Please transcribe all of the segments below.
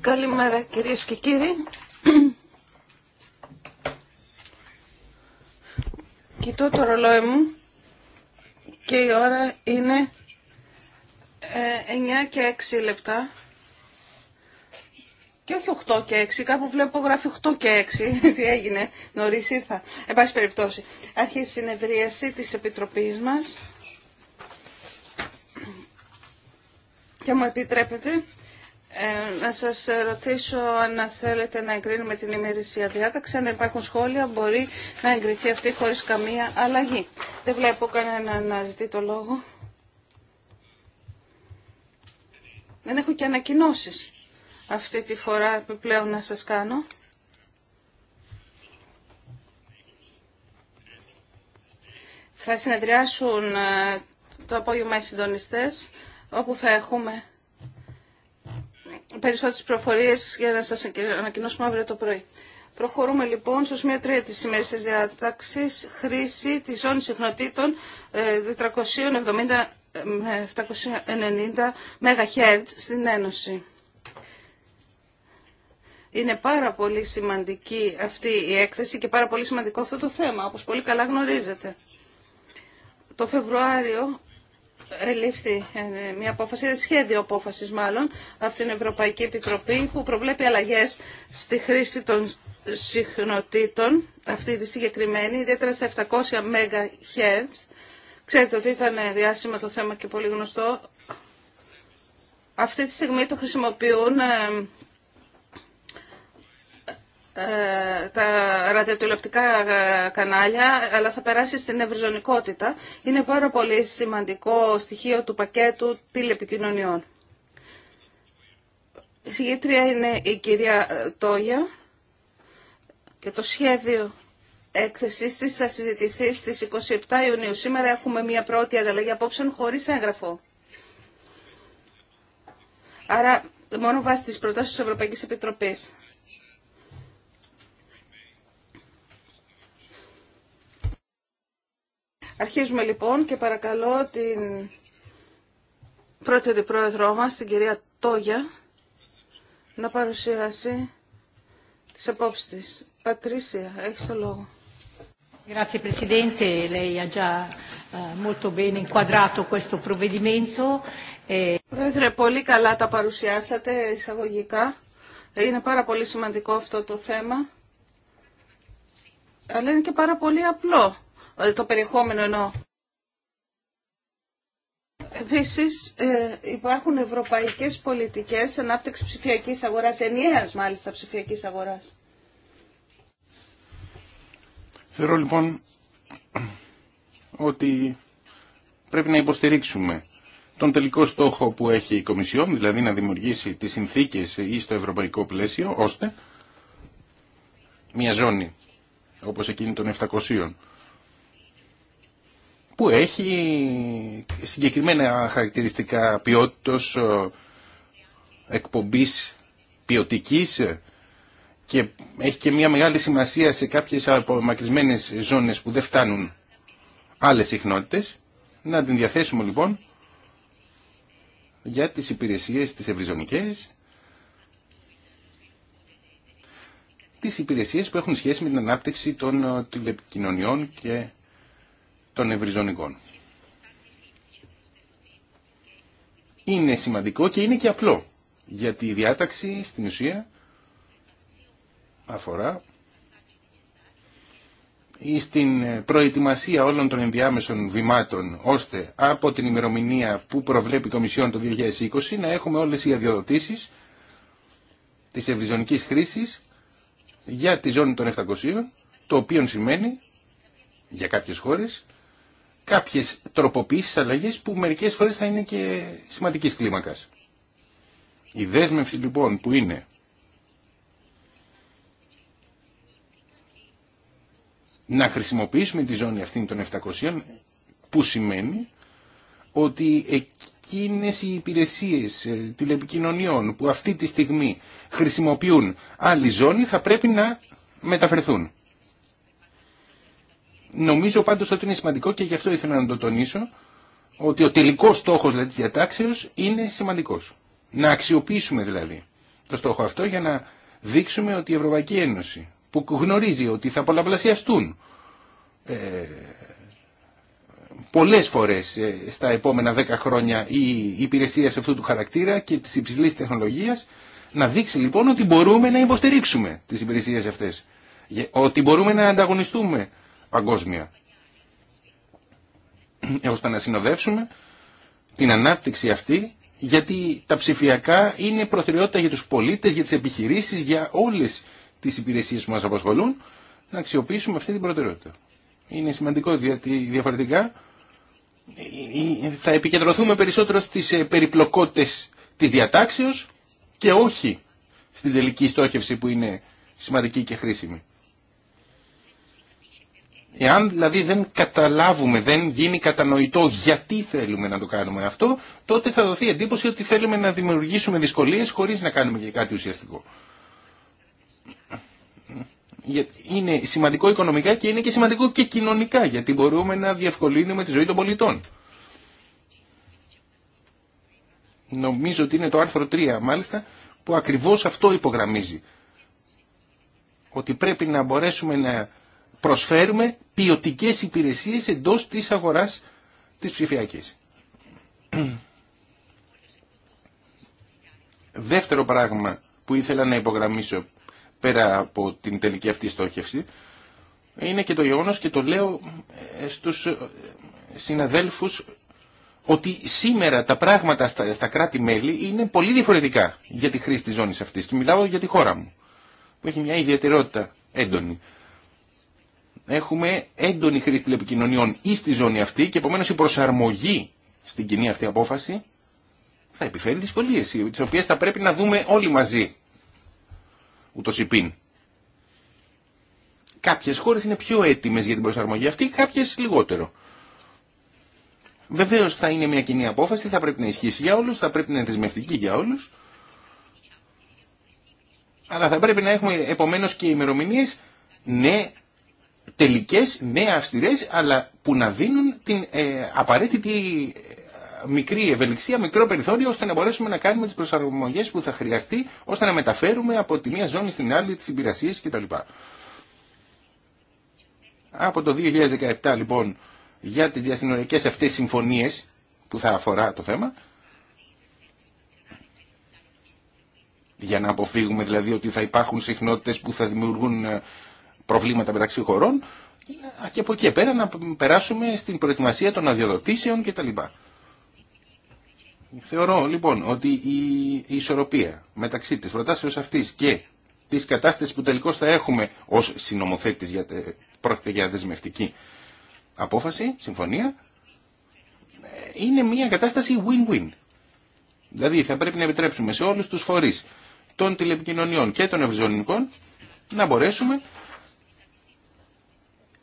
Καλημέρα κυρίε και κύριοι. Κοιτώ το ρολόι μου και η ώρα είναι 9 ε, και 6 λεπτά. Και όχι 8 και 6, κάπου βλέπω γράφει 8 και 6. Τι έγινε, νωρί ήρθα. Εν πάση περιπτώσει, αρχίζει η συνεδρίαση τη Επιτροπή μα. Και μου επιτρέπετε ε, να σας ρωτήσω αν θέλετε να εγκρίνουμε την ημερησία διάταξη. Αν υπάρχουν σχόλια μπορεί να εγκριθεί αυτή χωρίς καμία αλλαγή. Δεν βλέπω κανένα να ζητεί το λόγο. Δεν έχω και ανακοινώσεις αυτή τη φορά επιπλέον να σας κάνω. Θα συνεδριάσουν ε, το απόγευμα οι συντονιστές όπου θα έχουμε περισσότερες προφορίες για να σας ανακοινώσουμε αύριο το πρωί. Προχωρούμε λοιπόν στο σημείο τρία της της διάταξης, χρήση της ζώνης συχνοτήτων 470 790 MHz στην Ένωση. Είναι πάρα πολύ σημαντική αυτή η έκθεση και πάρα πολύ σημαντικό αυτό το θέμα, όπως πολύ καλά γνωρίζετε. Το Φεβρουάριο ελήφθη ε, μια απόφαση, σχέδιο απόφασης μάλλον, από την Ευρωπαϊκή Επιτροπή που προβλέπει αλλαγές στη χρήση των συχνοτήτων, αυτή τη συγκεκριμένη, ιδιαίτερα στα 700 MHz. Ξέρετε ότι ήταν διάσημα το θέμα και πολύ γνωστό. Αυτή τη στιγμή το χρησιμοποιούν ε, ε, τα ραδιοτηλεοπτικά ε, κανάλια, αλλά θα περάσει στην ευρυζωνικότητα. Είναι πάρα πολύ σημαντικό στοιχείο του πακέτου τηλεπικοινωνιών. Η συγγήτρια είναι η κυρία Τόγια και το σχέδιο έκθεσής της θα συζητηθεί στις 27 Ιουνίου. Σήμερα έχουμε μια πρώτη ανταλλαγή απόψεων χωρίς έγγραφο. Άρα μόνο βάσει τις προτάσεις της Ευρωπαϊκής Επιτροπής. Αρχίζουμε λοιπόν και παρακαλώ την πρώτη αντιπρόεδρό μας, την κυρία Τόγια, να παρουσιάσει τις απόψεις της. Πατρίσια, έχεις το λόγο. Grazie Presidente, lei ha già eh, molto bene inquadrato questo e Πρόεδρε, πολύ καλά τα παρουσιάσατε εισαγωγικά. Είναι πάρα πολύ σημαντικό αυτό το θέμα, αλλά είναι και πάρα πολύ απλό. Ε, το περιεχόμενο Επίσης ε, υπάρχουν ευρωπαϊκές πολιτικές ανάπτυξη ψηφιακή αγορά, ενιαίας μάλιστα ψηφιακή αγορά. Θεωρώ λοιπόν ότι πρέπει να υποστηρίξουμε τον τελικό στόχο που έχει η Κομισιόν, δηλαδή να δημιουργήσει τις συνθήκες ή στο ευρωπαϊκό πλαίσιο, ώστε μια ζώνη όπως εκείνη των 700 που έχει συγκεκριμένα χαρακτηριστικά ποιότητος ε, εκπομπής ποιοτικής και έχει και μια μεγάλη σημασία σε κάποιες απομακρυσμένες ζώνες που δεν φτάνουν άλλες συχνότητες. Να την διαθέσουμε λοιπόν για τις υπηρεσίες τις ευρυζωνικές, τις υπηρεσίες που έχουν σχέση με την ανάπτυξη των ε, τηλεπικοινωνιών και των ευρυζωνικών. Είναι σημαντικό και είναι και απλό, γιατί η διάταξη στην ουσία αφορά ή στην προετοιμασία όλων των ενδιάμεσων βημάτων, ώστε από την ημερομηνία που προβλέπει η Κομισιόν το 2020 να έχουμε όλες οι αδειοδοτήσεις της ευρυζωνικής χρήσης για τη ζώνη των 700, το οποίο σημαίνει για κάποιες χώρες κάποιες τροποποίησεις, αλλαγές που μερικές φορές θα είναι και σημαντικής κλίμακας. Η δέσμευση λοιπόν που είναι να χρησιμοποιήσουμε τη ζώνη αυτή των 700 που σημαίνει ότι εκείνες οι υπηρεσίες ε, τηλεπικοινωνιών που αυτή τη στιγμή χρησιμοποιούν άλλη ζώνη θα πρέπει να μεταφερθούν. Νομίζω πάντως ότι είναι σημαντικό και γι' αυτό ήθελα να το τονίσω ότι ο τελικός στόχος δηλαδή, της διατάξεως είναι σημαντικός. Να αξιοποιήσουμε δηλαδή το στόχο αυτό για να δείξουμε ότι η Ευρωπαϊκή Ένωση που γνωρίζει ότι θα πολλαπλασιαστούν ε, πολλές φορές ε, στα επόμενα δέκα χρόνια η υπηρεσία σε αυτού του χαρακτήρα και της υψηλής τεχνολογίας να δείξει λοιπόν ότι μπορούμε να υποστηρίξουμε τις υπηρεσίες αυτές. Ότι μπορούμε να ανταγωνιστούμε παγκόσμια. Ώστε να συνοδεύσουμε την ανάπτυξη αυτή γιατί τα ψηφιακά είναι προτεραιότητα για τους πολίτες, για τις επιχειρήσεις, για όλες τις υπηρεσίες που μας απασχολούν, να αξιοποιήσουμε αυτή την προτεραιότητα. Είναι σημαντικό γιατί διαφορετικά ε, ε, θα επικεντρωθούμε περισσότερο στις ε, περιπλοκότητες της διατάξεως και όχι στην τελική στόχευση που είναι σημαντική και χρήσιμη. Εάν δηλαδή δεν καταλάβουμε, δεν γίνει κατανοητό γιατί θέλουμε να το κάνουμε αυτό, τότε θα δοθεί εντύπωση ότι θέλουμε να δημιουργήσουμε δυσκολίες χωρίς να κάνουμε και κάτι ουσιαστικό. Είναι σημαντικό οικονομικά και είναι και σημαντικό και κοινωνικά, γιατί μπορούμε να διευκολύνουμε τη ζωή των πολιτών. Νομίζω ότι είναι το άρθρο 3 μάλιστα που ακριβώς αυτό υπογραμμίζει. Ότι πρέπει να μπορέσουμε να προσφέρουμε ποιοτικέ υπηρεσίες εντός της αγοράς της ψηφιακή. Δεύτερο πράγμα που ήθελα να υπογραμμίσω πέρα από την τελική αυτή στόχευση είναι και το γεγονό και το λέω ε, στους ε, συναδέλφους ότι σήμερα τα πράγματα στα, κράτη-μέλη είναι πολύ διαφορετικά για τη χρήση της ζώνης αυτής. Μιλάω για τη χώρα μου που έχει μια ιδιαιτερότητα έντονη έχουμε έντονη χρήση τηλεπικοινωνιών ή στη ζώνη αυτή και επομένως η προσαρμογή στην κοινή αυτή απόφαση θα επιφέρει δυσκολίες, τις οποίες θα πρέπει να δούμε όλοι μαζί, ούτως πίν. Κάποιες χώρες είναι πιο έτοιμες για την προσαρμογή αυτή, κάποιες λιγότερο. Βεβαίω θα είναι μια κοινή απόφαση, θα πρέπει να ισχύσει για όλου, θα πρέπει να είναι δεσμευτική για όλου. Αλλά θα πρέπει να έχουμε επομένω και ημερομηνίε ναι τελικές ναι, αυστηρές αλλά που να δίνουν την ε, απαραίτητη ε, μικρή ευελιξία, μικρό περιθώριο ώστε να μπορέσουμε να κάνουμε τις προσαρμογές που θα χρειαστεί ώστε να μεταφέρουμε από τη μία ζώνη στην άλλη τις υπηρεσίες κτλ. Από το 2017 λοιπόν για τις διασυνοριακές αυτές συμφωνίες που θα αφορά το θέμα για να αποφύγουμε δηλαδή ότι θα υπάρχουν συχνότητες που θα δημιουργούν ε, προβλήματα μεταξύ χωρών και από εκεί πέρα να περάσουμε στην προετοιμασία των αδειοδοτήσεων κτλ. Θεωρώ λοιπόν ότι η ισορροπία μεταξύ της προτάσεως αυτής και της κατάστασης που τελικώς θα έχουμε ως συνομοθέτης για πρόκειται για δεσμευτική απόφαση, συμφωνία, είναι μια κατάσταση win-win. Δηλαδή θα πρέπει να επιτρέψουμε σε όλους τους φορείς των τηλεπικοινωνιών και των ευζωνικών να μπορέσουμε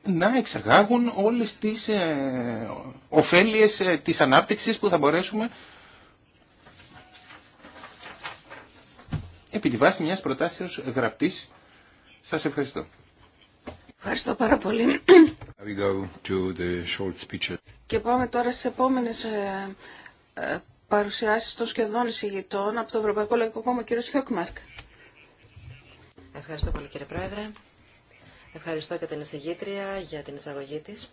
να εξαγάγουν όλες τις ε, ωφέλειες ε, της ανάπτυξης που θα μπορέσουμε επί τη βάση μιας προτάσεως γραπτής. Σας ευχαριστώ. Ευχαριστώ πάρα πολύ. go to the short Και πάμε τώρα στις επόμενες ε, ε, παρουσιάσεις των σχεδόν εισηγητών από το Ευρωπαϊκό Λαϊκό Κόμμα, κύριο Χιόκμαρκ. Ευχαριστώ πολύ κύριε Πρόεδρε. Ευχαριστώ και την εισηγήτρια για την εισαγωγή της.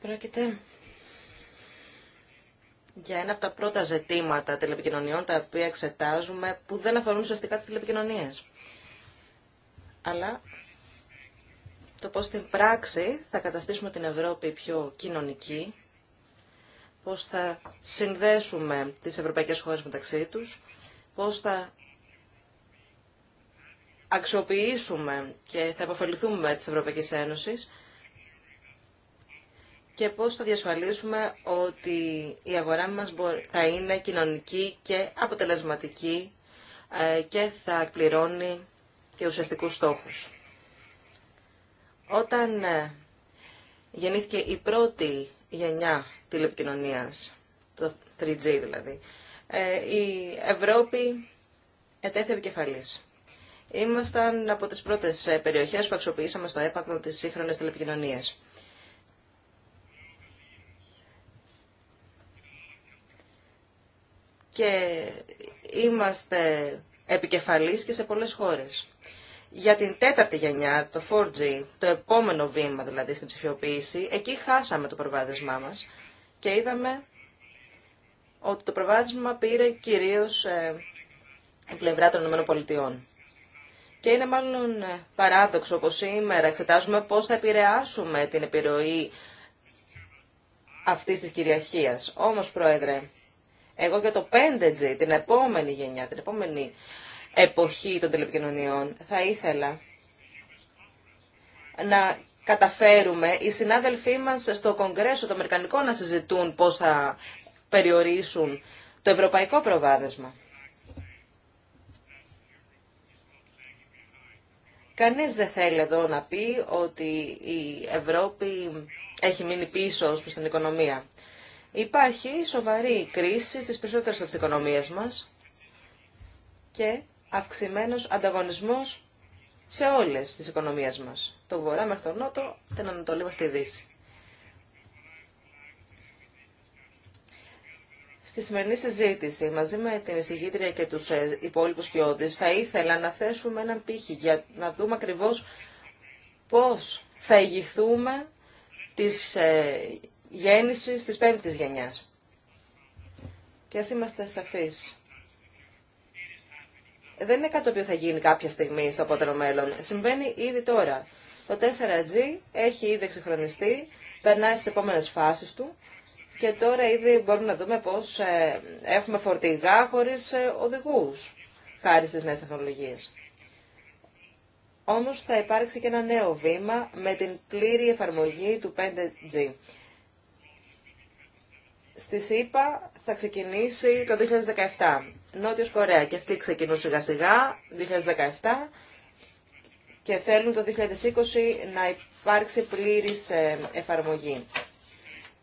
Πρόκειται για ένα από τα πρώτα ζητήματα τηλεπικοινωνιών τα οποία εξετάζουμε που δεν αφορούν ουσιαστικά τις τηλεπικοινωνίες. Αλλά το πώς στην πράξη θα καταστήσουμε την Ευρώπη πιο κοινωνική, πώς θα συνδέσουμε τις ευρωπαϊκές χώρες μεταξύ τους, πώς θα αξιοποιήσουμε και θα επωφεληθούμε τις Ευρωπαϊκή Ένωσης και πώς θα διασφαλίσουμε ότι η αγορά μας θα είναι κοινωνική και αποτελεσματική ε, και θα εκπληρώνει και ουσιαστικούς στόχους. Όταν ε, γεννήθηκε η πρώτη γενιά τηλεπικοινωνίας, το 3G δηλαδή, ε, η Ευρώπη ετέθευε κεφαλής ήμασταν από τις πρώτες ε, περιοχές που αξιοποιήσαμε στο έπακρο της σύγχρονες τηλεπικοινωνίες. Και είμαστε επικεφαλής και σε πολλές χώρες. Για την τέταρτη γενιά, το 4G, το επόμενο βήμα δηλαδή στην ψηφιοποίηση, εκεί χάσαμε το προβάδισμά μας και είδαμε ότι το προβάδισμα πήρε κυρίως ε, η πλευρά των ΗΠΑ. Και είναι μάλλον ε, παράδοξο πως σήμερα εξετάζουμε πώς θα επηρεάσουμε την επιρροή αυτής της κυριαρχίας. Όμως, Πρόεδρε, εγώ για το 5G, την επόμενη γενιά, την επόμενη εποχή των τηλεπικοινωνιών, θα ήθελα να καταφέρουμε οι συνάδελφοί μας στο Κογκρέσο το Αμερικανικό να συζητούν πώς θα περιορίσουν το ευρωπαϊκό προβάδισμα. Κανείς δεν θέλει εδώ να πει ότι η Ευρώπη έχει μείνει πίσω ως προς την οικονομία. Υπάρχει σοβαρή κρίση στις περισσότερες από τις οικονομίες μας και αυξημένος ανταγωνισμός σε όλες τις οικονομίες μας. Το βορρά μέχρι το νότο, την Ανατολή μέχρι τη Δύση. Στη σημερινή συζήτηση, μαζί με την εισηγήτρια και τους ε, υπόλοιπους ποιότητες, θα ήθελα να θέσουμε έναν πύχη για να δούμε ακριβώς πώς θα ηγηθούμε της ε, γέννησης της πέμπτης γενιάς. Και ας είμαστε σαφείς. Δεν είναι κάτι το οποίο θα γίνει κάποια στιγμή στο απότερο μέλλον. Συμβαίνει ήδη τώρα. Το 4G έχει ήδη εξυγχρονιστεί, περνάει στις επόμενες φάσεις του και τώρα ήδη μπορούμε να δούμε πώς ε, έχουμε φορτηγά χωρίς ε, οδηγούς, χάρη στις νέες τεχνολογίες. Όμως θα υπάρξει και ένα νέο βήμα με την πλήρη εφαρμογή του 5G. Στη ΣΥΠΑ θα ξεκινήσει το 2017. Νότιος Κορέα και αυτη ξεκινούν σιγά σιγά, 2017 και θέλουν το 2020 να υπάρξει πλήρης ε, εφαρμογή.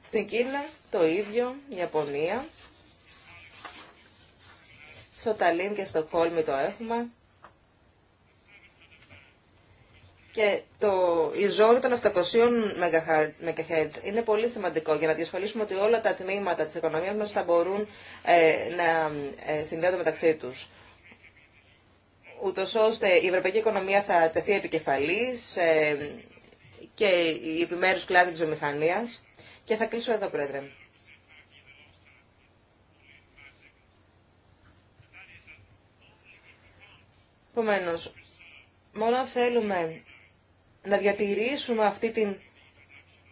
Στην Κίνα το ίδιο, η Ιαπωνία. Στο Ταλίν και στο Κόλμη το έχουμε. Και το, η ζώνη των 700 MHz είναι πολύ σημαντικό για να διασφαλίσουμε ότι όλα τα τμήματα της οικονομίας μας θα μπορούν ε, να ε, συνδέονται μεταξύ τους. Ούτως ώστε η ευρωπαϊκή οικονομία θα τεθεί επικεφαλής ε, και οι επιμέρους κλάδοι της βιομηχανίας και θα κλείσω εδώ, Πρόεδρε. Επομένω, μόνο θέλουμε να διατηρήσουμε αυτή την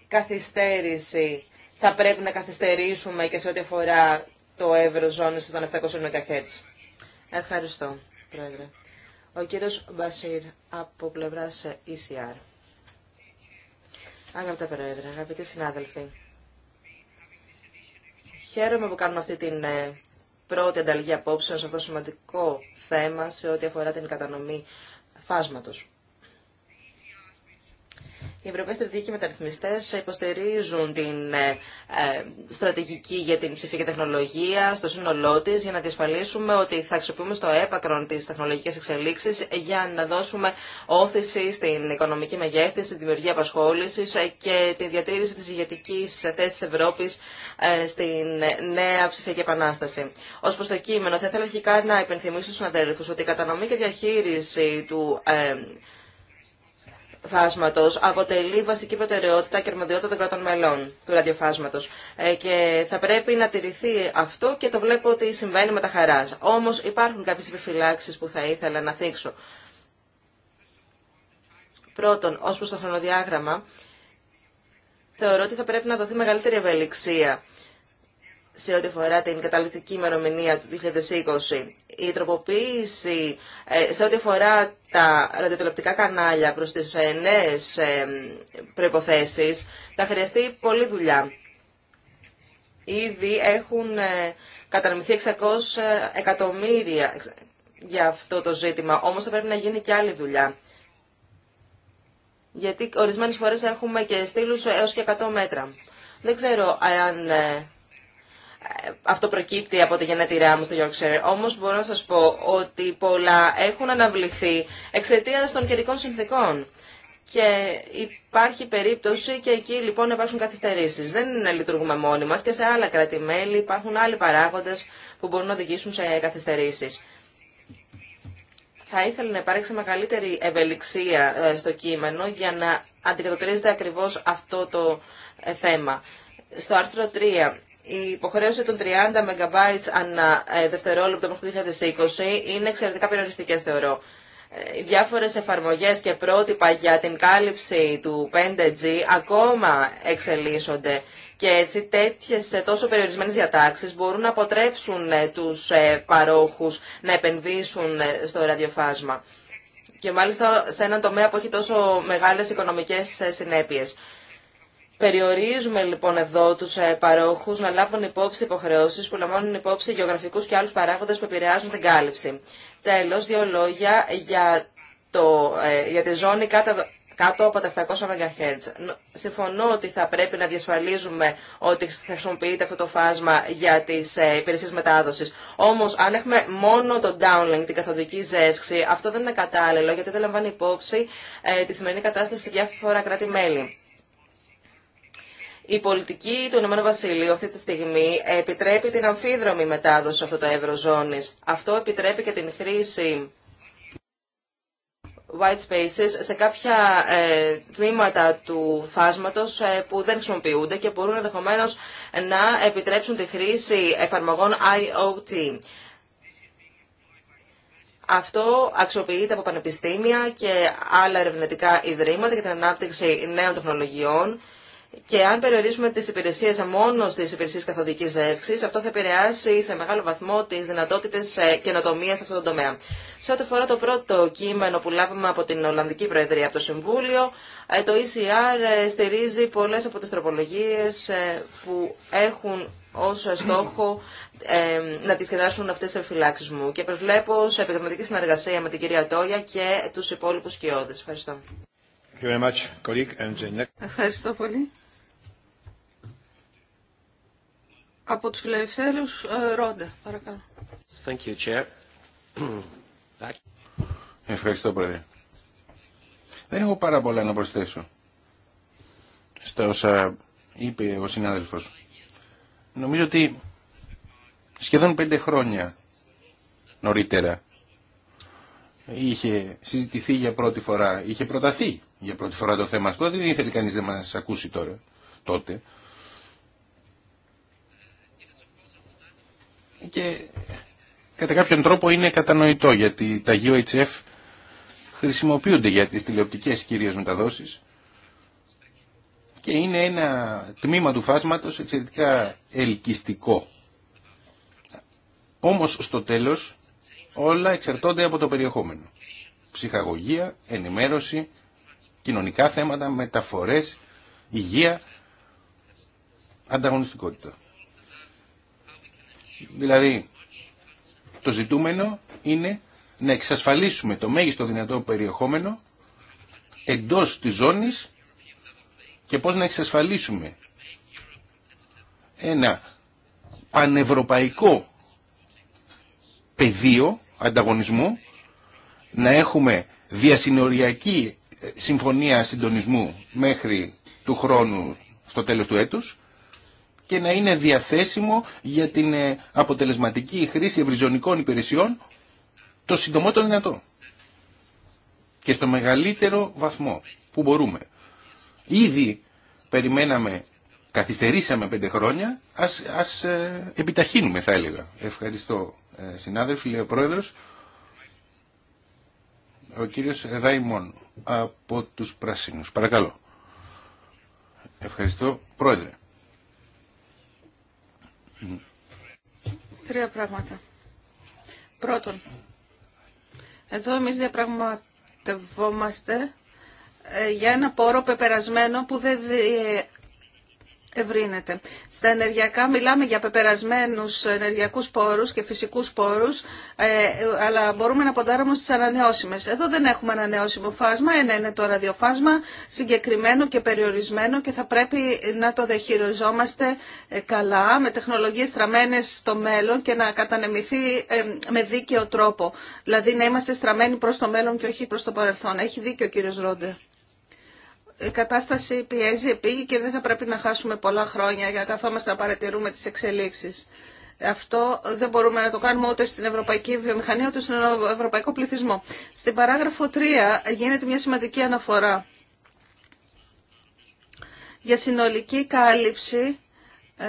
καθυστέρηση, θα πρέπει να καθυστερήσουμε και σε ό,τι αφορά το ζώνη των 700 MHz. Ευχαριστώ, Πρόεδρε. Ο κύριος Μπασίρ από πλευράς ECR. Ε Αγαπητέ Πρόεδρε, αγαπητοί συνάδελφοι, Χαίρομαι που κάνουμε αυτή την ε, πρώτη ανταλλαγή απόψεων σε αυτό το σημαντικό θέμα σε ό,τι αφορά την κατανομή φάσματος. Οι Ευρωπαίοι Στρατηγικοί Μεταρρυθμιστέ υποστηρίζουν την ε, ε, στρατηγική για την ψηφιακή τεχνολογία στο σύνολό τη για να διασφαλίσουμε ότι θα αξιοποιούμε στο έπακρον τι τεχνολογικέ εξελίξει για να δώσουμε όθηση στην οικονομική μεγέθυνση, τη δημιουργία απασχόληση ε, και τη διατήρηση τη ηγετική θέση τη Ευρώπη στην νέα ψηφιακή επανάσταση. Ω προ το κείμενο, θα ήθελα αρχικά να υπενθυμίσω στου συναδέλφου ότι η κατανομή και διαχείριση του φάσματος αποτελεί βασική προτεραιότητα και αρμοδιότητα των κρατών μελών του ραδιοφάσματος. Ε, και θα πρέπει να τηρηθεί αυτό και το βλέπω ότι συμβαίνει με τα χαρά. Όμως υπάρχουν κάποιες επιφυλάξει που θα ήθελα να θίξω. Πρώτον, ω προ το χρονοδιάγραμμα, θεωρώ ότι θα πρέπει να δοθεί μεγαλύτερη ευελιξία σε ό,τι αφορά την καταληκτική ημερομηνία του 2020, η τροποποίηση ε, σε ό,τι αφορά τα ραδιοτηλεοπτικά κανάλια προς τις ε, νέες ε, προϋποθέσεις, θα χρειαστεί πολλή δουλειά. Ήδη έχουν κατανομηθεί 600 εκατομμύρια για αυτό το ζήτημα, όμως θα πρέπει να γίνει και άλλη δουλειά. Γιατί ορισμένες φορές έχουμε και στήλους έως και 100 μέτρα. Δεν ξέρω αν αυτό προκύπτει από τη γενέτηρά μου στο Yorkshire. Όμως μπορώ να σας πω ότι πολλά έχουν αναβληθεί εξαιτία των καιρικών συνθήκων. Και υπάρχει περίπτωση και εκεί λοιπόν υπάρχουν καθυστερήσεις. Δεν είναι λειτουργούμε μόνοι μας και σε άλλα κράτη-μέλη υπάρχουν άλλοι παράγοντες που μπορούν να οδηγήσουν σε καθυστερήσεις. Θα ήθελα να υπάρξει μεγαλύτερη ευελιξία ε, στο κείμενο για να αντικατοπτρίζεται ακριβώς αυτό το ε, θέμα. Στο άρθρο 3 η υποχρέωση των 30 MB ανά ε, δευτερόλεπτο μέχρι το 2020 είναι εξαιρετικά περιοριστικές θεωρώ. Ε, οι διάφορες εφαρμογές και πρότυπα για την κάλυψη του 5G ακόμα εξελίσσονται και έτσι τέτοιες ε, τόσο περιορισμένες διατάξεις μπορούν να αποτρέψουν τους παρόχους να επενδύσουν στο ραδιοφάσμα. Και μάλιστα σε έναν τομέα που έχει τόσο μεγάλες οικονομικές συνέπειες. Περιορίζουμε λοιπόν εδώ του ε, παρόχου να λάβουν υπόψη υποχρεώσει που λαμβάνουν υπόψη γεωγραφικού και άλλου παράγοντε που επηρεάζουν την κάλυψη. Τέλο, δύο λόγια για, το, ε, για τη ζώνη κάτω, κάτω από τα 700 MHz. Συμφωνώ ότι θα πρέπει να διασφαλίζουμε ότι θα χρησιμοποιείται αυτό το φάσμα για τι ε, υπηρεσίε μετάδοση. Όμω, αν έχουμε μόνο το downlink, την καθοδική ζεύξη, αυτό δεν είναι κατάλληλο γιατί δεν λαμβάνει υπόψη τη σημερινή κατάσταση σε διάφορα κράτη-μέλη. Η πολιτική του Ηνωμένου Βασιλείου αυτή τη στιγμή επιτρέπει την αμφίδρομη μετάδοση αυτού του ευρωζώνη. Αυτό επιτρέπει και την χρήση white spaces σε κάποια ε, τμήματα του φάσματος ε, που δεν χρησιμοποιούνται και μπορούν ενδεχομένω να επιτρέψουν τη χρήση εφαρμογών IoT. Αυτό αξιοποιείται από πανεπιστήμια και άλλα ερευνητικά ιδρύματα για την ανάπτυξη νέων τεχνολογιών και αν περιορίσουμε τι υπηρεσίε μόνο στι υπηρεσίε καθοδική έρξης, αυτό θα επηρεάσει σε μεγάλο βαθμό τι δυνατότητε καινοτομία σε αυτό το τομέα. Σε ό,τι αφορά το πρώτο κείμενο που λάβαμε από την Ολλανδική Προεδρία, από το Συμβούλιο, ε, το ECR ε, στηρίζει πολλέ από τι τροπολογίε ε, που έχουν ω στόχο να τις κεντάσουν αυτές τι εμφυλάξεις μου. Και προβλέπω σε επικοινωνική συνεργασία με την κυρία Τόγια και του υπόλοιπου κοιόδες. Ευχαριστώ. Ευχαριστώ πολύ. Από τους φιλελευθέρους, ε, Ρόντε, παρακαλώ. Thank you, Chair. Ευχαριστώ, Πρόεδρε. Δεν έχω πάρα πολλά να προσθέσω στα όσα είπε ο συνάδελφος. Νομίζω ότι σχεδόν πέντε χρόνια νωρίτερα είχε συζητηθεί για πρώτη φορά, είχε προταθεί για πρώτη φορά το θέμα αυτό, δεν ήθελε κανείς να μας ακούσει τώρα, τότε. και κατά κάποιον τρόπο είναι κατανοητό γιατί τα UHF χρησιμοποιούνται για τις τηλεοπτικές κυρίως μεταδόσεις και είναι ένα τμήμα του φάσματος εξαιρετικά ελκυστικό. Όμως στο τέλος όλα εξαρτώνται από το περιεχόμενο. Ψυχαγωγία, ενημέρωση, κοινωνικά θέματα, μεταφορές, υγεία, ανταγωνιστικότητα. Δηλαδή, το ζητούμενο είναι να εξασφαλίσουμε το μέγιστο δυνατό περιεχόμενο εντός της ζώνης και πώς να εξασφαλίσουμε ένα πανευρωπαϊκό πεδίο ανταγωνισμού, να έχουμε διασυνοριακή ε, συμφωνία συντονισμού μέχρι του χρόνου στο τέλος του έτους και να είναι διαθέσιμο για την ε, αποτελεσματική χρήση ευρυζωνικών υπηρεσιών το συντομότερο δυνατό και στο μεγαλύτερο βαθμό που μπορούμε. Ήδη περιμέναμε, καθυστερήσαμε πέντε χρόνια, ας, ας ε, επιταχύνουμε θα έλεγα. Ευχαριστώ ε, συνάδελφοι, λέει ο Πρόεδρος. Ο κύριος Ραϊμόν από τους Πράσινους. Παρακαλώ. Ευχαριστώ Πρόεδρε. Τρία πράγματα. Πρώτον, εδώ εμείς διαπραγματευόμαστε ε, για ένα πόρο πεπερασμένο που δεν ευρύνεται. Στα ενεργειακά μιλάμε για πεπερασμένους ενεργειακούς πόρους και φυσικούς πόρους, ε, αλλά μπορούμε να ποντάρουμε στις ανανεώσιμες. Εδώ δεν έχουμε ανανεώσιμο φάσμα, ένα είναι το ραδιοφάσμα συγκεκριμένο και περιορισμένο και θα πρέπει να το δεχειριζόμαστε ε, καλά με τεχνολογίες στραμμένες στο μέλλον και να κατανεμηθεί ε, με δίκαιο τρόπο. Δηλαδή να είμαστε στραμμένοι προς το μέλλον και όχι προς το παρελθόν. Έχει δίκιο ο κύριος Ρόντε η κατάσταση πιέζει, επίγει και δεν θα πρέπει να χάσουμε πολλά χρόνια για να καθόμαστε να παρατηρούμε τις εξελίξεις. Αυτό δεν μπορούμε να το κάνουμε ούτε στην ευρωπαϊκή βιομηχανία, ούτε στον ευρωπαϊκό πληθυσμό. Στην παράγραφο 3 γίνεται μια σημαντική αναφορά για συνολική κάλυψη ε,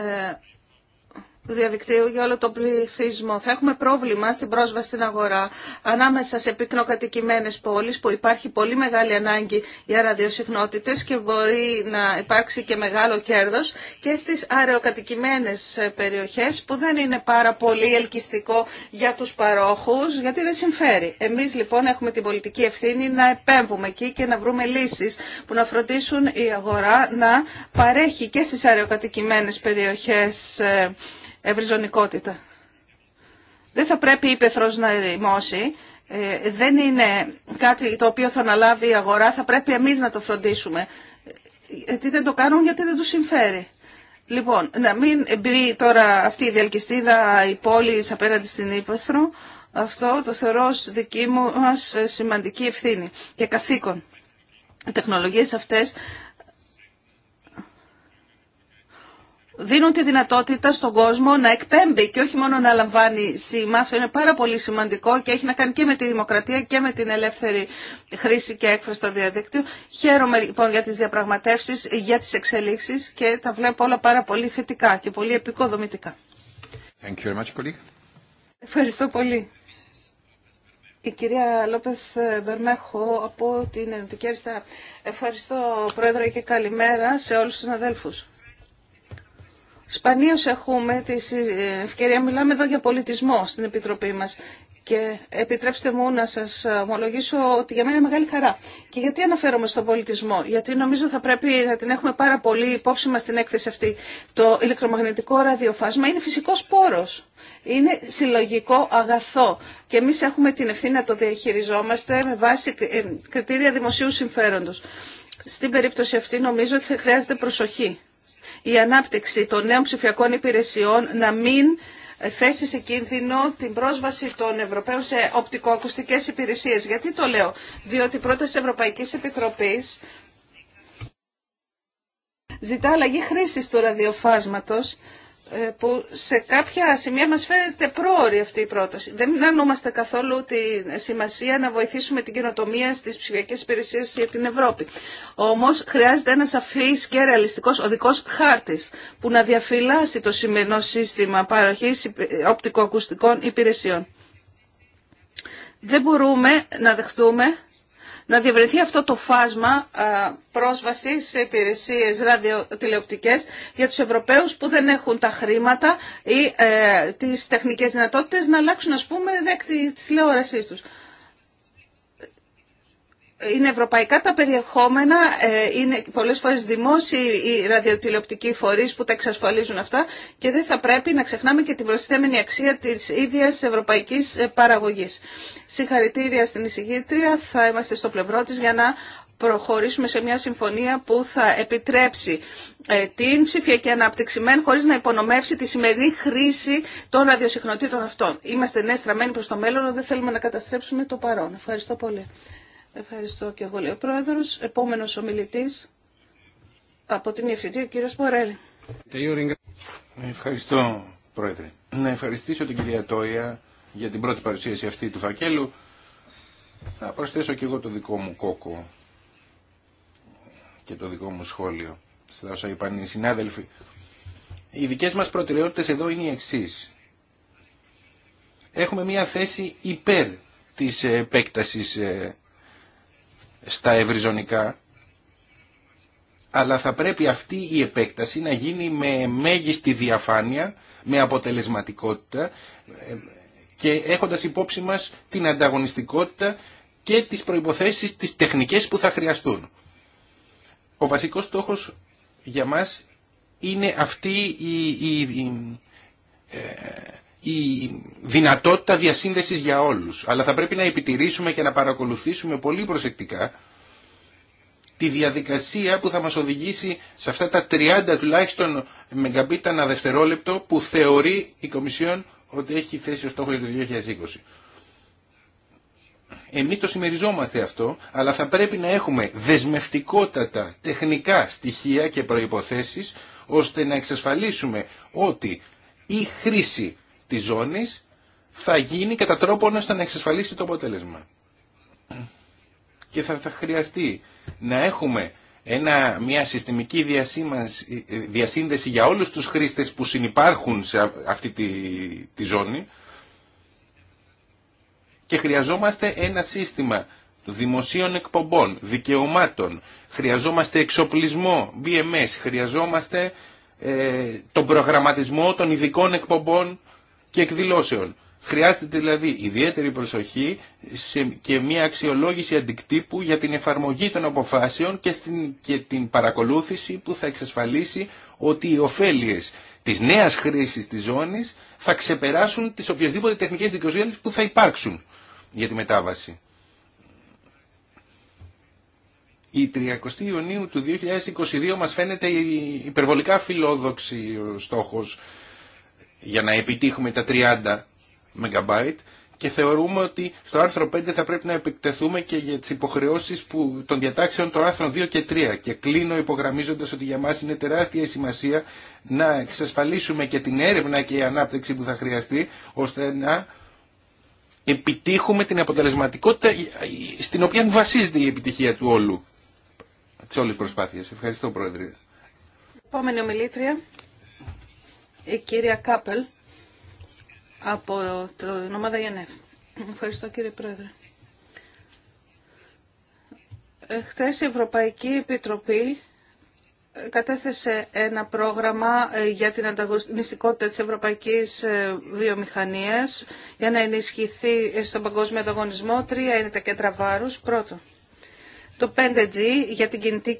διαδικτύου για όλο τον πληθυσμό. Θα έχουμε πρόβλημα στην πρόσβαση στην αγορά ανάμεσα σε πυκνοκατοικημένε πόλει που υπάρχει πολύ μεγάλη ανάγκη για ραδιοσυχνότητε και μπορεί να υπάρξει και μεγάλο κέρδο και στι αεροκατοικημένε περιοχέ που δεν είναι πάρα πολύ ελκυστικό για του παρόχου, γιατί δεν συμφέρει. Εμεί λοιπόν έχουμε την πολιτική ευθύνη να επέμβουμε εκεί και να βρούμε λύσει που να φροντίσουν η αγορά να παρέχει και στις αεροκατοικημένε περιοχέ. Ε, ευρυζωνικότητα. Δεν θα πρέπει η Ήπεθρος να ερημώσει. Ε, δεν είναι κάτι το οποίο θα αναλάβει η αγορά. Θα πρέπει εμείς να το φροντίσουμε. Ε, γιατί δεν το κάνουν, γιατί δεν τους συμφέρει. Λοιπόν, να μην μπει τώρα αυτή η διαλκυστίδα η πόλη απέναντι στην Ήπεθρο. Αυτό το θεωρώ ως δική μου ε, σημαντική ευθύνη και καθήκον. Οι τεχνολογίες αυτές δίνουν τη δυνατότητα στον κόσμο να εκπέμπει και όχι μόνο να λαμβάνει σήμα. Αυτό είναι πάρα πολύ σημαντικό και έχει να κάνει και με τη δημοκρατία και με την ελεύθερη χρήση και έκφραση στο διαδίκτυο. Χαίρομαι λοιπόν για τις διαπραγματεύσεις, για τις εξελίξεις και τα βλέπω όλα πάρα πολύ θετικά και πολύ επικοδομητικά. much, Ευχαριστώ πολύ. Η κυρία Λόπεθ Μπερμέχο από την Ενωτική Αριστερά. Ευχαριστώ, Πρόεδρε, και καλημέρα σε όλους τους αδέλφους. Σπανίως έχουμε τη ευκαιρία, μιλάμε εδώ για πολιτισμό στην Επιτροπή μας και επιτρέψτε μου να σας ομολογήσω ότι για μένα είναι μεγάλη χαρά. Και γιατί αναφέρομαι στον πολιτισμό, γιατί νομίζω θα πρέπει να την έχουμε πάρα πολύ υπόψη μας στην έκθεση αυτή. Το ηλεκτρομαγνητικό ραδιοφάσμα είναι φυσικός πόρος, είναι συλλογικό αγαθό και εμείς έχουμε την ευθύνη να το διαχειριζόμαστε με βάση ε, κριτήρια δημοσίου συμφέροντος. Στην περίπτωση αυτή νομίζω ότι χρειάζεται προσοχή η ανάπτυξη των νέων ψηφιακών υπηρεσιών να μην θέσει σε κίνδυνο την πρόσβαση των Ευρωπαίων σε οπτικοακουστικές υπηρεσίες. Γιατί το λέω, διότι η πρόταση Ευρωπαϊκής Επιτροπής ζητά αλλαγή χρήση του ραδιοφάσματος ε, που σε κάποια σημεία μας φαίνεται πρόωρη αυτή η πρόταση. Δεν αρνούμαστε καθόλου τη σημασία να βοηθήσουμε την καινοτομία στις ψηφιακές υπηρεσίες για την Ευρώπη. Όμως χρειάζεται ένας αφής και ρεαλιστικός οδικός χάρτης που να διαφυλάσει το σημερινό σύστημα παροχής οπτικοακουστικών υπηρεσιών. Δεν μπορούμε να δεχτούμε να διευρυνθεί αυτό το φάσμα πρόσβασης σε υπηρεσίες ραδιοτηλεοπτικές για τους Ευρωπαίους που δεν έχουν τα χρήματα ή ε, τις τεχνικές δυνατότητες να αλλάξουν ας πούμε δέκτη της τηλεόρασής τους είναι ευρωπαϊκά τα περιεχόμενα, ε, είναι πολλές φορές δημόσιοι οι ραδιοτηλεοπτικοί φορείς που τα εξασφαλίζουν αυτά και δεν θα πρέπει να ξεχνάμε και την προσθέμενη αξία της ίδιας ευρωπαϊκής παραγωγής. Συγχαρητήρια στην εισηγήτρια, θα είμαστε στο πλευρό της για να προχωρήσουμε σε μια συμφωνία που θα επιτρέψει ε, την ψηφιακή ανάπτυξη μεν χωρίς να υπονομεύσει τη σημερινή χρήση των ραδιοσυχνοτήτων αυτών. Είμαστε ναι στραμμένοι προς το μέλλον, δεν θέλουμε να καταστρέψουμε το παρόν. Ευχαριστώ πολύ. Ευχαριστώ και εγώ, λέει ο Πρόεδρος. Επόμενος ομιλητής από την Ιευθυντή, ο κύριος Μορέλη. Ευχαριστώ, Πρόεδρε. Να ευχαριστήσω την κυρία Τόια για την πρώτη παρουσίαση αυτή του φακέλου. Θα προσθέσω και εγώ το δικό μου κόκο και το δικό μου σχόλιο στα όσα είπαν οι συνάδελφοι. Οι δικές μας προτεραιότητες εδώ είναι οι εξής. Έχουμε μια θέση υπέρ της επέκτασης ε, στα ευρυζωνικά, αλλά θα πρέπει αυτή η επέκταση να γίνει με μέγιστη διαφάνεια, με αποτελεσματικότητα ε, και έχοντας υπόψη μας την ανταγωνιστικότητα και τις προϋποθέσεις, τις τεχνικές που θα χρειαστούν. Ο βασικός στόχος για μας είναι αυτή η, η, ε, η δυνατότητα διασύνδεσης για όλους. Αλλά θα πρέπει να επιτηρήσουμε και να παρακολουθήσουμε πολύ προσεκτικά τη διαδικασία που θα μας οδηγήσει σε αυτά τα 30 τουλάχιστον μεγαμπίτα ένα δευτερόλεπτο που θεωρεί η Κομισιόν ότι έχει θέσει ο στόχο για το 2020. Εμείς το συμμεριζόμαστε αυτό, αλλά θα πρέπει να έχουμε δεσμευτικότατα τεχνικά στοιχεία και προϋποθέσεις, ώστε να εξασφαλίσουμε ότι η χρήση της ζώνης θα γίνει κατά τρόπο ώστε να εξασφαλίσει το αποτέλεσμα. Και θα, χρειαστεί να έχουμε ένα, μια συστημική διασύνδεση για όλους τους χρήστες που συνυπάρχουν σε αυτή τη, ζώνη και χρειαζόμαστε ένα σύστημα δημοσίων εκπομπών, δικαιωμάτων, χρειαζόμαστε εξοπλισμό, BMS, χρειαζόμαστε ε, τον προγραμματισμό των ειδικών εκπομπών και εκδηλώσεων. Χρειάζεται δηλαδή ιδιαίτερη προσοχή σε και μια αξιολόγηση αντικτύπου για την εφαρμογή των αποφάσεων και, στην, και την παρακολούθηση που θα εξασφαλίσει ότι οι ωφέλειες της νέας χρήσης της ζώνης θα ξεπεράσουν τις οποιασδήποτε τεχνικές δικαιοσύνες που θα υπάρξουν για τη μετάβαση. Η 30 Ιουνίου του 2022 μας φαίνεται υπερβολικά φιλόδοξη στόχος για να επιτύχουμε τα 30 MB και θεωρούμε ότι στο άρθρο 5 θα πρέπει να επεκτεθούμε και για τις υποχρεώσεις που, των διατάξεων των άρθρων 2 και 3 και κλείνω υπογραμμίζοντας ότι για μας είναι τεράστια η σημασία να εξασφαλίσουμε και την έρευνα και η ανάπτυξη που θα χρειαστεί ώστε να επιτύχουμε την αποτελεσματικότητα στην οποία βασίζεται η επιτυχία του όλου της όλης προσπάθειας. Ευχαριστώ Πρόεδρε. Επόμενη ομιλήτρια η κυρία Κάπελ από το ομάδα ΙΕΝΕΦ. Ευχαριστώ κύριε Πρόεδρε. Χθες η Ευρωπαϊκή Επιτροπή κατέθεσε ένα πρόγραμμα ε, για την ανταγωνιστικότητα της ευρωπαϊκής ε, βιομηχανίας για να ενισχυθεί στον παγκόσμιο ανταγωνισμό. Τρία είναι τα κέντρα βάρους. Πρώτον, το 5G για την κινητή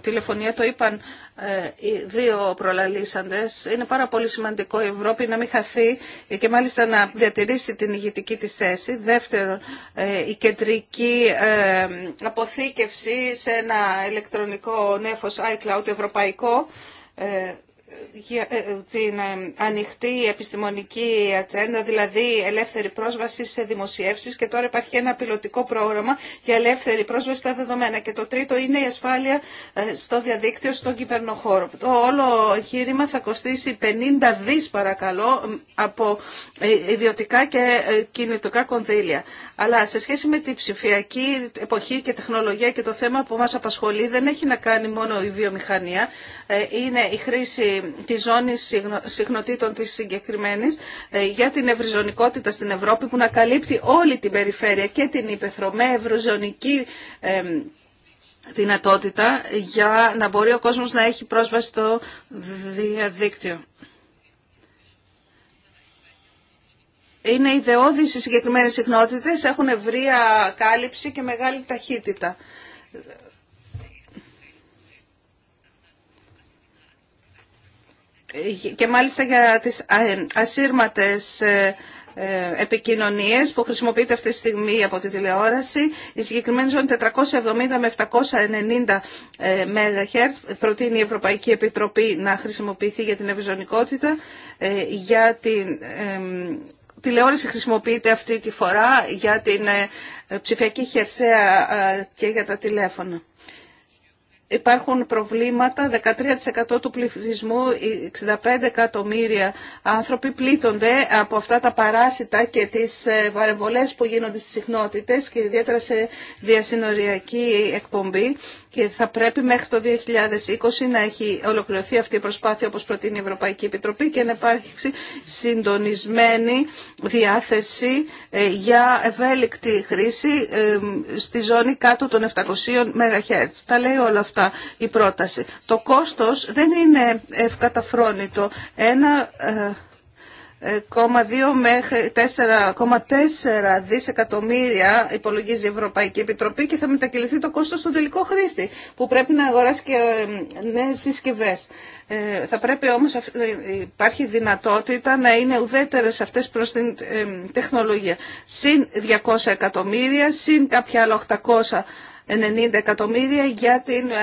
τηλεφωνία, το είπαν ε, οι δύο προλαλήσαντες, είναι πάρα πολύ σημαντικό η Ευρώπη να μην χαθεί και μάλιστα να διατηρήσει την ηγητική της θέση. Δεύτερον, ε, η κεντρική ε, αποθήκευση σε ένα ηλεκτρονικό νέφος iCloud ευρωπαϊκό ε, την ε, ανοιχτή επιστημονική ατζέντα, δηλαδή ελεύθερη πρόσβαση σε δημοσιεύσεις και τώρα υπάρχει ένα πιλωτικό πρόγραμμα για ελεύθερη πρόσβαση στα δεδομένα και το τρίτο είναι η ασφάλεια ε, στο διαδίκτυο, στον κυβερνοχώρο. Το όλο εγχείρημα θα κοστίσει 50 δις παρακαλώ από ιδιωτικά και κινητικά κονδύλια. Αλλά σε σχέση με την ψηφιακή εποχή και τεχνολογία και το θέμα που μας απασχολεί δεν έχει να κάνει μόνο η βιομηχανία, ε, είναι η χρήση της ζώνης συχνοτήτων της συγκεκριμένη ε, για την ευρυζωνικότητα στην Ευρώπη που να καλύπτει όλη την περιφέρεια και την υπεθρο με ευρυζωνική δυνατότητα για να μπορεί ο κόσμος να έχει πρόσβαση στο διαδίκτυο. είναι ιδεώδεις οι συγκεκριμένες συχνότητες, έχουν ευρία κάλυψη και μεγάλη ταχύτητα. Και μάλιστα για τις ε, ασύρματες ε, ε, επικοινωνίες που χρησιμοποιείται αυτή τη στιγμή από τη τηλεόραση. Η συγκεκριμένη ζώνη 470 με 790 MHz προτείνει η Ευρωπαϊκή Επιτροπή να χρησιμοποιηθεί για την ευζωνικότητα, για την τηλεόραση χρησιμοποιείται αυτή τη φορά για την ε, ψηφιακή χερσαία ε, και για τα τηλέφωνα. Υπάρχουν προβλήματα, 13% του πληθυσμού, 65 εκατομμύρια άνθρωποι πλήττονται από αυτά τα παράσιτα και τις ε, παρεμβολές που γίνονται στις συχνότητες και ιδιαίτερα σε διασυνοριακή εκπομπή και θα πρέπει μέχρι το 2020 να έχει ολοκληρωθεί αυτή η προσπάθεια όπως προτείνει η Ευρωπαϊκή Επιτροπή και να υπάρχει συντονισμένη διάθεση ε, για ευέλικτη χρήση ε, στη ζώνη κάτω των 700 MHz. Τα λέει όλα αυτά η πρόταση. Το κόστος δεν είναι ευκαταφρόνητο. Ένα ε, 4,2 μέχρι 4,4 δισεκατομμύρια υπολογίζει η Ευρωπαϊκή Επιτροπή και θα μετακυληθεί το κόστος στον τελικό χρήστη που πρέπει να αγοράσει και νέες συσκευές. Ε, θα πρέπει όμως ε, υπάρχει δυνατότητα να είναι ουδέτερες αυτές προς την τεχνολογία. Συν 200 εκατομμύρια, συν κάποια άλλα 890 εκατομμύρια για την ε,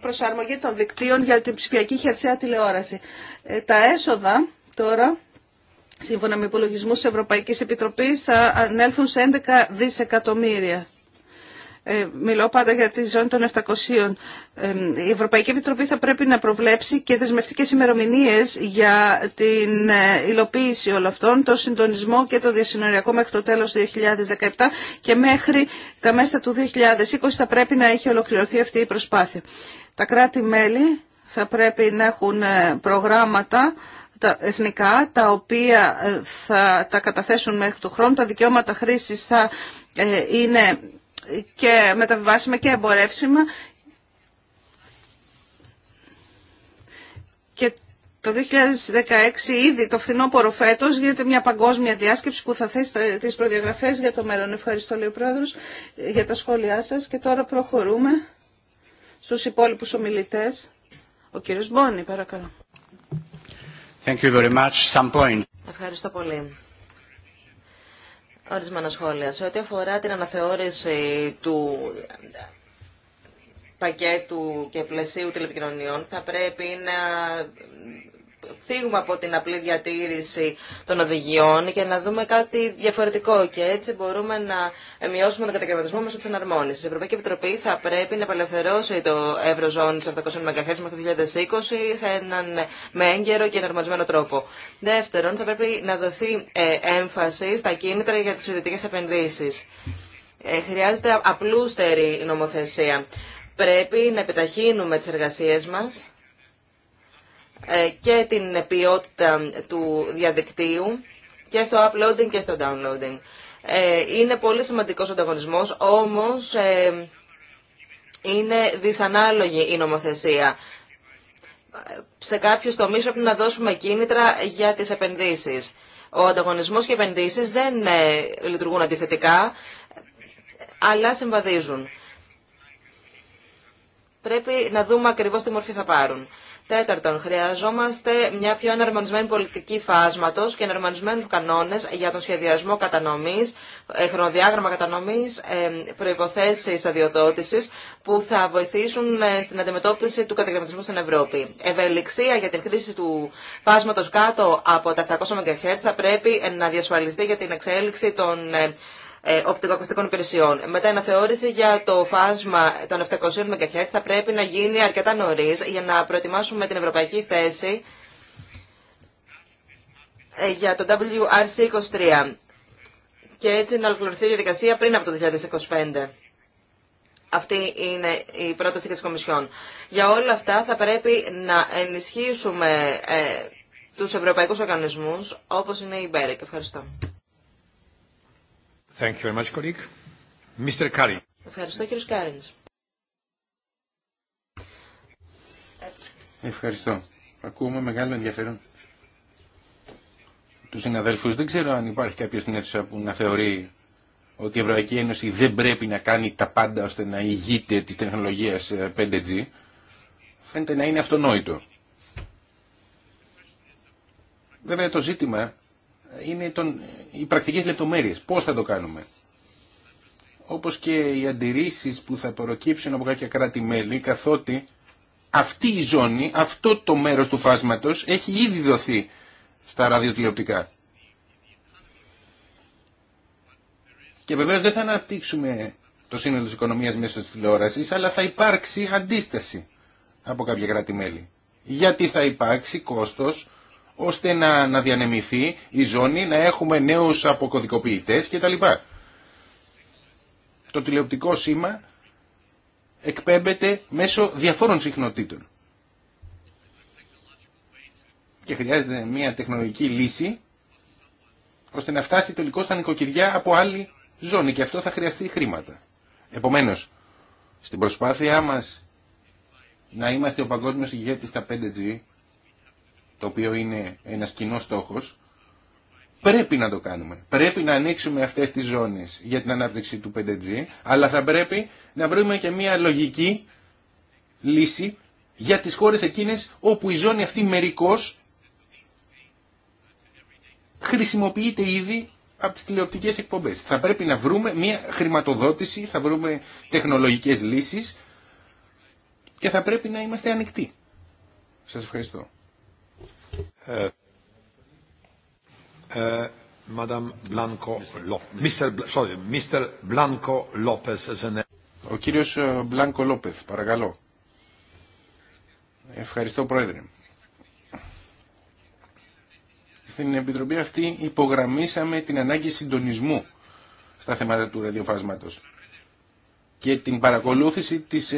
προσαρμογή των δικτύων για την ψηφιακή χερσαία τηλεόραση. Τα έσοδα τώρα σύμφωνα με υπολογισμούς της Ευρωπαϊκής Επιτροπής, θα ανέλθουν σε 11 δισεκατομμύρια. Ε, μιλώ πάντα για τη ζώνη των 700. Ε, η Ευρωπαϊκή Επιτροπή θα πρέπει να προβλέψει και δεσμευτικές ημερομηνίε για την ε, υλοποίηση όλων αυτών, το συντονισμό και το διασυνοριακό μέχρι το τέλος του 2017 και μέχρι τα μέσα του 2020 θα πρέπει να έχει ολοκληρωθεί αυτή η προσπάθεια. Τα κράτη-μέλη θα πρέπει να έχουν ε, προγράμματα τα εθνικά, τα οποία ε, θα τα καταθέσουν μέχρι το χρόνο. Τα δικαιώματα χρήσης θα ε, είναι και μεταβιβάσιμα και εμπορεύσιμα. Και το 2016 ήδη το φθινόπωρο φέτος γίνεται μια παγκόσμια διάσκεψη που θα θέσει τι προδιαγραφέ για το μέλλον. Ευχαριστώ, λέει ο Πρόεδρο, για τα σχόλιά σα. Και τώρα προχωρούμε στου υπόλοιπου ομιλητέ. Ο κύριος Μπόνι, παρακαλώ. Ευχαριστώ πολύ. Ορισμένα σχόλια. Σε ό,τι αφορά την αναθεώρηση του πακέτου και πλαισίου τηλεπικοινωνιών, θα πρέπει να φύγουμε από την απλή διατήρηση των οδηγιών και να δούμε κάτι διαφορετικό και έτσι μπορούμε να μειώσουμε τον κατακαιρματισμό μέσω τη εναρμόνιση. Η Ευρωπαϊκή Επιτροπή θα πρέπει να απελευθερώσει το Ευρωζώνη σε 700 MHz μέχρι το 2020 σε έναν με έγκαιρο και εναρμονισμένο τρόπο. Δεύτερον, θα πρέπει να δοθεί ε, έμφαση στα κίνητρα για τι ιδιωτικέ επενδύσει. Ε, χρειάζεται απλούστερη νομοθεσία. Πρέπει να επιταχύνουμε τις εργασίες μας ε, και την ποιότητα του διαδικτύου και στο uploading και στο downloading. Ε, είναι πολύ σημαντικός ο ανταγωνισμός, όμως ε, είναι δυσανάλογη η νομοθεσία. Σε κάποιους τομείς πρέπει να δώσουμε κίνητρα για τις επενδύσεις. Ο ανταγωνισμός και οι επενδύσεις δεν λειτουργούν αντιθετικά, αλλά συμβαδίζουν. Πρέπει να δούμε ακριβώς τι μορφή θα πάρουν. Τέταρτον, χρειαζόμαστε μια πιο εναρμονισμένη πολιτική φάσματο και εναρμονισμένου κανόνε για τον σχεδιασμό κατανομή, ε, χρονοδιάγραμμα κατανομή, ε, προποθέσει αδειοδότηση που θα βοηθήσουν ε, στην αντιμετώπιση του κατακαιρματισμού στην Ευρώπη. Ευελιξία για την χρήση του φάσματο κάτω από τα 700 MHz θα πρέπει να διασφαλιστεί για την εξέλιξη των ε, οπτικοακουστικών υπηρεσιών. Μετά η αναθεώρηση για το φάσμα των 700 MHz θα πρέπει να γίνει αρκετά νωρί για να προετοιμάσουμε την ευρωπαϊκή θέση ε, για το WRC23 και έτσι να ολοκληρωθεί η διαδικασία πριν από το 2025. Αυτή είναι η πρόταση της Κομισιόν. Για όλα αυτά θα πρέπει να ενισχύσουμε ε, τους ευρωπαϊκούς οργανισμούς όπως είναι η ΜΠΕΡΕΚ. Ευχαριστώ. Ευχαριστώ κύριος με Ευχαριστώ. Ακούμε μεγάλο ενδιαφέρον του συναδέλφου. Δεν ξέρω αν υπάρχει κάποιο στην αίθουσα που να θεωρεί ότι η Ευρωπαϊκή Ένωση δεν πρέπει να κάνει τα πάντα ώστε να ηγείται τη τεχνολογία 5G. Ε, Φαίνεται να είναι αυτονόητο. Βέβαια το ζήτημα είναι τον, οι πρακτικές λεπτομέρειες. Πώς θα το κάνουμε. Όπως και οι αντιρρήσεις που θα προκύψουν από κάποια κράτη-μέλη, καθότι αυτή η ζώνη, αυτό το μέρος του φάσματος έχει ήδη δοθεί στα ραδιοτηλεοπτικά. Και βεβαίω δεν θα αναπτύξουμε το σύνολο της οικονομίας μέσω της τηλεόρασης, αλλά θα υπάρξει αντίσταση από κάποια κράτη-μέλη. Γιατί θα υπάρξει κόστος ώστε να, να διανεμηθεί η ζώνη, να έχουμε νέους αποκωδικοποιητές κτλ. Το τηλεοπτικό σήμα εκπέμπεται μέσω διαφόρων συχνοτήτων. Και χρειάζεται μια τεχνολογική λύση ώστε να φτάσει τελικώ στα νοικοκυριά από άλλη ζώνη και αυτό θα χρειαστεί χρήματα. Επομένως, στην προσπάθειά μας να είμαστε ο παγκόσμιος ηγέτης στα 5G το οποίο είναι ένας κοινό στόχος, πρέπει να το κάνουμε. Πρέπει να ανοίξουμε αυτές τις ζώνες για την ανάπτυξη του 5G, αλλά θα πρέπει να βρούμε και μια λογική λύση για τις χώρες εκείνες όπου η ζώνη αυτή μερικώς χρησιμοποιείται ήδη από τις τηλεοπτικές εκπομπές. Θα πρέπει να βρούμε μια χρηματοδότηση, θα βρούμε τεχνολογικές λύσεις και θα πρέπει να είμαστε ανοιχτοί. Σας ευχαριστώ. Ε, ε, Ο κύριος Μπλάνκο ε, Λόπεθ, παρακαλώ. Ευχαριστώ, Πρόεδρε. Στην Επιτροπή αυτή υπογραμμίσαμε την ανάγκη συντονισμού στα θέματα του ραδιοφάσματος και την παρακολούθηση της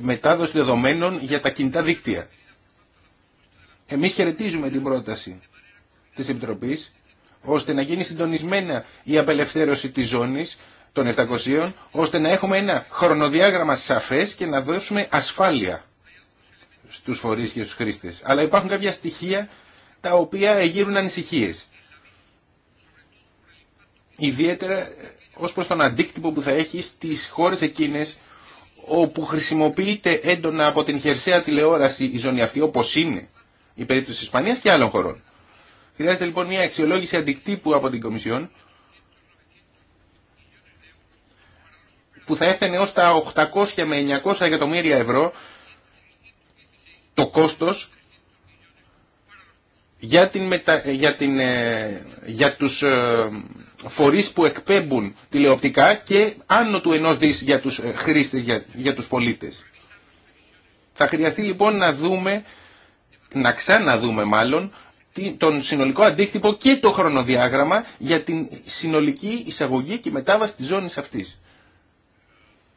μετάδοσης δεδομένων για τα κινητά δίκτυα. Εμείς χαιρετίζουμε την πρόταση της Επιτροπής ώστε να γίνει συντονισμένα η απελευθέρωση της ζώνης των 700 ώστε να έχουμε ένα χρονοδιάγραμμα σαφές και να δώσουμε ασφάλεια στους φορείς και στους χρήστες. Αλλά υπάρχουν κάποια στοιχεία τα οποία εγείρουν ανησυχίες. Ιδιαίτερα ως προς τον αντίκτυπο που θα έχει στις χώρες εκείνες όπου χρησιμοποιείται έντονα από την χερσαία τηλεόραση η ζώνη αυτή όπως είναι η περίπτωση της Ισπανίας και άλλων χωρών. Χρειάζεται λοιπόν μια αξιολόγηση αντικτύπου από την Κομισιόν που θα έφτανε ω τα 800 με 900 εκατομμύρια ευρώ το κόστος για, την μετα... για, την... Ε, για τους ε, φορείς που εκπέμπουν τηλεοπτικά και άνω του ενός δις για τους ε, χρήστες, για, για τους πολίτες. Θα χρειαστεί λοιπόν να δούμε να ξαναδούμε μάλλον τον συνολικό αντίκτυπο και το χρονοδιάγραμμα για την συνολική εισαγωγή και μετάβαση της ζώνης αυτής.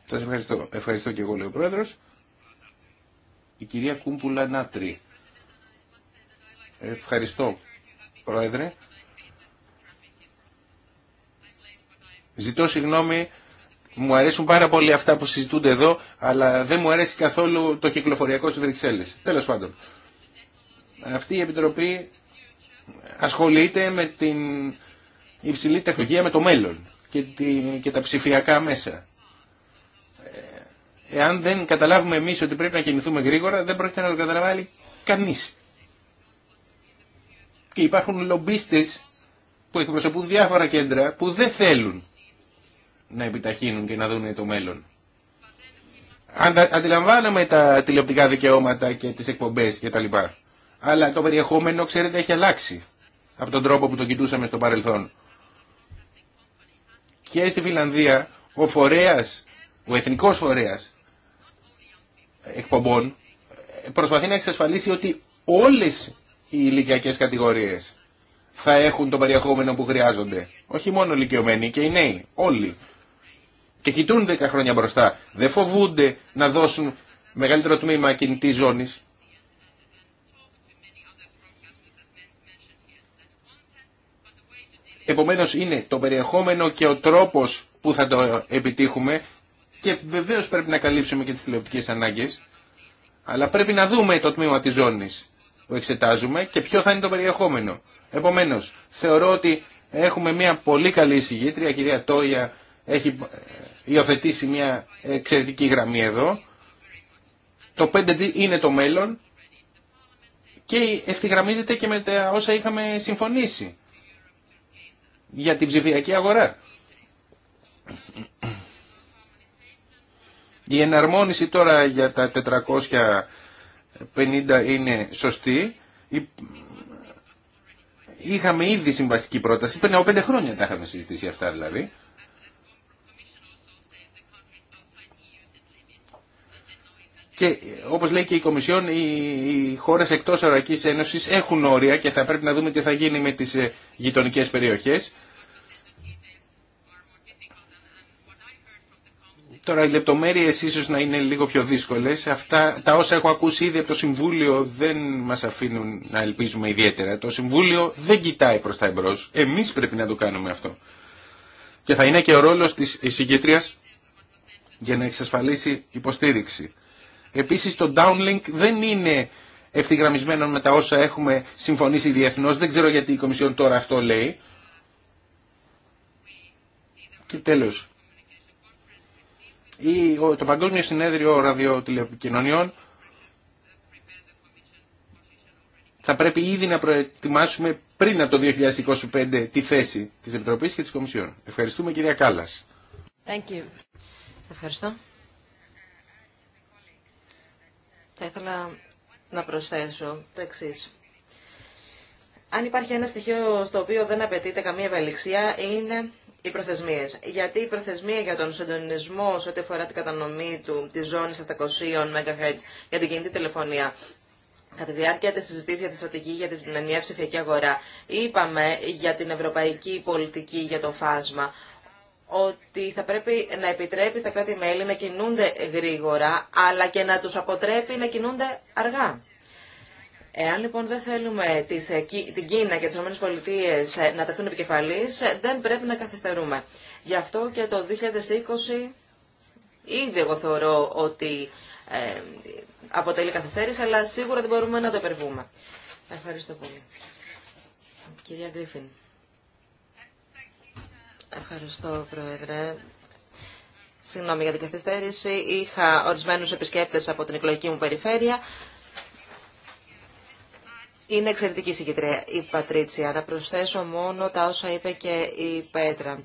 Σας ευχαριστώ. Ευχαριστώ και εγώ, λέει ο Πρόεδρος. Η κυρία Κούμπουλα Νάτρη. Ευχαριστώ, Πρόεδρε. Ζητώ συγγνώμη, μου αρέσουν πάρα πολύ αυτά που συζητούνται εδώ, αλλά δεν μου αρέσει καθόλου το κυκλοφοριακό στις Βρυξέλλες. Τέλος πάντων αυτή η Επιτροπή ασχολείται με την υψηλή τεχνολογία, με το μέλλον και, τη, και τα ψηφιακά μέσα. Ε, εάν δεν καταλάβουμε εμείς ότι πρέπει να κινηθούμε γρήγορα, δεν πρόκειται να το καταλαβάλει κανείς. Και υπάρχουν λομπίστες που εκπροσωπούν διάφορα κέντρα που δεν θέλουν να επιταχύνουν και να δουν το μέλλον. Αν αντιλαμβάνομαι τα τηλεοπτικά δικαιώματα και τις εκπομπές και τα λοιπά αλλά το περιεχόμενο, ξέρετε, έχει αλλάξει από τον τρόπο που το κοιτούσαμε στο παρελθόν. Και στη Φιλανδία ο φορέας, ο εθνικός φορέας εκπομπών προσπαθεί να εξασφαλίσει ότι όλες οι ηλικιακές κατηγορίες θα έχουν το περιεχόμενο που χρειάζονται. Όχι μόνο ηλικιωμένοι και οι νέοι, όλοι. Και κοιτούν 10 χρόνια μπροστά. Δεν φοβούνται να δώσουν μεγαλύτερο τμήμα κινητή ζώνης Επομένως είναι το περιεχόμενο και ο τρόπος που θα το επιτύχουμε και βεβαίως πρέπει να καλύψουμε και τις τηλεοπτικές ανάγκες αλλά πρέπει να δούμε το τμήμα της ζώνης που εξετάζουμε και ποιο θα είναι το περιεχόμενο. Επομένως, θεωρώ ότι έχουμε μια πολύ καλή εισηγήτρια, η κυρία Τόια έχει ε, υιοθετήσει μια εξαιρετική γραμμή εδώ. Το 5G είναι το μέλλον και ευθυγραμμίζεται και με τα όσα είχαμε συμφωνήσει για την ψηφιακή αγορά. Η εναρμόνιση τώρα για τα 450 είναι σωστή. Είχαμε ήδη συμβαστική πρόταση, πριν από πέντε χρόνια τα είχαμε συζητήσει αυτά δηλαδή. Και όπω λέει και η Κομισιόν, οι χώρε εκτό Ευρωπαϊκής Ένωση έχουν όρια και θα πρέπει να δούμε τι θα γίνει με τι ε, γειτονικέ περιοχέ. Τώρα οι λεπτομέρειες ίσως να είναι λίγο πιο δύσκολες. Αυτά, τα όσα έχω ακούσει ήδη από το Συμβούλιο δεν μας αφήνουν να ελπίζουμε ιδιαίτερα. Το Συμβούλιο δεν κοιτάει προς τα εμπρός. Εμείς πρέπει να το κάνουμε αυτό. Και θα είναι και ο ρόλος της εισηγήτριας για να εξασφαλίσει υποστήριξη. Επίσης το downlink δεν είναι ευθυγραμμισμένο με τα όσα έχουμε συμφωνήσει διεθνώς. Δεν ξέρω γιατί η Κομισιόν τώρα αυτό λέει. Και τέλος. Η, το Παγκόσμιο Συνέδριο Ραδιοτηλεπικοινωνιών θα πρέπει ήδη να προετοιμάσουμε πριν από το 2025 τη θέση της Επιτροπής και της Κομισιόν. Ευχαριστούμε κυρία Κάλλας. Thank you. Ευχαριστώ. Θα ήθελα να προσθέσω το εξή. Αν υπάρχει ένα στοιχείο στο οποίο δεν απαιτείται καμία ευελιξία, είναι οι προθεσμίε. Γιατί η προθεσμία για τον συντονισμό σε ό,τι αφορά την κατανομή του τη ζώνη 700 MHz για την κινητή τηλεφωνία κατά τη διάρκεια τη συζήτηση για τη στρατηγική για την ενιαία ψηφιακή αγορά, είπαμε για την ευρωπαϊκή πολιτική για το φάσμα ότι θα πρέπει να επιτρέπει στα κράτη-μέλη να κινούνται γρήγορα, αλλά και να τους αποτρέπει να κινούνται αργά. Εάν λοιπόν δεν θέλουμε τις, ε, την Κίνα και τις ΗΠΑ ε, να τεθούν επικεφαλής, ε, δεν πρέπει να καθυστερούμε. Γι' αυτό και το 2020 ήδη εγώ θεωρώ ότι αποτελεί καθυστέρηση, αλλά σίγουρα δεν μπορούμε να το υπερβούμε. Ευχαριστώ πολύ. Κυρία Γκρίφιν. Ευχαριστώ, Πρόεδρε. Συγγνώμη για την καθυστέρηση. Είχα ορισμένους επισκέπτες από την εκλογική μου περιφέρεια. Είναι εξαιρετική συγκεντρία η Πατρίτσια. Να προσθέσω μόνο τα όσα είπε και η Πέτρα.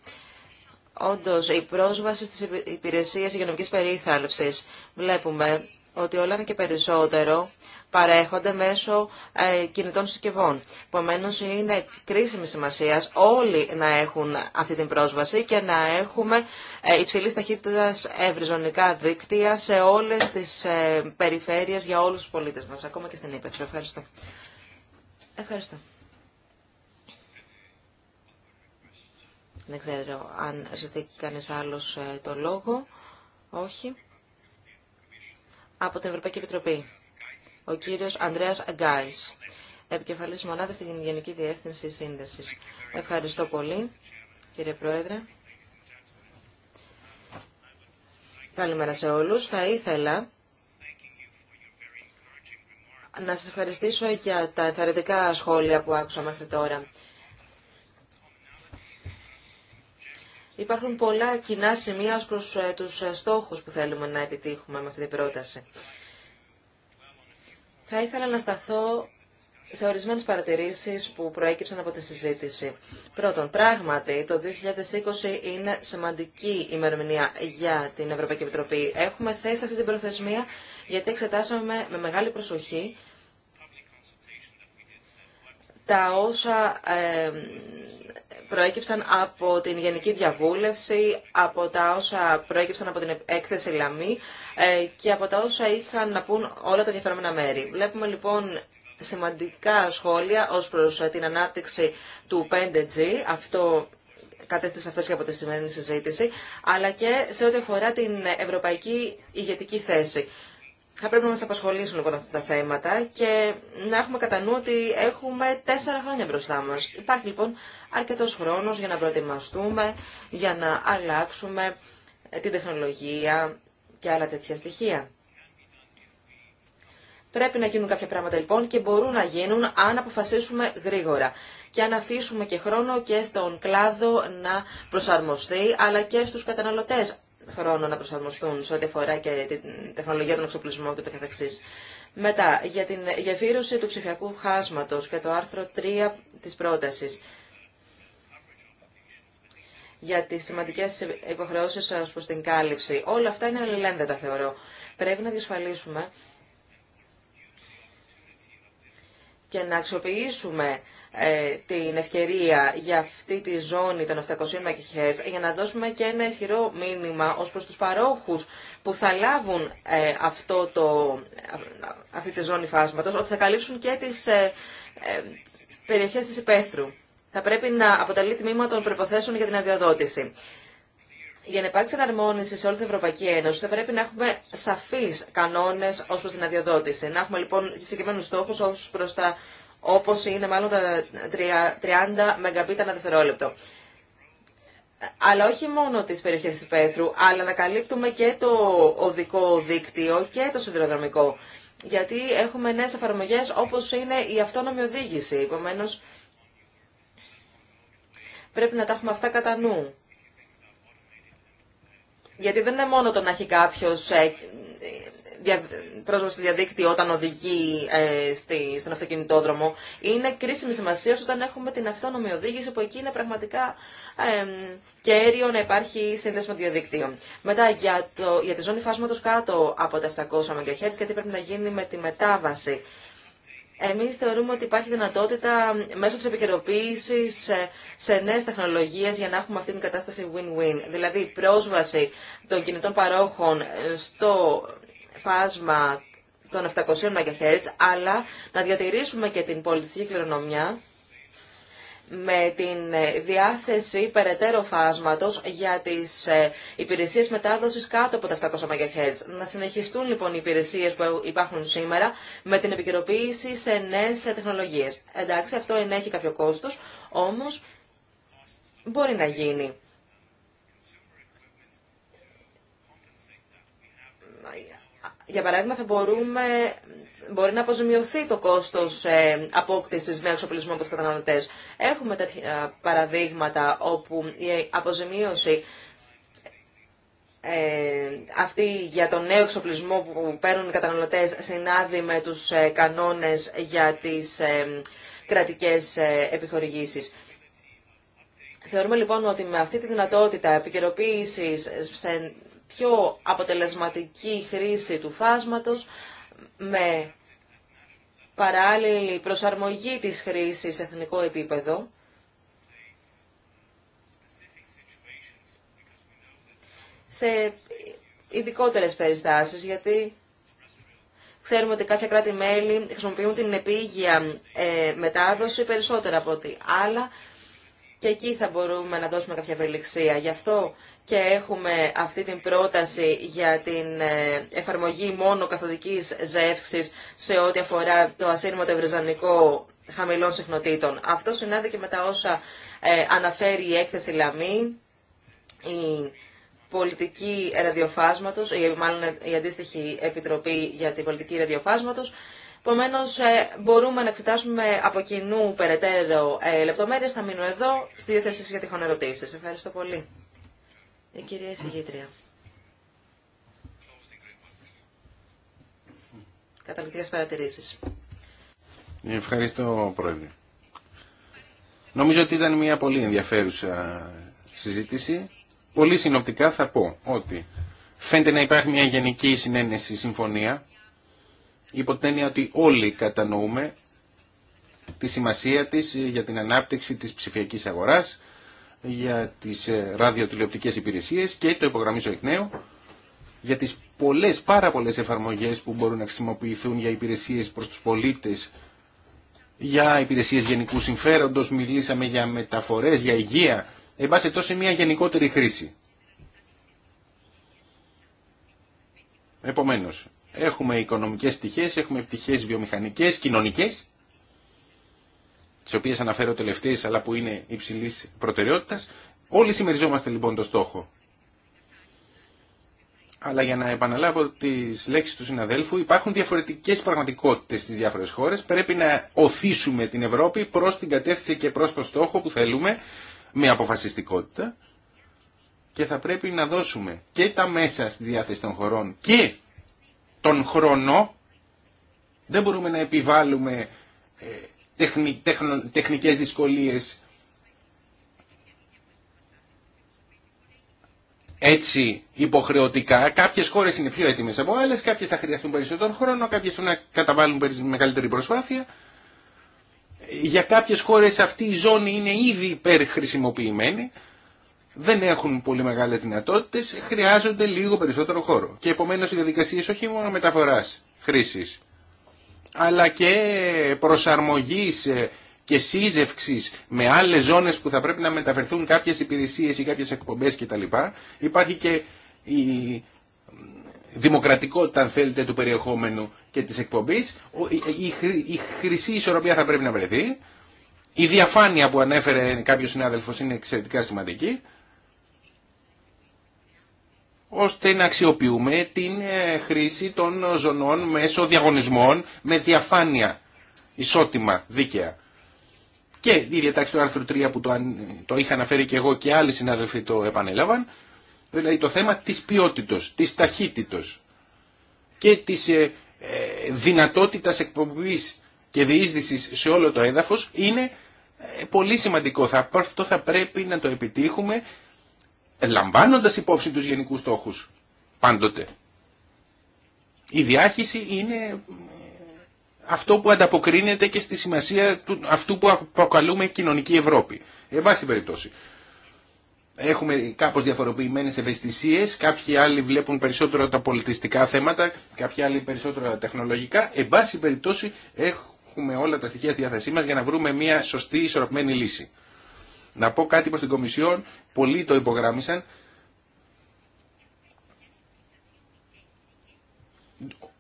Όντω, η πρόσβαση στις υπηρεσίες υγειονομικής περίθαλψης. Βλέπουμε ότι όλα είναι και περισσότερο παρέχονται μέσω ε, κινητών συσκευών. Επομένω, είναι κρίσιμη σημασία όλοι να έχουν αυτή την πρόσβαση και να έχουμε ε, υψηλή ταχύτητα ευρυζωνικά δίκτυα σε όλε τι ε, περιφέρειες για όλου του πολίτε μα, ακόμα και στην Ήπεθρο. Ευχαριστώ. Ευχαριστώ. Δεν ξέρω αν ζητεί κανείς άλλος το λόγο. Όχι από την Ευρωπαϊκή Επιτροπή, ο κύριος Ανδρέας Αγκάης, επικεφαλής μονάδας στην Γενική Διεύθυνση Σύνδεσης. Ευχαριστώ πολύ, κύριε Πρόεδρε. Καλημέρα σε όλους. Θα ήθελα να σας ευχαριστήσω για τα ενθαρρυντικά σχόλια που άκουσα μέχρι τώρα. Υπάρχουν πολλά κοινά σημεία ως προς ε, τους ε, στόχους που θέλουμε να επιτύχουμε με αυτή την πρόταση. Θα ήθελα να σταθώ σε ορισμένες παρατηρήσεις που προέκυψαν από τη συζήτηση. Πρώτον, πράγματι το 2020 είναι σημαντική ημερομηνία για την Ευρωπαϊκή Επιτροπή. Έχουμε θέσει αυτή την προθεσμία γιατί εξετάσαμε με μεγάλη προσοχή τα όσα προέκυψαν από την Γενική Διαβούλευση, από τα όσα προέκυψαν από την έκθεση Λαμή ε, και από τα όσα είχαν να πούν όλα τα διαφερόμενα μέρη. Βλέπουμε λοιπόν σημαντικά σχόλια ως προς την ανάπτυξη του 5G, αυτό κατέστησε σαφέ και από τη σημερινή συζήτηση, αλλά και σε ό,τι αφορά την ευρωπαϊκή ηγετική θέση. Θα πρέπει να μας απασχολήσουν λοιπόν αυτά τα θέματα και να έχουμε κατά νου ότι έχουμε τέσσερα χρόνια μπροστά μας. Υπάρχει λοιπόν αρκετός χρόνος για να προετοιμαστούμε, για να αλλάξουμε ε, την τεχνολογία και άλλα τέτοια στοιχεία. Πρέπει να γίνουν κάποια πράγματα λοιπόν και μπορούν να γίνουν αν αποφασίσουμε γρήγορα και αν αφήσουμε και χρόνο και στον κλάδο να προσαρμοστεί αλλά και στους καταναλωτές χρόνο να προσαρμοστούν σε ό,τι αφορά και την τεχνολογία των εξοπλισμών και το καθεξής. Μετά, για την γεφύρωση του ψηφιακού χάσματος και το άρθρο 3 της πρότασης για τις σημαντικές υποχρεώσεις ως προς την κάλυψη. Όλα αυτά είναι αλληλένδετα, θεωρώ. Πρέπει να διασφαλίσουμε και να αξιοποιήσουμε ε, την ευκαιρία για αυτή τη ζώνη των 700 MHz για να δώσουμε και ένα ισχυρό μήνυμα ως προς τους παρόχους που θα λάβουν ε, αυτό το, ε, αυτή τη ζώνη φάσματος ότι θα καλύψουν και τις περιοχές της υπαίθρου. Θα πρέπει να αποτελεί τμήμα των προποθέσεων για την αδειοδότηση. Για να υπάρξει εναρμόνιση σε όλη την Ευρωπαϊκή Ένωση, θα πρέπει να έχουμε σαφεί κανόνε ω προ την αδειοδότηση. Να έχουμε λοιπόν συγκεκριμένου στόχου ω προ τα όπως είναι μάλλον τα 30 ΜΜ ένα δευτερόλεπτο. Αλλά όχι μόνο τις περιοχές της Πέθρου, αλλά να καλύπτουμε και το οδικό δίκτυο και το σιδηροδρομικό. Γιατί έχουμε νέες εφαρμογές όπως είναι η αυτόνομη οδήγηση. Επομένω, πρέπει να τα έχουμε αυτά κατά νου. Γιατί δεν είναι μόνο το να έχει κάποιο ε, πρόσβαση στο διαδίκτυο όταν οδηγεί ε, στη, στον αυτοκινητόδρομο είναι κρίσιμη σημασία όταν έχουμε την αυτόνομη οδήγηση που εκεί είναι πραγματικά κέριο να υπάρχει σύνδεση με διαδίκτυο. Μετά για, το, για τη ζώνη φάσματο κάτω από τα 700 MHz και τι πρέπει να γίνει με τη μετάβαση. Εμεί θεωρούμε ότι υπάρχει δυνατότητα μέσω τη επικαιροποίηση ε, σε νέες τεχνολογίε για να έχουμε αυτή την κατάσταση win-win. Δηλαδή πρόσβαση των κινητών παρόχων στο φάσμα των 700 MHz, αλλά να διατηρήσουμε και την πολιτιστική κληρονομιά με την ε, διάθεση περαιτέρω φάσματος για τις ε, υπηρεσίες μετάδοσης κάτω από τα 700 MHz. Να συνεχιστούν λοιπόν οι υπηρεσίες που ε, υπάρχουν σήμερα με την επικαιροποίηση σε νέες τεχνολογίες. Εντάξει, αυτό ενέχει κάποιο κόστος, όμως μπορεί να γίνει. για παράδειγμα, θα μπορούμε, μπορεί να αποζημιωθεί το κόστος ε, απόκτησης νέου εξοπλισμού από του καταναλωτέ. Έχουμε τέτοια παραδείγματα όπου η αποζημίωση ε, αυτή για τον νέο εξοπλισμό που παίρνουν οι καταναλωτέ συνάδει με τους ε, κανόνες για τις ε, κρατικές ε, επιχορηγήσεις. Θεωρούμε λοιπόν ότι με αυτή τη δυνατότητα επικαιροποίηση σε πιο αποτελεσματική χρήση του φάσματος με παράλληλη προσαρμογή της χρήσης σε εθνικό επίπεδο σε ειδικότερες περιστάσεις, γιατί ξέρουμε ότι κάποια κράτη-μέλη χρησιμοποιούν την επίγεια ε, μετάδοση περισσότερα από ότι άλλα και εκεί θα μπορούμε να δώσουμε κάποια ευελιξία. Γι' αυτό και έχουμε αυτή την πρόταση για την ε, εφαρμογή μόνο καθοδικής ζεύξης σε ό,τι αφορά το ασύρματο ευρυζανικό χαμηλών συχνοτήτων. Αυτό συνάδει και με τα όσα ε, αναφέρει η έκθεση Λαμή, η πολιτική ραδιοφάσματος, ή μάλλον η αντίστοιχη επιτροπή για την πολιτική ραδιοφάσματος, Επομένω, ε, μπορούμε να εξετάσουμε από κοινού περαιτέρω λεπτομέρειες. Θα μείνω εδώ στη διάθεση για τυχόν ερωτήσεις. Ευχαριστώ πολύ. Η ε, κυρία εισηγήτρια. Καταληκτικές παρατηρήσεις. Ευχαριστώ, Πρόεδρε. Νομίζω ότι ήταν μια πολύ ενδιαφέρουσα συζήτηση. Πολύ συνοπτικά θα πω ότι φαίνεται να υπάρχει μια γενική συνένεση, συμφωνία, υπό την έννοια ότι όλοι κατανοούμε τη σημασία της για την ανάπτυξη της ψηφιακής αγοράς, για τις ε, ραδιοτηλεοπτικές υπηρεσίες και το υπογραμμίζω εκ νέου για τις πολλές, πάρα πολλές εφαρμογές που μπορούν να χρησιμοποιηθούν για υπηρεσίες προς τους πολίτες, για υπηρεσίες γενικού συμφέροντος, μιλήσαμε για μεταφορές, για υγεία, εν πάση τόσο μια γενικότερη χρήση. Επομένως, έχουμε οικονομικές πτυχέ, έχουμε πτυχέ βιομηχανικές, κοινωνικές, τι οποίε αναφέρω τελευταίε, αλλά που είναι υψηλή προτεραιότητας. Όλοι συμμεριζόμαστε λοιπόν το στόχο. Αλλά για να επαναλάβω τις λέξεις του συναδέλφου, υπάρχουν διαφορετικές πραγματικότητες στις διάφορες χώρες. Πρέπει να οθήσουμε την Ευρώπη προς την κατεύθυνση και προς το στόχο που θέλουμε με αποφασιστικότητα και θα πρέπει να δώσουμε και τα μέσα στη διάθεση των χωρών και τον χρόνο. Δεν μπορούμε να επιβάλλουμε ε, τεχνικές δυσκολίες. Έτσι υποχρεωτικά κάποιες χώρε είναι πιο έτοιμες από άλλες, κάποιες θα χρειαστούν περισσότερο χρόνο, κάποιες θα καταβάλουν μεγαλύτερη προσπάθεια. Για κάποιες χώρε αυτή η ζώνη είναι ήδη υπερχρησιμοποιημένη, δεν έχουν πολύ μεγάλες δυνατότητες, χρειάζονται λίγο περισσότερο χώρο. Και επομένως οι διαδικασίες όχι μόνο μεταφοράς χρήσης, αλλά και προσαρμογής ε, και σύζευξης με άλλες ζώνες που θα πρέπει να μεταφερθούν κάποιες υπηρεσίες ή κάποιες εκπομπές κτλ. Υπάρχει και η δημοκρατικότητα αν θέλετε του περιεχόμενου και της εκπομπής, η χρυσή ισορροπία θα πρέπει να βρεθεί, η διαφάνεια που ανέφερε κάποιος συνάδελφος είναι εξαιρετικά σημαντική ώστε να αξιοποιούμε την ε, χρήση των ζωνών μέσω διαγωνισμών με διαφάνεια, ισότιμα, δίκαια. Και η διατάξη του άρθρου 3 που το, το είχα αναφέρει και εγώ και άλλοι συνάδελφοι το επανέλαβαν, δηλαδή το θέμα της ποιότητος, της ταχύτητος και της ε, ε, δυνατότητας εκπομπής και διείσδυσης σε όλο το έδαφος είναι ε, πολύ σημαντικό. Θα, αυτό θα πρέπει να το επιτύχουμε λαμβάνοντας υπόψη τους γενικούς στόχους πάντοτε. Η διάχυση είναι ε, αυτό που ανταποκρίνεται και στη σημασία του, αυτού που αποκαλούμε κοινωνική Ευρώπη. Εν πάση περιπτώσει. Έχουμε κάπως διαφοροποιημένες ευαισθησίες, κάποιοι άλλοι βλέπουν περισσότερο τα πολιτιστικά θέματα, κάποιοι άλλοι περισσότερο τα τεχνολογικά. Εν πάση περιπτώσει έχουμε όλα τα στοιχεία στη διάθεσή μας για να βρούμε μια σωστή ισορροπημένη λύση. Να πω κάτι προς την Κομισιόν, πολλοί το υπογράμμισαν.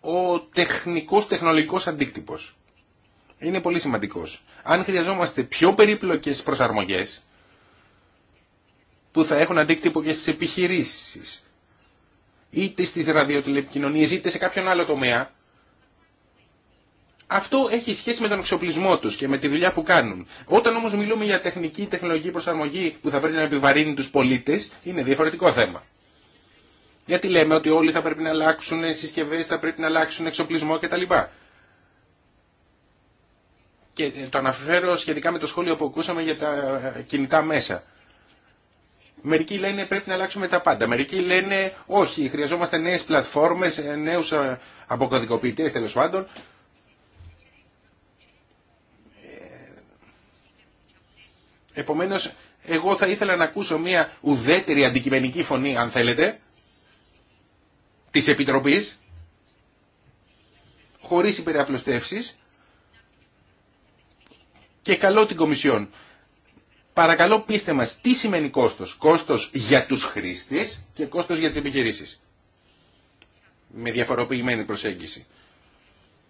Ο τεχνικός, τεχνολογικός αντίκτυπος είναι πολύ σημαντικός. Αν χρειαζόμαστε πιο περίπλοκες προσαρμογές που θα έχουν αντίκτυπο και στις επιχειρήσεις είτε στις ραδιοτηλεπικοινωνίες είτε σε κάποιον άλλο τομέα αυτό έχει σχέση με τον εξοπλισμό του και με τη δουλειά που κάνουν. Όταν όμω μιλούμε για τεχνική, τεχνολογική προσαρμογή που θα πρέπει να επιβαρύνει του πολίτε, είναι διαφορετικό θέμα. Γιατί λέμε ότι όλοι θα πρέπει να αλλάξουν συσκευέ, θα πρέπει να αλλάξουν εξοπλισμό κτλ. Και ε, το αναφέρω σχετικά με το σχόλιο που ακούσαμε για τα κινητά μέσα. Μερικοί λένε πρέπει να αλλάξουμε τα πάντα. Μερικοί λένε όχι, χρειαζόμαστε νέε πλατφόρμε, ε, νέου ε, αποκωδικοποιητέ τέλο πάντων. Επομένως, εγώ θα ήθελα να ακούσω μια ουδέτερη αντικειμενική φωνή, αν θέλετε, της Επιτροπής, χωρίς υπεραπλωστεύσεις, και καλό την Κομισιόν. Παρακαλώ πείστε μας τι σημαίνει κόστος. Κόστος για τους χρήστες και κόστος για τις επιχειρήσεις. Με διαφοροποιημένη προσέγγιση.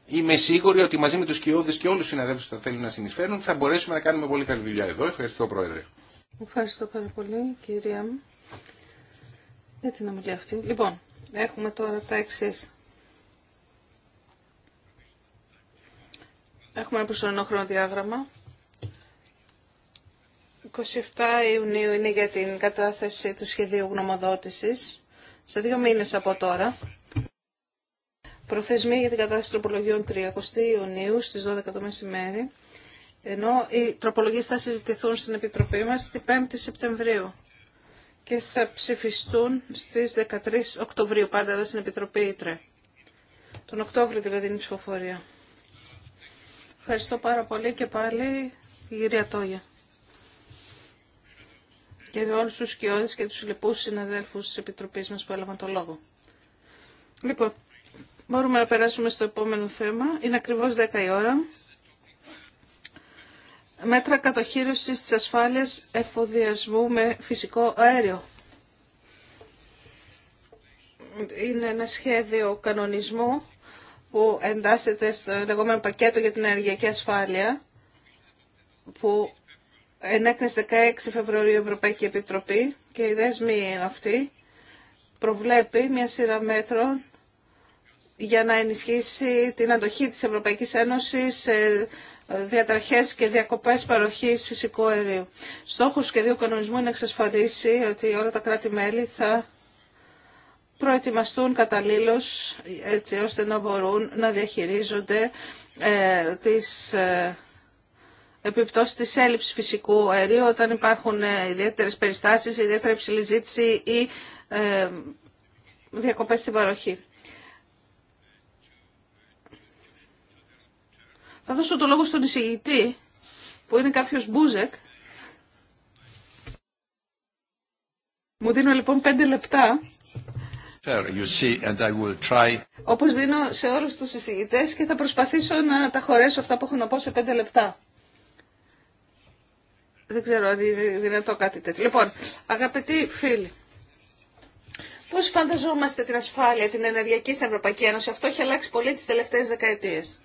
Είμαι σίγουρη ότι μαζί με τους κοιόδες και όλου τους συναδέλφους που θα θέλουν να συνεισφέρουν θα μπορέσουμε να κάνουμε πολύ καλή δουλειά εδώ. Ευχαριστώ Πρόεδρε. Ευχαριστώ πάρα πολύ κυρία μου για την ομιλία αυτή. Λοιπόν, έχουμε τώρα τα εξή. Έχουμε ένα προσωρινό χρονοδιάγραμμα. 27 Ιουνίου είναι για την κατάθεση του σχεδίου γνωμοδότησης. Σε δύο μήνες από τώρα προθεσμία για την κατάσταση τροπολογιών 30 Ιουνίου στις 12 το μεσημέρι, ενώ οι τροπολογίες θα συζητηθούν στην Επιτροπή μας την 5η Σεπτεμβρίου και θα ψηφιστούν στις 13 Οκτωβρίου, πάντα εδώ στην Επιτροπή Ήτρε. Τον Οκτώβριο δηλαδή είναι η ψηφοφορία. Ευχαριστώ πάρα πολύ και πάλι η κυρία Τόγια. Και όλους τους σκιώδες και τους λοιπούς συναδέλφους της Επιτροπής μας που έλαβαν το λόγο. Λοιπόν, Μπορούμε να περάσουμε στο επόμενο θέμα. Είναι ακριβώς 10 η ώρα. Μέτρα κατοχύρωσης της ασφάλειας εφοδιασμού με φυσικό αέριο. Είναι ένα σχέδιο κανονισμού που εντάσσεται στο λεγόμενο πακέτο για την ενεργειακή ασφάλεια που ενέκρινε 16 Φεβρουαρίου η Ευρωπαϊκή Επιτροπή και η δέσμη αυτή προβλέπει μια σειρά μέτρων για να ενισχύσει την αντοχή της Ευρωπαϊκής Ένωσης σε διατραχές και διακοπές παροχής φυσικού αερίου. Στόχος και δύο κανονισμού είναι να εξασφαλίσει ότι όλα τα κράτη-μέλη θα προετοιμαστούν καταλήλως έτσι ώστε να μπορούν να διαχειρίζονται ε, τις ε, επιπτώσεις της έλλειψης φυσικού αερίου όταν υπάρχουν ε, ιδιαίτερες περιστάσεις, ιδιαίτερα υψηλή ζήτηση ή ε, διακοπές στην παροχή. Θα δώσω το λόγο στον εισηγητή, που είναι κάποιος Μπούζεκ. Μου δίνω λοιπόν πέντε λεπτά. You Όπως δίνω σε όλους τους εισηγητές και θα προσπαθήσω να τα χωρέσω αυτά που έχω να πω σε πέντε λεπτά. Δεν ξέρω αν είναι δυνατό κάτι τέτοιο. Λοιπόν, αγαπητοί φίλοι, πώς φανταζόμαστε την ασφάλεια, την ενεργειακή στην Ευρωπαϊκή Ένωση, αυτό έχει αλλάξει πολύ τι τελευταίε δεκαετίες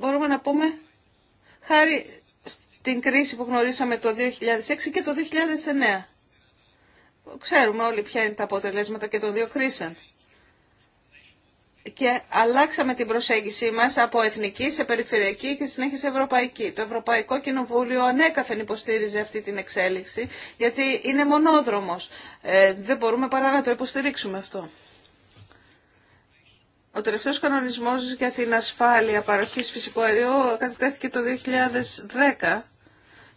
μπορούμε να πούμε χάρη στην κρίση που γνωρίσαμε το 2006 και το 2009. Ξέρουμε όλοι ποια είναι τα αποτελέσματα και των δύο κρίσεων. Και αλλάξαμε την προσέγγιση μας από εθνική σε περιφερειακή και συνέχεια σε ευρωπαϊκή. Το Ευρωπαϊκό Κοινοβούλιο ανέκαθεν υποστήριζε αυτή την εξέλιξη, γιατί είναι μονόδρομος. Ε, δεν μπορούμε παρά να το υποστηρίξουμε αυτό. Ο τελευταίος κανονισμός για την ασφάλεια παροχής φυσικού αερίου κατατέθηκε το 2010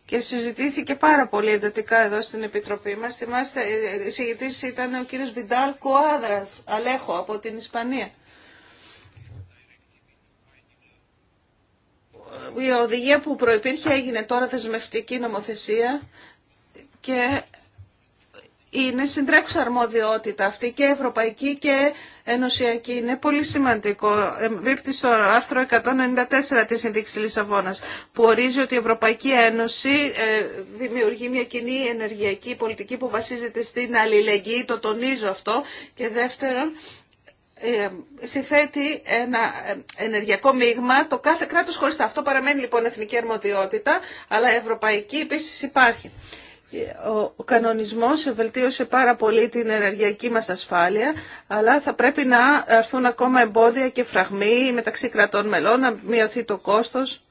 και συζητήθηκε πάρα πολύ εντατικά εδώ στην Επιτροπή μας. Θυμάστε, ήταν ο κύριος Βιντάλ Κουάδρας, Αλέχο, από την Ισπανία. Η οδηγία που προϋπήρχε έγινε τώρα δεσμευτική νομοθεσία και είναι συντρέχουσα αρμοδιότητα αυτή και ευρωπαϊκή και ενωσιακή. Είναι πολύ σημαντικό. Βίπτει ε, στο άρθρο 194 της Συνδίκης Λισαβόνας που ορίζει ότι η Ευρωπαϊκή Ένωση ε, δημιουργεί μια κοινή ενεργειακή πολιτική που βασίζεται στην αλληλεγγύη. Το τονίζω αυτό. Και δεύτερον, ε, συνθέτει ένα ενεργειακό μείγμα. Το κάθε κράτος τα Αυτό παραμένει λοιπόν εθνική αρμοδιότητα, αλλά ευρωπαϊκή επίσης υπάρχει. Ο κανονισμός βελτίωσε πάρα πολύ την ενεργειακή μας ασφάλεια, αλλά θα πρέπει να έρθουν ακόμα εμπόδια και φραγμοί μεταξύ κρατών μελών, να μειωθεί το κόστος.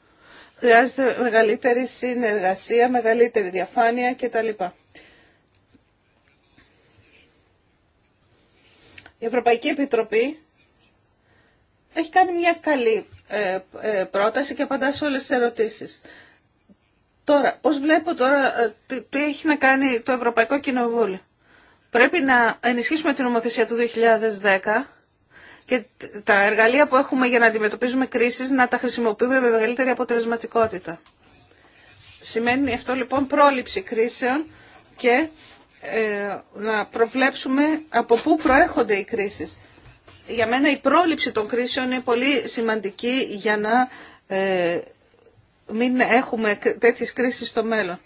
Χρειάζεται μεγαλύτερη συνεργασία, μεγαλύτερη διαφάνεια κτλ. Η Ευρωπαϊκή Επιτροπή έχει κάνει μια καλή ε, ε, πρόταση και απαντά σε όλες τις ερωτήσεις. Τώρα, πώς βλέπω τώρα ε, τι έχει να κάνει το Ευρωπαϊκό Κοινοβούλιο. Πρέπει να ενισχύσουμε την νομοθεσία του 2010 και τα εργαλεία που έχουμε για να αντιμετωπίζουμε κρίσεις να τα χρησιμοποιούμε με μεγαλύτερη αποτελεσματικότητα. Σημαίνει αυτό λοιπόν πρόληψη κρίσεων και ε, να προβλέψουμε από πού προέρχονται οι κρίσεις. Για μένα η πρόληψη των κρίσεων είναι πολύ σημαντική για να ε, μην έχουμε τέτοιες κρίσεις στο μέλλον.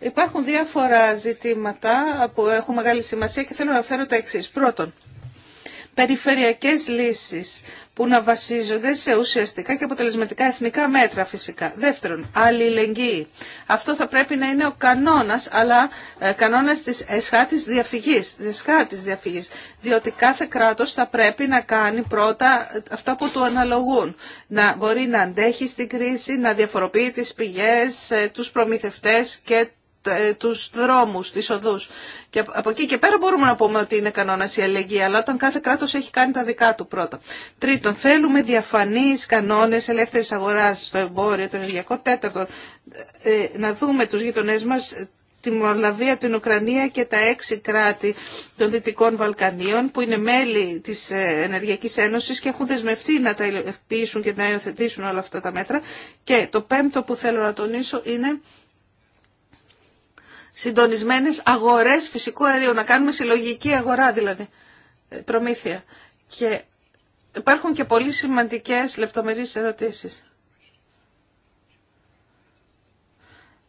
Υπάρχουν διάφορα ζητήματα που έχουν μεγάλη σημασία και θέλω να φέρω τα εξή. Πρώτον, περιφερειακές λύσεις που να βασίζονται σε ουσιαστικά και αποτελεσματικά εθνικά μέτρα φυσικά. Δεύτερον, αλληλεγγύη. Αυτό θα πρέπει να είναι ο κανόνας, αλλά ε, κανόνας της εσχάτης διαφυγής, της διαφυγής. Διότι κάθε κράτος θα πρέπει να κάνει πρώτα αυτά που του αναλογούν. Να μπορεί να αντέχει στην κρίση, να διαφοροποιεί τις πηγές, ε, τους προμηθευτές και ε, τους δρόμους, τις οδούς. Και από εκεί και πέρα μπορούμε να πούμε ότι είναι κανόνας η αλληλεγγύη, αλλά όταν κάθε κράτος έχει κάνει τα δικά του πρώτα. Τρίτον, θέλουμε διαφανείς κανόνες ελεύθερης αγοράς στο εμπόριο, το ενεργειακό. Τέταρτον, ε, να δούμε τους γειτονέ μας τη Μολδαβία, την Ουκρανία και τα έξι κράτη των Δυτικών Βαλκανίων που είναι μέλη της ε, Ενεργειακής Ένωσης και έχουν δεσμευτεί να τα υλοποιήσουν και να υιοθετήσουν όλα αυτά τα μέτρα. Και το πέμπτο που θέλω να τονίσω είναι συντονισμένες αγορές φυσικού αερίου, να κάνουμε συλλογική αγορά δηλαδή, ε, προμήθεια. Και υπάρχουν και πολύ σημαντικές λεπτομερείς ερωτήσεις.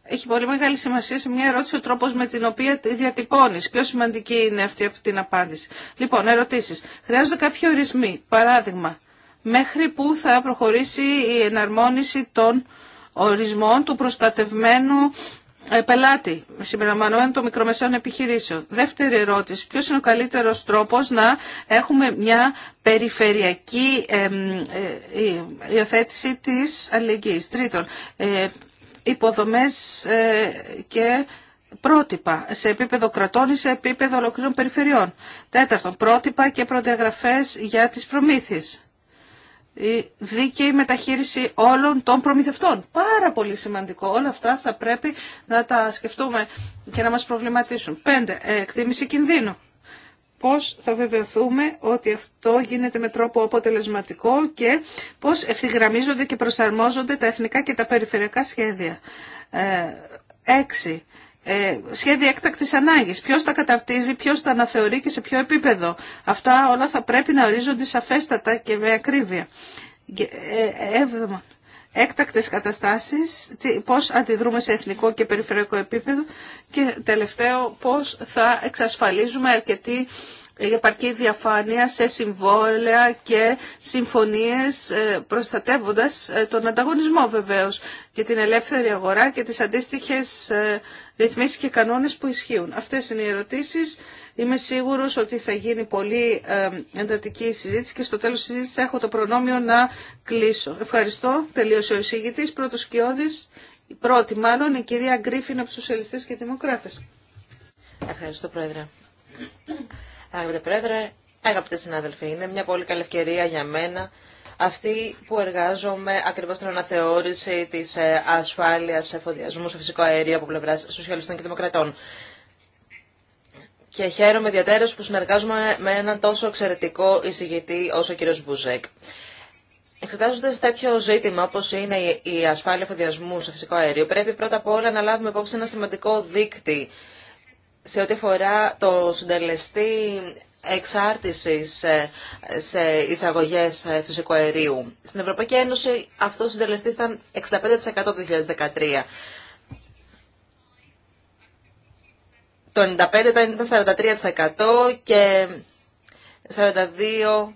Έχει πολύ μεγάλη σημασία σε μια ερώτηση ο τρόπο με την οποία τη διατυπώνει. Πιο σημαντική είναι αυτή από την απάντηση. Λοιπόν, ερωτήσει. Χρειάζονται κάποιοι ορισμοί. Παράδειγμα, μέχρι πού θα προχωρήσει η εναρμόνιση των ορισμών του προστατευμένου ε, πελάτη, συμπεριλαμβανομένου των μικρομεσαίων επιχειρήσεων. Δεύτερη ερώτηση, ποιος είναι ο καλύτερος τρόπος να έχουμε μια περιφερειακή ε, υιοθέτηση της αλληλεγγύης. Τρίτον, ε, υποδομές και πρότυπα σε επίπεδο κρατών ή σε επίπεδο ολοκλήρων περιφερειών. Τέταρτον, πρότυπα και προδιαγραφές για τις προμήθειες η δίκαιη μεταχείριση όλων των προμηθευτών. Πάρα πολύ σημαντικό. Όλα αυτά θα πρέπει να τα σκεφτούμε και να μας προβληματίσουν. Πέντε, ε, εκτίμηση κινδύνου. Πώς θα βεβαιωθούμε ότι αυτό γίνεται με τρόπο αποτελεσματικό και πώς ευθυγραμμίζονται και προσαρμόζονται τα εθνικά και τα περιφερειακά σχέδια. Ε, ε, σχέδια έκτακτης ανάγκης. Ποιος τα καταρτίζει, ποιος τα αναθεωρεί και σε ποιο επίπεδο. Αυτά όλα θα πρέπει να ορίζονται σαφέστατα και με ακρίβεια. Έκτακτε Έκτακτες καταστάσεις, πώς αντιδρούμε σε εθνικό και περιφερειακό επίπεδο και τελευταίο πώς θα εξασφαλίζουμε αρκετή για ε, επαρκή διαφάνεια σε συμβόλαια και συμφωνίες ε, προστατεύοντας ε, τον ανταγωνισμό βεβαίως και την ελεύθερη αγορά και τις αντίστοιχες ρυθμίσεις και κανόνες που ισχύουν. Αυτές είναι οι ερωτήσεις. Είμαι σίγουρος ότι θα γίνει πολύ εντατική συζήτηση και στο τέλος της συζήτησης έχω το προνόμιο να κλείσω. Ευχαριστώ. Τελείωσε ο εισηγητής. Πρώτος κοιόδης, πρώτη μάλλον, η κυρία Γκρίφιν από τους Σοσιαλιστές και Δημοκράτες. Ευχαριστώ Πρόεδρε. Αγαπητέ Πρόεδρε, αγαπητέ συνάδελφοι, είναι μια πολύ καλή ευκαιρία για μένα αυτή που εργάζομαι ακριβώ στην αναθεώρηση της ε, ασφάλειας εφοδιασμού σε φυσικό αέριο από πλευρά σοσιαλιστών και δημοκρατών. Και χαίρομαι ιδιαίτερα που συνεργάζομαι με έναν τόσο εξαιρετικό εισηγητή όσο ο κύριος Μπουζέκ. Εξετάζοντα τέτοιο ζήτημα όπω είναι η ασφάλεια εφοδιασμού σε φυσικό αέριο, πρέπει πρώτα απ' όλα να λάβουμε υπόψη ένα σημαντικό δείκτη σε ό,τι αφορά το συντελεστή εξάρτηση ε, σε εισαγωγές ε, φυσικού αερίου. Στην Ευρωπαϊκή Ένωση αυτό ο συντελεστής ήταν 65% το 2013. Το 95% ήταν 43% και 42%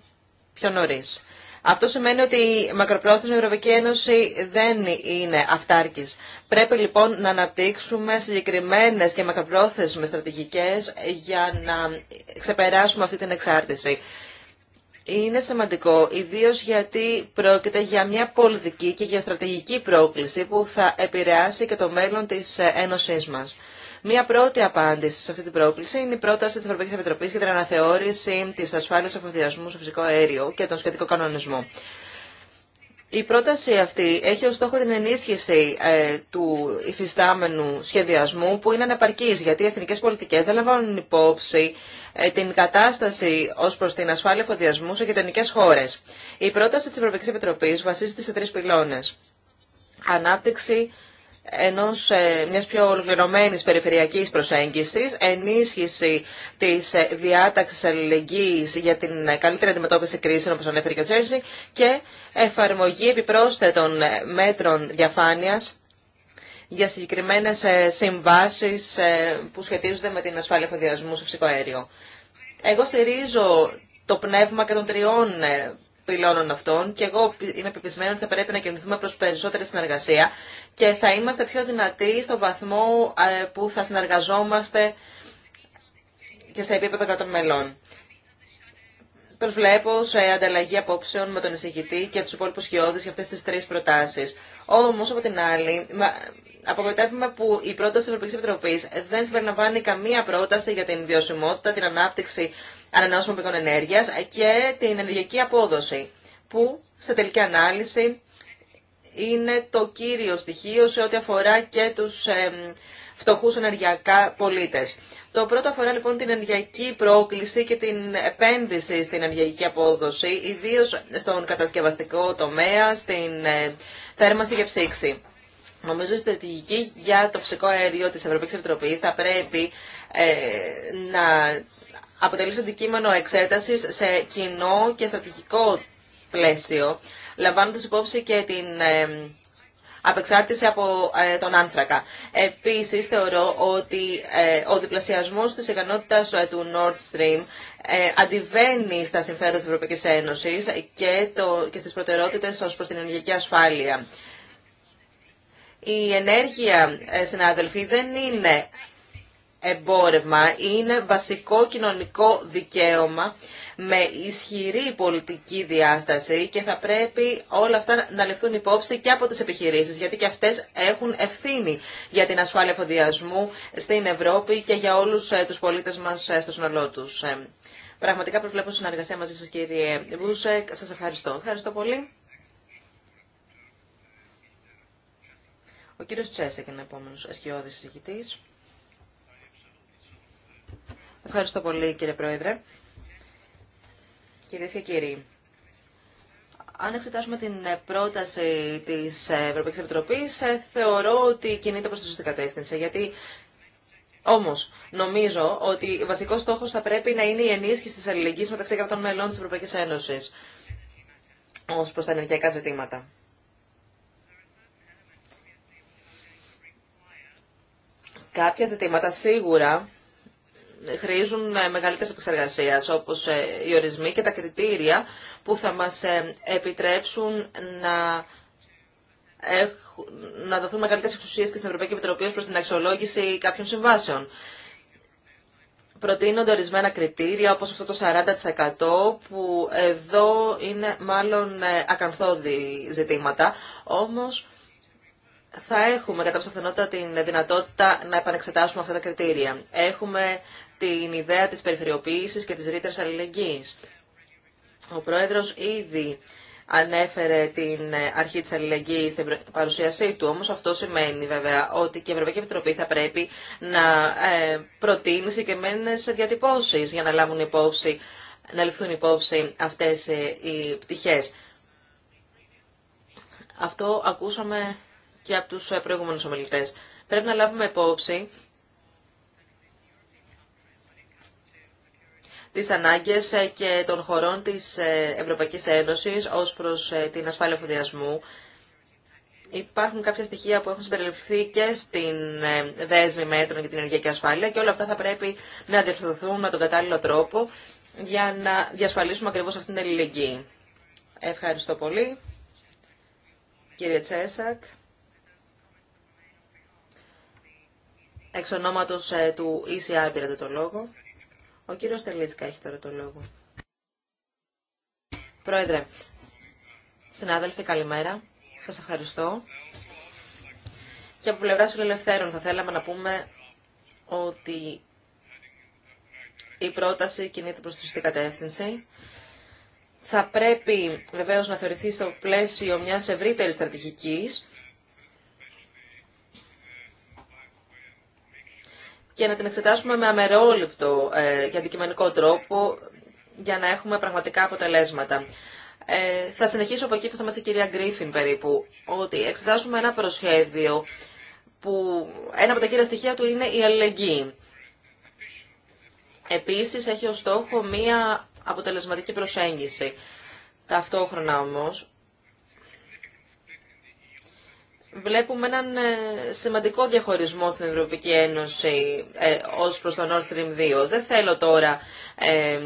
πιο νωρίς. Αυτό σημαίνει ότι η μακροπρόθεσμη Ευρωπαϊκή Ένωση δεν είναι αυτάρκης. Πρέπει λοιπόν να αναπτύξουμε συγκεκριμένες και μακροπρόθεσμες στρατηγικές για να ξεπεράσουμε αυτή την εξάρτηση. Είναι σημαντικό, ιδίω γιατί πρόκειται για μια πολιτική και για στρατηγική πρόκληση που θα επηρεάσει και το μέλλον της Ένωσή μα. Μία πρώτη απάντηση σε αυτή την πρόκληση είναι η πρόταση τη Ευρωπαϊκή Επιτροπή για την αναθεώρηση τη ασφάλεια εφοδιασμού στο φυσικό αέριο και τον σχετικό κανονισμό. Η πρόταση αυτή έχει ως στόχο την ενίσχυση ε, του υφιστάμενου σχεδιασμού που είναι ανεπαρκής γιατί οι εθνικές πολιτικές δεν λαμβάνουν υπόψη ε, την κατάσταση ως προς την ασφάλεια φοδιασμού σε γειτονικέ χώρες. Η πρόταση της Ευρωπαϊκής Επιτροπής βασίζεται σε τρεις πυλώνες. Ανάπτυξη ενός, ε, μιας πιο ολοκληρωμένης περιφερειακής προσέγγισης, ενίσχυση της ε, διάταξης αλληλεγγύης για την καλύτερη αντιμετώπιση κρίσεων, όπως ανέφερε και ο Τζέρσι, και εφαρμογή επιπρόσθετων ε, μέτρων διαφάνειας για συγκεκριμένες συμβάσεις που σχετίζονται με την ασφάλεια φοδιασμού σε φυσικό αέριο. Εγώ στηρίζω το πνεύμα και των τριών πυλώνων αυτών και εγώ είμαι πεπισμένη ότι θα πρέπει να κινηθούμε προς περισσότερη συνεργασία και θα είμαστε πιο δυνατοί στο βαθμό ε, που θα συνεργαζόμαστε και σε επίπεδο κρατών μελών. Προσβλέπω σε ανταλλαγή απόψεων με τον εισηγητή και του υπόλοιπου χειώδει για αυτέ τι τρει προτάσει. Όμω, από την άλλη, απογοητεύουμε που η πρόταση τη Ευρωπαϊκή Επιτροπή δεν συμπεριλαμβάνει καμία πρόταση για την βιωσιμότητα, την ανάπτυξη ανανεώσιμων πηγών ενέργεια και την ενεργειακή απόδοση, που σε τελική ανάλυση είναι το κύριο στοιχείο σε ό,τι αφορά και τους ε, φτωχούς ενεργειακά πολίτες. Το πρώτο αφορά λοιπόν την ενεργειακή πρόκληση και την επένδυση στην ενεργειακή απόδοση, ιδίως στον κατασκευαστικό τομέα, στην ε, θέρμανση και ψήξη. Νομίζω η στρατηγική για το φυσικό αέριο της Ευρωπαϊκής Επιτροπής θα πρέπει ε, να αποτελεί αντικείμενο εξέτασης σε κοινό και στρατηγικό πλαίσιο λαμβάνοντας υπόψη και την ε, απεξάρτηση από ε, τον άνθρακα. Επίσης, θεωρώ ότι ε, ο διπλασιασμός της ικανότητας του Nord Stream αντιβαίνει στα συμφέροντα της Ευρωπαϊκής Ένωσης και, το, και στις προτεραιότητες ως προς την ενεργειακή ασφάλεια. Η ενέργεια, συνάδελφοι, δεν είναι εμπόρευμα, είναι βασικό κοινωνικό δικαίωμα με ισχυρή πολιτική διάσταση και θα πρέπει όλα αυτά να ληφθούν υπόψη και από τις επιχειρήσεις, γιατί και αυτές έχουν ευθύνη για την ασφάλεια φοδιασμού στην Ευρώπη και για όλους ε, τους πολίτες μας ε, στο σύνολό τους. Ε, πραγματικά προβλέπω συνεργασία μαζί σας κύριε Βούσεκ. Σας ευχαριστώ. Ευχαριστώ πολύ. Ο κύριος Τσέσεκ είναι επόμενος ασχιώδης συζητητής. Ευχαριστώ πολύ κύριε Πρόεδρε. Κυρίες και κύριοι, αν εξετάσουμε την πρόταση της Ευρωπαϊκής Επιτροπής, ε, θεωρώ ότι κινείται προς τη σωστή κατεύθυνση, γιατί Όμω, νομίζω ότι βασικό στόχο θα πρέπει να είναι η ενίσχυση τη αλληλεγγύη μεταξύ κρατών μελών τη Ευρωπαϊκή Ένωση ω προ τα ενεργειακά ζητήματα. Κάποια ζητήματα σίγουρα χρήζουν ε, μεγαλύτερης επεξεργασίας, όπως ε, οι ορισμοί και τα κριτήρια που θα μας ε, επιτρέψουν να, να δοθούν μεγαλύτερες εξουσίες και στην Ευρωπαϊκή Επιτροπή προς την αξιολόγηση κάποιων συμβάσεων. Προτείνονται ορισμένα κριτήρια, όπως αυτό το 40% που εδώ είναι μάλλον ακαθόδη ζητήματα, όμως θα έχουμε κατά την δυνατότητα να επανεξετάσουμε αυτά τα κριτήρια. Έχουμε την ιδέα της περιφερειοποίησης και της ρήτρας αλληλεγγύης. Ο Πρόεδρος ήδη ανέφερε την ε, αρχή της αλληλεγγύης στην παρουσίασή του, όμως αυτό σημαίνει βέβαια ότι και η Ευρωπαϊκή Επιτροπή θα πρέπει να ε, προτείνει συγκεκριμένε διατυπώσεις για να λάβουν υπόψη να ληφθούν υπόψη αυτές ε, οι πτυχές. Αυτό ακούσαμε και από τους προηγούμενους ομιλητές. Πρέπει να λάβουμε υπόψη τις ανάγκες ε, και των χωρών της ε, Ευρωπαϊκής Ένωσης ως προς ε, την ασφάλεια φοδιασμού. Υπάρχουν κάποια στοιχεία που έχουν συμπεριληφθεί και στην δέσμη μέτρων για την ενεργειακή ασφάλεια και όλα αυτά θα πρέπει να διευθυνθούν με τον κατάλληλο τρόπο για να διασφαλίσουμε ακριβώς αυτήν την ελληνική. Ευχαριστώ πολύ. Κύριε Τσέσακ. Εξ ονόματος του ECR πήρατε το λόγο. Ο κύριος Τελίτσκα έχει τώρα το λόγο. Πρόεδρε, συνάδελφοι καλημέρα. Σας ευχαριστώ. Και από πλευρά φιλελευθέρων θα θέλαμε να πούμε ότι η πρόταση κινείται προς τη σωστή κατεύθυνση. Θα πρέπει βεβαίως να θεωρηθεί στο πλαίσιο μιας ευρύτερης στρατηγικής και να την εξετάσουμε με αμερόληπτο ε, και αντικειμενικό τρόπο για να έχουμε πραγματικά αποτελέσματα. Ε, θα συνεχίσω από εκεί που σταμάτησε η κυρία Γκρίφιν περίπου, ότι εξετάσουμε ένα προσχέδιο που ένα από τα κύρια στοιχεία του είναι η αλληλεγγύη. Επίσης έχει ως στόχο μία αποτελεσματική προσέγγιση. Ταυτόχρονα όμως βλέπουμε έναν ε, σημαντικό διαχωρισμό στην Ευρωπαϊκή Ένωση ε, ως προς το Nord Stream 2. Δεν θέλω τώρα ε,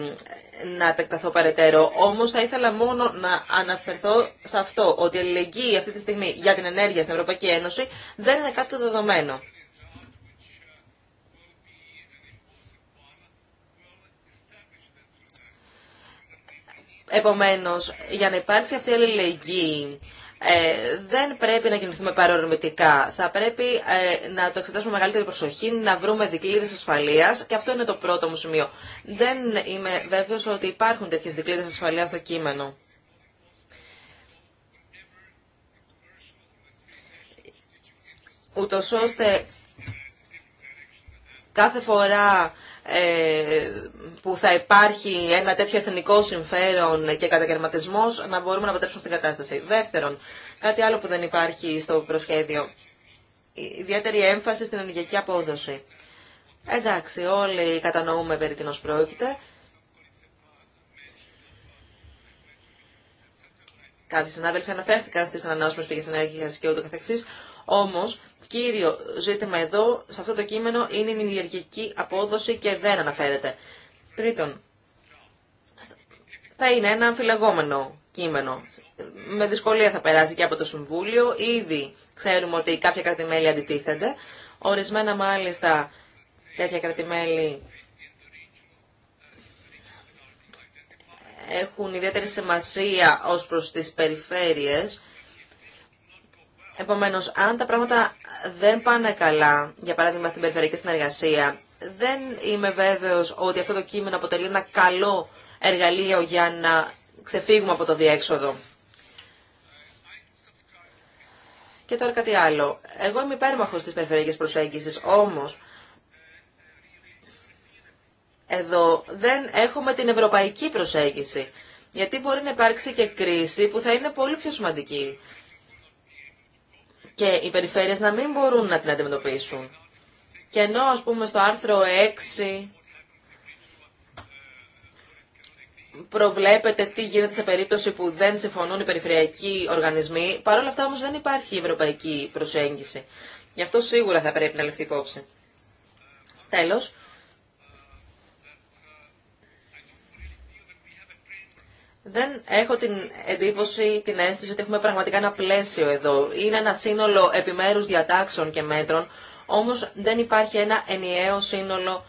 να επεκταθώ παρετέρω, όμως θα ήθελα μόνο να αναφερθώ σε αυτό, ότι η αλληλεγγύη αυτή τη στιγμή για την ενέργεια στην Ευρωπαϊκή Ένωση δεν είναι κάτι το δεδομένο. Επομένως, για να υπάρξει αυτή η αλληλεγγύη, ε, δεν πρέπει να κινηθούμε παρορμητικά. Θα πρέπει ε, να το εξετάσουμε με μεγαλύτερη προσοχή, να βρούμε δικλείδε ασφαλεία και αυτό είναι το πρώτο μου σημείο. Δεν είμαι βέβαιο ότι υπάρχουν τέτοιε δικλείδε ασφαλείας στο κείμενο. Ούτω ώστε κάθε φορά ε, που θα υπάρχει ένα τέτοιο εθνικό συμφέρον και κατακαιρματισμός να μπορούμε να αποτρέψουμε την κατάσταση. Δεύτερον, κάτι άλλο που δεν υπάρχει στο προσχέδιο. Ιδιαίτερη έμφαση στην ενεργειακή απόδοση. Εντάξει, όλοι κατανοούμε περί τίνος πρόκειται. Κάποιοι συνάδελφοι αναφέρθηκαν στις ανανεώσιμες πηγές ενέργειας και ούτω καθεξής. Όμως, κύριο ζήτημα εδώ, σε αυτό το κείμενο, είναι η ενεργειακή απόδοση και δεν αναφέρεται. Τρίτον, θα είναι ένα αμφιλεγόμενο κείμενο. Με δυσκολία θα περάσει και από το Συμβούλιο. Ήδη ξέρουμε ότι κάποια κρατημέλη αντιτίθενται. Ορισμένα μάλιστα τέτοια κρατημέλη έχουν ιδιαίτερη σημασία ως προς τις περιφέρειες Επομένως, αν τα πράγματα δεν πάνε καλά, για παράδειγμα στην περιφερειακή συνεργασία, δεν είμαι βέβαιος ότι αυτό το κείμενο αποτελεί ένα καλό εργαλείο για να ξεφύγουμε από το διέξοδο. Και τώρα κάτι άλλο. Εγώ είμαι υπέρμαχο της περιφερειακή προσέγγισης, όμως εδώ δεν έχουμε την ευρωπαϊκή προσέγγιση, γιατί μπορεί να υπάρξει και κρίση που θα είναι πολύ πιο σημαντική και οι περιφέρειες να μην μπορούν να την αντιμετωπίσουν. Και ενώ, ας πούμε, στο άρθρο 6 προβλέπεται τι γίνεται σε περίπτωση που δεν συμφωνούν οι περιφερειακοί οργανισμοί, παρόλα αυτά όμως δεν υπάρχει ευρωπαϊκή προσέγγιση. Γι' αυτό σίγουρα θα πρέπει να λεφθεί υπόψη. Τέλος, δεν έχω την εντύπωση, την αίσθηση ότι έχουμε πραγματικά ένα πλαίσιο εδώ. Είναι ένα σύνολο επιμέρους διατάξεων και μέτρων, όμως δεν υπάρχει ένα ενιαίο σύνολο,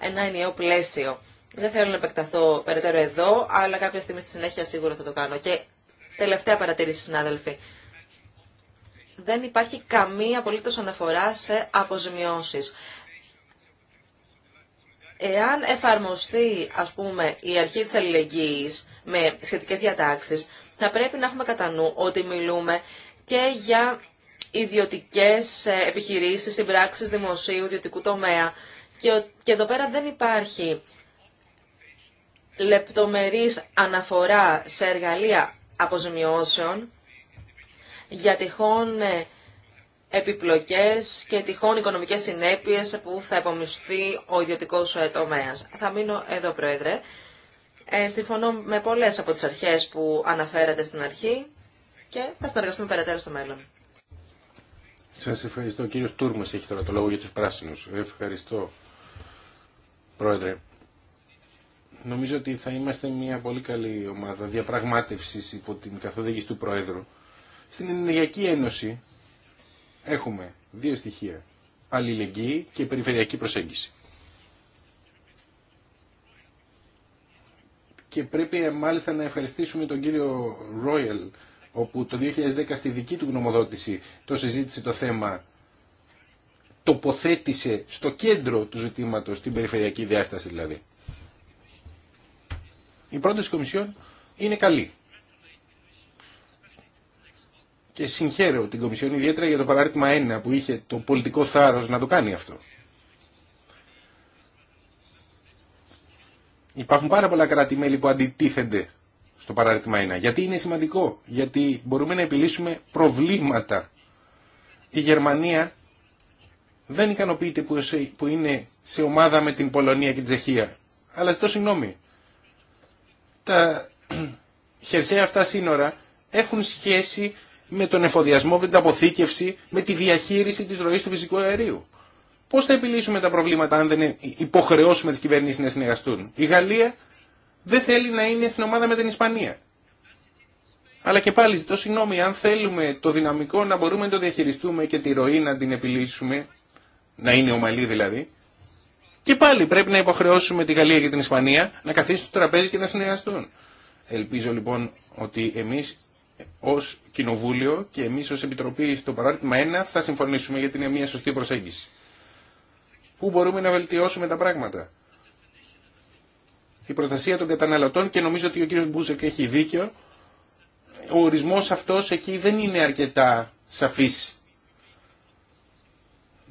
ένα ενιαίο πλαίσιο. Δεν θέλω να επεκταθώ περαιτέρω εδώ, αλλά κάποια στιγμή στη συνέχεια σίγουρα θα το κάνω. Και τελευταία παρατήρηση, συνάδελφοι. Δεν υπάρχει καμία απολύτως αναφορά σε αποζημιώσεις. Εάν εφαρμοστεί, ας πούμε, η αρχή της αλληλεγγύης, με σχετικές διατάξεις, θα πρέπει να έχουμε κατά νου ότι μιλούμε και για ιδιωτικές ε, επιχειρήσεις, συμπράξεις δημοσίου, ιδιωτικού τομέα. Και, και εδώ πέρα δεν υπάρχει λεπτομερής αναφορά σε εργαλεία αποζημιώσεων για τυχόν ε, επιπλοκές και τυχόν οικονομικές συνέπειες που θα επομιστεί ο ιδιωτικός ε, τομέας. Θα μείνω εδώ, Πρόεδρε. Ε, συμφωνώ με πολλές από τις αρχές που αναφέρατε στην αρχή και θα συνεργαστούμε περαιτέρω στο μέλλον. Σας ευχαριστώ. Ο κύριος Τούρμας έχει τώρα το λόγο για τους πράσινους. Ευχαριστώ, Πρόεδρε. Νομίζω ότι θα είμαστε μια πολύ καλή ομάδα διαπραγμάτευσης υπό την καθοδήγηση του Πρόεδρου. Στην Ενεργειακή Ένωση έχουμε δύο στοιχεία. Αλληλεγγύη και περιφερειακή προσέγγιση. και πρέπει ε, μάλιστα να ευχαριστήσουμε τον κύριο Ρόιελ όπου το 2010 στη δική του γνωμοδότηση το συζήτησε το θέμα τοποθέτησε στο κέντρο του ζητήματος την περιφερειακή διάσταση δηλαδή. Η πρόταση Κομισιόν είναι καλή. Και συγχαίρω την Κομισιόν ιδιαίτερα για το παράρτημα 1 που είχε το πολιτικό θάρρος να το κάνει αυτό. Υπάρχουν πάρα πολλά κράτη-μέλη που αντιτίθενται στο παράρτημα 1. Γιατί είναι σημαντικό. Γιατί μπορούμε να επιλύσουμε προβλήματα. Η Γερμανία δεν ικανοποιείται που είναι σε ομάδα με την Πολωνία και την Τσεχία. Αλλά ζητώ συγγνώμη. Τα χερσαία αυτά σύνορα έχουν σχέση με τον εφοδιασμό, με την αποθήκευση, με τη διαχείριση της ροής του φυσικού αερίου. Πώ θα επιλύσουμε τα προβλήματα αν δεν υποχρεώσουμε τι κυβερνήσει να συνεργαστούν. Η Γαλλία δεν θέλει να είναι στην ομάδα με την Ισπανία. Αλλά και πάλι ζητώ συγγνώμη, αν θέλουμε το δυναμικό να μπορούμε να το διαχειριστούμε και τη ροή να την επιλύσουμε, να είναι ομαλή δηλαδή, και πάλι πρέπει να υποχρεώσουμε τη Γαλλία και την Ισπανία να καθίσουν στο τραπέζι και να συνεργαστούν. Ελπίζω λοιπόν ότι εμεί, ω Κοινοβούλιο και εμεί ω Επιτροπή στο παράρτημα 1 θα συμφωνήσουμε γιατί είναι μια σωστή προσέγγιση. Πού μπορούμε να βελτιώσουμε τα πράγματα. Η προστασία των καταναλωτών και νομίζω ότι ο κύριος Μπούζεκ έχει δίκιο. Ο ορισμός αυτός εκεί δεν είναι αρκετά σαφής.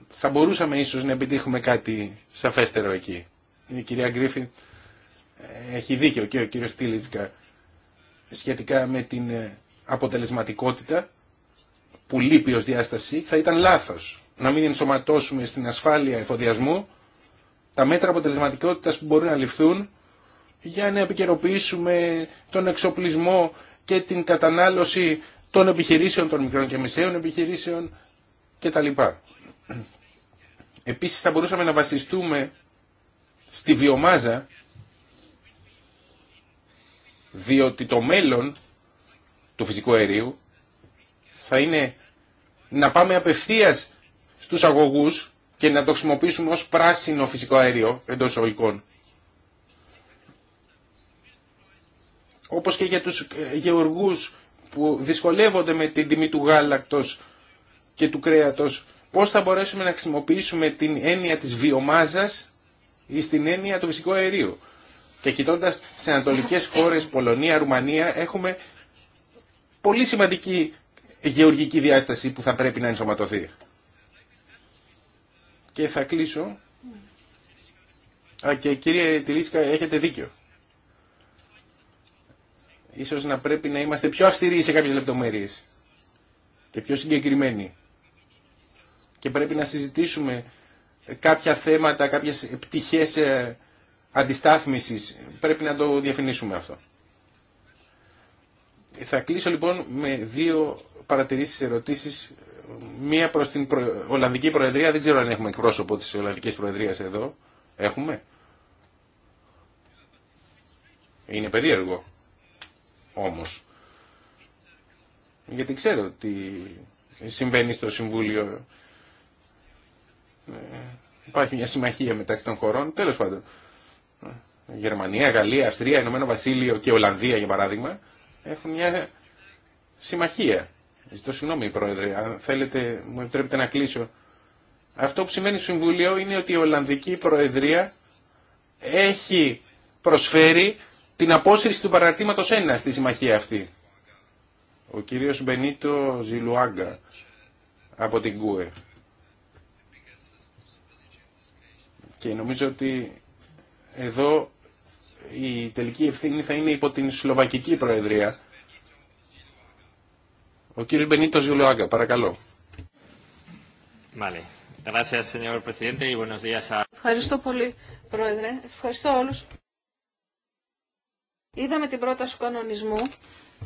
Θα μπορούσαμε ίσως να επιτύχουμε κάτι σαφέστερο εκεί. Η κυρία Γκρίφιν ε, έχει δίκιο και ο κύριος Τίλιτσκα σχετικά με την ε, αποτελεσματικότητα που λείπει ως διάσταση θα ήταν λάθος να μην ενσωματώσουμε στην ασφάλεια εφοδιασμού τα μέτρα αποτελεσματικότητας που μπορούν να ληφθούν για να επικαιροποιήσουμε τον εξοπλισμό και την κατανάλωση των επιχειρήσεων των μικρών και μεσαίων επιχειρήσεων κτλ. Επίσης θα μπορούσαμε να βασιστούμε στη βιομάζα διότι το μέλλον του φυσικού αερίου θα είναι να πάμε απευθείας στους αγωγούς και να το χρησιμοποιήσουμε ως πράσινο φυσικό αέριο εντός οικών. Όπως και για τους ε, γεωργούς που δυσκολεύονται με την τιμή του γάλακτος και του κρέατος, πώς θα μπορέσουμε να χρησιμοποιήσουμε την έννοια της βιομάζας ή στην έννοια του φυσικού αερίου. Και κοιτώντας σε ανατολικές χώρες, Πολωνία, Ρουμανία, έχουμε πολύ σημαντική γεωργική διάσταση που θα πρέπει να ενσωματωθεί και θα κλείσω. Α, και κύριε Τηλίσκα, έχετε δίκιο. Ίσως να πρέπει να είμαστε πιο αυστηροί σε κάποιες λεπτομέρειες και πιο συγκεκριμένοι. Και πρέπει να συζητήσουμε κάποια θέματα, κάποιες πτυχές ε, αντιστάθμισης. Πρέπει να το διαφημίσουμε αυτό. Θα κλείσω λοιπόν με δύο παρατηρήσεις, ερωτήσεις μία προς την Ολλανδική Προεδρία. Δεν ξέρω αν έχουμε εκπρόσωπο της Ολλανδικής Προεδρίας εδώ. Έχουμε. Είναι περίεργο όμως. Γιατί ξέρω τι συμβαίνει στο Συμβούλιο. Ε, υπάρχει μια συμμαχία μεταξύ των χωρών. Τέλος πάντων. Γερμανία, Γαλλία, Αυστρία, Ενωμένο Βασίλειο και Ολλανδία για παράδειγμα έχουν μια συμμαχία Ζητώ συγγνώμη, Πρόεδρε, αν θέλετε, μου επιτρέπετε να κλείσω. Αυτό που σημαίνει Συμβουλίο είναι ότι η Ολλανδική Προεδρία έχει προσφέρει την απόσυρση του παρατήματο 1 στη συμμαχία αυτή. Ο κύριο Μπενίτο Ζιλουάγκα από την ΚΟΕ. Και νομίζω ότι εδώ η τελική ευθύνη θα είναι υπό την Σλοβακική Προεδρία ο κύριο Μπενίτο Ζουλουάγκα, παρακαλώ. Ευχαριστώ πολύ, Πρόεδρε. Ευχαριστώ όλους. Είδαμε την πρόταση κανονισμού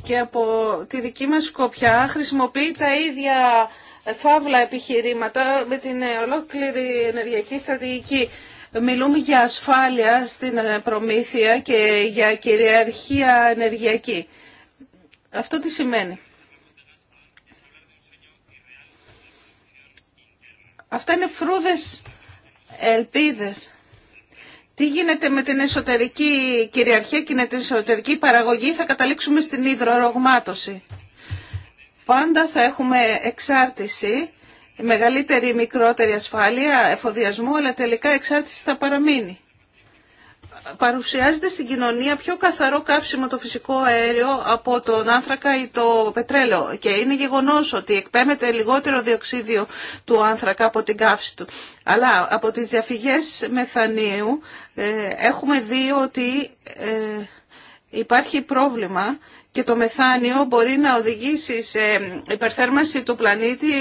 και από τη δική μας σκοπιά χρησιμοποιεί τα ίδια φαύλα επιχειρήματα με την ολόκληρη ενεργειακή στρατηγική. Μιλούμε για ασφάλεια στην προμήθεια και για κυριαρχία ενεργειακή. Αυτό τι σημαίνει. Αυτά είναι φρούδες ελπίδες. Τι γίνεται με την εσωτερική κυριαρχία και με την εσωτερική παραγωγή, θα καταλήξουμε στην υδρορογμάτωση. Πάντα θα έχουμε εξάρτηση, μεγαλύτερη ή μικρότερη ασφάλεια, εφοδιασμό, αλλά τελικά εξάρτηση θα παραμείνει παρουσιάζεται στην κοινωνία πιο καθαρό κάψιμο το φυσικό αέριο από τον άνθρακα ή το πετρέλαιο και είναι γεγονός ότι εκπέμπεται λιγότερο διοξίδιο του άνθρακα από την καύση του. Αλλά από τις διαφυγές μεθανίου ε, έχουμε δει ότι ε, υπάρχει πρόβλημα και το μεθάνιο μπορεί να οδηγήσει σε υπερθέρμανση του πλανήτη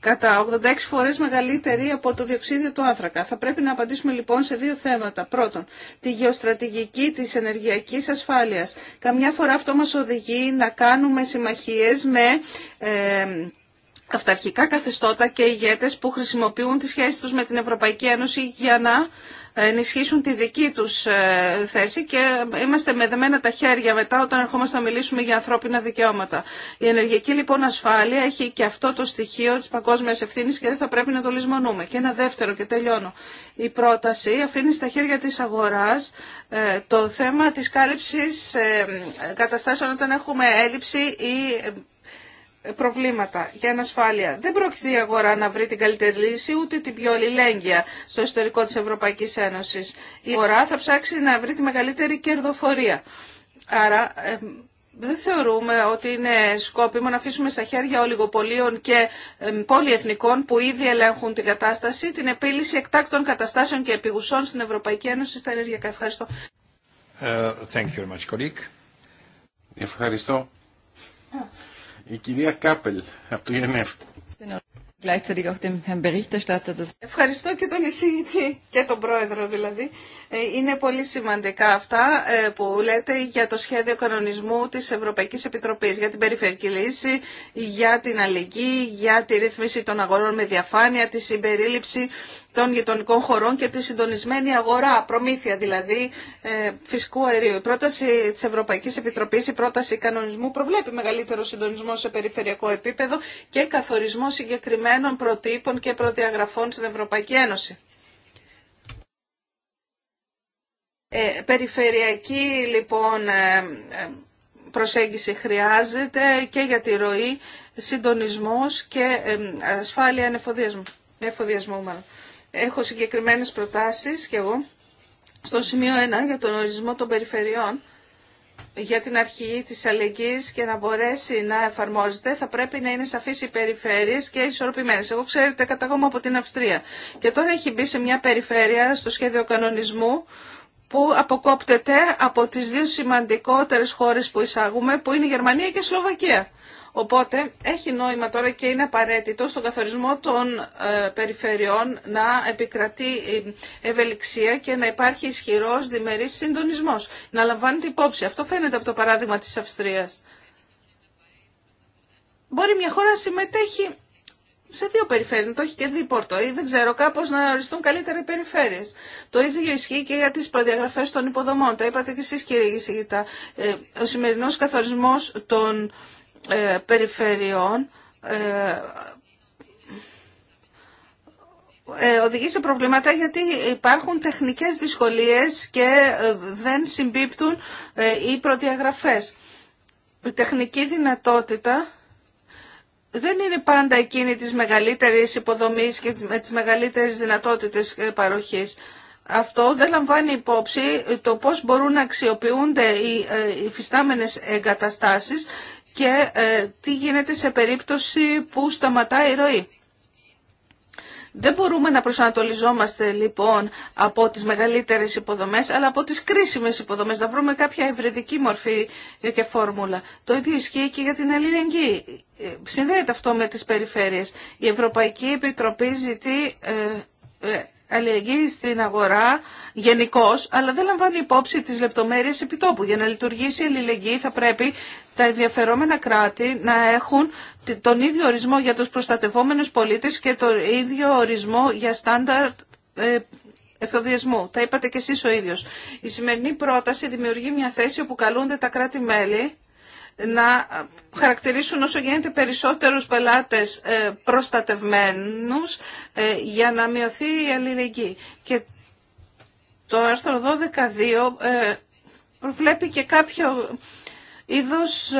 κατά 86 φορές μεγαλύτερη από το διοξίδιο του άνθρακα. Θα πρέπει να απαντήσουμε λοιπόν σε δύο θέματα. Πρώτον, τη γεωστρατηγική της ενεργειακής ασφάλειας. Καμιά φορά αυτό μας οδηγεί να κάνουμε συμμαχίες με... Ε, αυταρχικά καθεστώτα και ηγέτες που χρησιμοποιούν τις σχέσεις τους με την Ευρωπαϊκή Ένωση για να ενισχύσουν τη δική τους ε, θέση και είμαστε με δεμένα τα χέρια μετά όταν ερχόμαστε να μιλήσουμε για ανθρώπινα δικαιώματα. Η ενεργειακή λοιπόν ασφάλεια έχει και αυτό το στοιχείο της παγκόσμιας ευθύνης και δεν θα πρέπει να το λησμονούμε. Και ένα δεύτερο και τελειώνω. Η πρόταση αφήνει στα χέρια της αγοράς ε, το θέμα της κάλυψης ε, καταστάσεων όταν έχουμε έλλειψη ή προβλήματα και ανασφάλεια. Δεν πρόκειται η αγορά να βρει την καλύτερη λύση ούτε την πιο αλληλέγγυα στο ιστορικό της Ευρωπαϊκής Ένωσης. Η αγορά θα ψάξει να βρει τη μεγαλύτερη κερδοφορία. Άρα δεν θεωρούμε ότι είναι σκόπιμο να αφήσουμε στα χέρια ολιγοπολίων και ε, πολυεθνικών που ήδη ελέγχουν την κατάσταση την επίλυση εκτάκτων καταστάσεων και επιγουσών στην Ευρωπαϊκή Ένωση στα ενεργειακά. Ευχαριστώ. Ε, thank you very much, Ευχαριστώ. Η κυρία Κάπελ από το ΙΕΝΕΦ. Ευχαριστώ και τον εισηγητή και τον πρόεδρο δηλαδή. Ε, είναι πολύ σημαντικά αυτά ε, που λέτε για το σχέδιο κανονισμού της Ευρωπαϊκής Επιτροπής, για την περιφερειακή λύση, για την αλληλεγγύη, για τη ρύθμιση των αγορών με διαφάνεια, τη συμπερίληψη των γειτονικών χωρών και τη συντονισμένη αγορά, προμήθεια δηλαδή ε, φυσικού αερίου. Η πρόταση τη Ευρωπαϊκή Επιτροπής, η πρόταση κανονισμού προβλέπει μεγαλύτερο συντονισμό σε περιφερειακό επίπεδο και καθορισμό συγκεκριμένων προτύπων και προδιαγραφών στην Ευρωπαϊκή Ένωση. Ε, περιφερειακή λοιπόν ε, ε, προσέγγιση χρειάζεται και για τη ροή συντονισμός και ασφάλεια εφοδιασμού έχω συγκεκριμένες προτάσεις και εγώ στο σημείο 1 για τον ορισμό των περιφερειών για την αρχή της αλληλεγγύης και να μπορέσει να εφαρμόζεται θα πρέπει να είναι σαφείς οι περιφέρειες και ισορροπημένες. Εγώ ξέρετε καταγόμαι από την Αυστρία και τώρα έχει μπει σε μια περιφέρεια στο σχέδιο κανονισμού που αποκόπτεται από τις δύο σημαντικότερες χώρες που εισάγουμε που είναι η Γερμανία και η Σλοβακία. Οπότε έχει νόημα τώρα και είναι απαραίτητο στον καθορισμό των ε, περιφερειών να επικρατεί ευελιξία και να υπάρχει ισχυρός διμερής συντονισμός. Να λαμβάνεται υπόψη. Αυτό φαίνεται από το παράδειγμα της Αυστρίας. Μπορεί μια χώρα να συμμετέχει σε δύο περιφέρειες, το έχει και δίπορτο ή δεν ξέρω κάπως να οριστούν καλύτερα οι περιφέρειες. Το ίδιο ισχύει και για τις προδιαγραφές των υποδομών. Τα είπατε και εσείς κύριε Γησίγητα, ε, Ο σημερινός καθορισμός των ε, περιφερειών ε, ε, οδηγεί σε προβλήματα γιατί υπάρχουν τεχνικές δυσκολίες και δεν συμπίπτουν οι προδιαγραφές. Η τεχνική δυνατότητα δεν είναι πάντα εκείνη της μεγαλύτερης υποδομής και της μεγαλύτερης δυνατότητες παροχής. Αυτό δεν λαμβάνει υπόψη το πώς μπορούν να αξιοποιούνται οι φυστάμενες εγκαταστάσεις και ε, τι γίνεται σε περίπτωση που σταματάει η ροή. Δεν μπορούμε να προσανατολιζόμαστε λοιπόν από τις μεγαλύτερες υποδομές, αλλά από τις κρίσιμες υποδομές, να βρούμε κάποια ευρυδική μορφή και φόρμουλα. Το ίδιο ισχύει και για την αλληλεγγύη. Ε, συνδέεται αυτό με τις περιφέρειες. Η Ευρωπαϊκή Επιτροπή ζητεί ε, αλληλεγγύη στην αγορά γενικώ, αλλά δεν λαμβάνει υπόψη τις λεπτομέρειες επιτόπου. Για να λειτουργήσει η αλληλεγγύη θα πρέπει τα ενδιαφερόμενα κράτη να έχουν τον ίδιο ορισμό για τους προστατευόμενους πολίτες και τον ίδιο ορισμό για στάνταρ ε, εφοδιασμού. Τα είπατε και εσείς ο ίδιος. Η σημερινή πρόταση δημιουργεί μια θέση όπου καλούνται τα κράτη-μέλη να χαρακτηρίσουν όσο γίνεται περισσότερους πελάτες ε, προστατευμένους ε, για να μειωθεί η αλληλεγγύη. Και το άρθρο 12.2 ε, προβλέπει και κάποιο είδος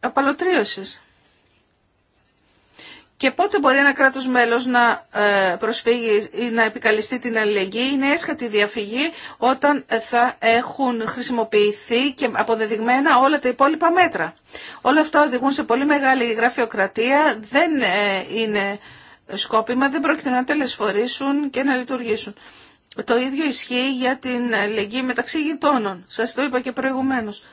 απαλωτρίωσης. Και πότε μπορεί ένα κράτος μέλος να ε, προσφύγει ή να επικαλυστεί την αλληλεγγύη είναι έσχατη διαφυγή όταν θα έχουν χρησιμοποιηθεί και αποδεδειγμένα όλα τα υπόλοιπα μέτρα. Όλα αυτά οδηγούν σε πολύ μεγάλη γραφειοκρατία, δεν ε, είναι σκόπιμα, δεν πρόκειται να τελεσφορήσουν και να λειτουργήσουν. Το ίδιο ισχύει για την αλληλεγγύη μεταξύ γειτόνων. Σας το είπα και προηγουμένως.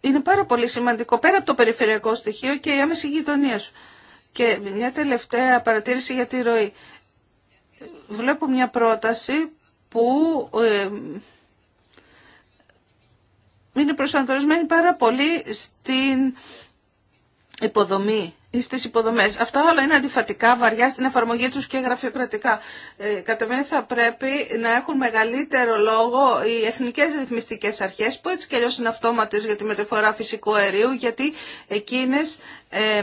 Είναι πάρα πολύ σημαντικό πέρα από το περιφερειακό στοιχείο και η άμεση γειτονία σου. Και μια τελευταία παρατήρηση για τη ροή. Βλέπω μια πρόταση που ε, είναι προσανατολισμένη πάρα πολύ στην υποδομή ή στις υποδομές. Αυτά όλα είναι αντιφατικά, βαριά στην εφαρμογή τους και γραφειοκρατικά. Ε, κατά θα πρέπει να έχουν μεγαλύτερο λόγο οι εθνικές ρυθμιστικές αρχές, που έτσι και αλλιώς είναι αυτόματες για τη μεταφορά φυσικού αερίου, γιατί εκείνες... Ε,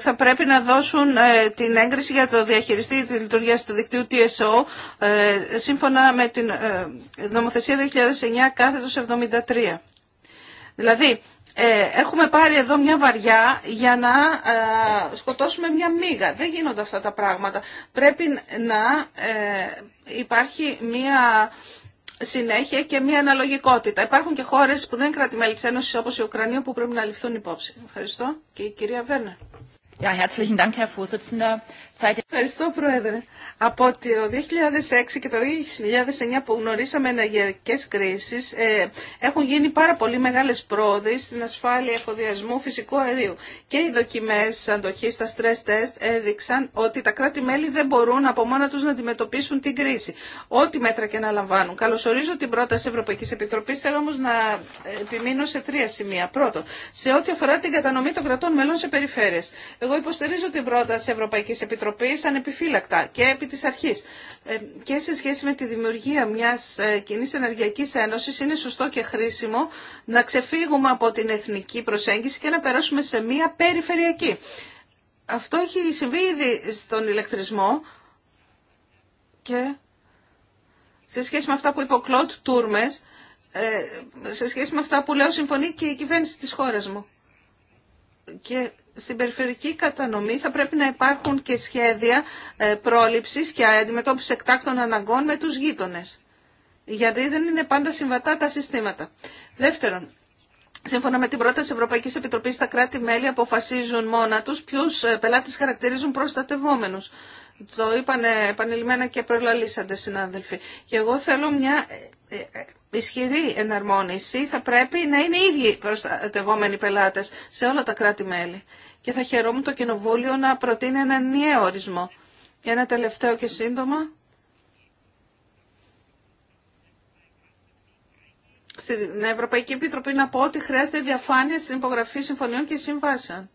θα πρέπει να δώσουν ε, την έγκριση για το διαχειριστή τη λειτουργία του δικτύου TSO ε, σύμφωνα με την ε, νομοθεσία 2009 73. Δηλαδή, έχουμε πάρει εδώ μια βαριά για να σκοτώσουμε μια μίγα. Δεν γίνονται αυτά τα πράγματα. Πρέπει να υπάρχει μια συνέχεια και μια αναλογικότητα. Υπάρχουν και χώρες που δεν ειναι κράτη-μέλη της Ένωσης όπως η Ουκρανία που πρέπει να ληφθούν υπόψη. Ευχαριστώ και η κυρία Βέρνερ. Ja, herzlichen Dank, Herr Vorsitzender. Ευχαριστώ, Πρόεδρε. Από το 2006 και το 2009 που γνωρίσαμε ενεργειακές κρίσει, ε, έχουν γίνει πάρα πολύ μεγάλε πρόοδοι στην ασφάλεια εφοδιασμού φυσικού αερίου. Και οι δοκιμέ αντοχή στα stress test έδειξαν ότι τα κράτη-μέλη δεν μπορούν από μόνα του να αντιμετωπίσουν την κρίση. Ό,τι μέτρα και να λαμβάνουν. Καλωσορίζω την πρόταση Ευρωπαϊκή Επιτροπή, θέλω όμω να ε, επιμείνω σε τρία σημεία. Πρώτον, σε ό,τι αφορά την κατανομή των κρατών μελών σε περιφέρειε. Εγώ υποστηρίζω την πρόταση Ευρωπαϊκή Επιτροπή. Επιτροπής ανεπιφύλακτα και επί της αρχής. Ε, και σε σχέση με τη δημιουργία μιας ε, κοινή ενεργειακής ένωσης είναι σωστό και χρήσιμο να ξεφύγουμε από την εθνική προσέγγιση και να περάσουμε σε μια περιφερειακή. Αυτό έχει συμβεί ήδη στον ηλεκτρισμό και σε σχέση με αυτά που είπε ο Κλοντ Τούρμες, ε, σε σχέση με αυτά που λέω συμφωνεί και η κυβέρνηση της χώρας μου. Και στην περιφερική κατανομή θα πρέπει να υπάρχουν και σχέδια ε, πρόληψης και αντιμετώπιση εκτάκτων αναγκών με τους γείτονες. Γιατί δεν είναι πάντα συμβατά τα συστήματα. Δεύτερον, Σύμφωνα με την πρόταση Ευρωπαϊκή Επιτροπή, τα κράτη-μέλη αποφασίζουν μόνα του ποιου ε, πελάτε χαρακτηρίζουν προστατευόμενου. Το είπαν επανειλημμένα και προλαλήσαντε συνάδελφοι. Και εγώ θέλω μια ε, ε, ισχυρή εναρμόνιση θα πρέπει να είναι οι ίδιοι προστατευόμενοι πελάτες σε όλα τα κράτη-μέλη. Και θα χαιρόμουν το Κοινοβούλιο να προτείνει έναν νέο ορισμό. Για ένα τελευταίο και σύντομα. Στην Ευρωπαϊκή Επιτροπή να πω ότι χρειάζεται διαφάνεια στην υπογραφή συμφωνιών και συμβάσεων.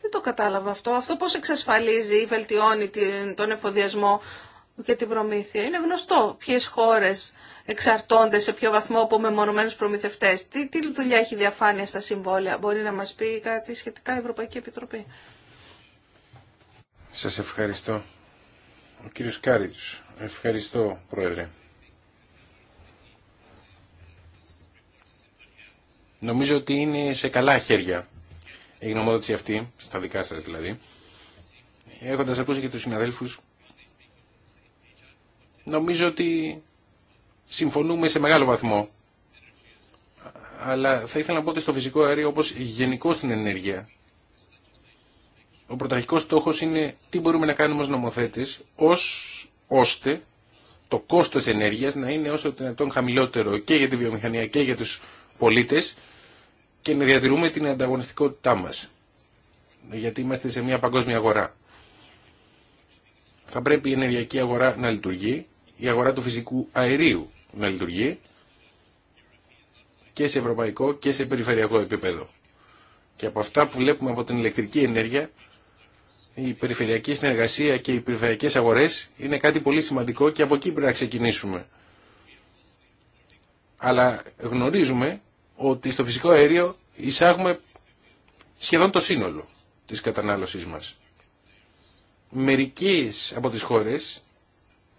Δεν το κατάλαβα αυτό. Αυτό πώς εξασφαλίζει ή βελτιώνει τον εφοδιασμό για την προμήθεια. Είναι γνωστό ποιε χώρε εξαρτώνται σε ποιο βαθμό από μεμονωμένου προμηθευτέ. Τι, τι δουλειά έχει διαφάνεια στα συμβόλαια, μπορεί να μα πει κάτι σχετικά η Ευρωπαϊκή Επιτροπή. Σα ευχαριστώ. Ο κύριο Κάριτ. Ευχαριστώ, Πρόεδρε. Νομίζω ότι είναι σε καλά χέρια η γνωμότηση αυτή, στα δικά σας δηλαδή. Έχοντας ακούσει και τους συναδέλφους Νομίζω ότι συμφωνούμε σε μεγάλο βαθμό. Αλλά θα ήθελα να πω ότι στο φυσικό αέριο όπως γενικώ στην ενέργεια. Ο πρωταρχικός στόχος είναι τι μπορούμε να κάνουμε ως νομοθέτες ώστε το κόστος ενέργειας να είναι όσο δυνατόν χαμηλότερο και για τη βιομηχανία και για τους πολίτες και να διατηρούμε την ανταγωνιστικότητά μας. Γιατί είμαστε σε μια παγκόσμια αγορά. Θα πρέπει η ενεργειακή αγορά να λειτουργεί η αγορά του φυσικού αερίου να λειτουργεί και σε ευρωπαϊκό και σε περιφερειακό επίπεδο. Και από αυτά που βλέπουμε από την ηλεκτρική ενέργεια, η περιφερειακή συνεργασία και οι περιφερειακές αγορές είναι κάτι πολύ σημαντικό και από εκεί πρέπει να ξεκινήσουμε. Αλλά γνωρίζουμε ότι στο φυσικό αέριο εισάγουμε σχεδόν το σύνολο της κατανάλωσής μας. Μερικές από τις χώρες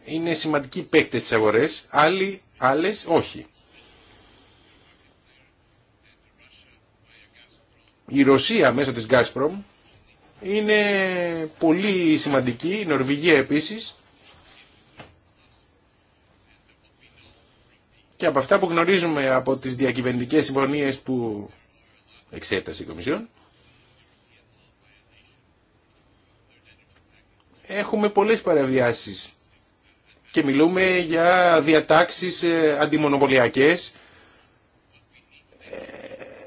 είναι σημαντικοί παίκτες στις αγορές, άλλοι, άλλες όχι. Η Ρωσία μέσω της Gazprom είναι πολύ σημαντική, η Νορβηγία επίσης. Και από αυτά που γνωρίζουμε από τις διακυβερνητικές συμφωνίες που εξέτασε η Κομισιόν, έχουμε πολλές παραβιάσεις και μιλούμε για διατάξεις ε, αντιμονοπολιακές. Ε,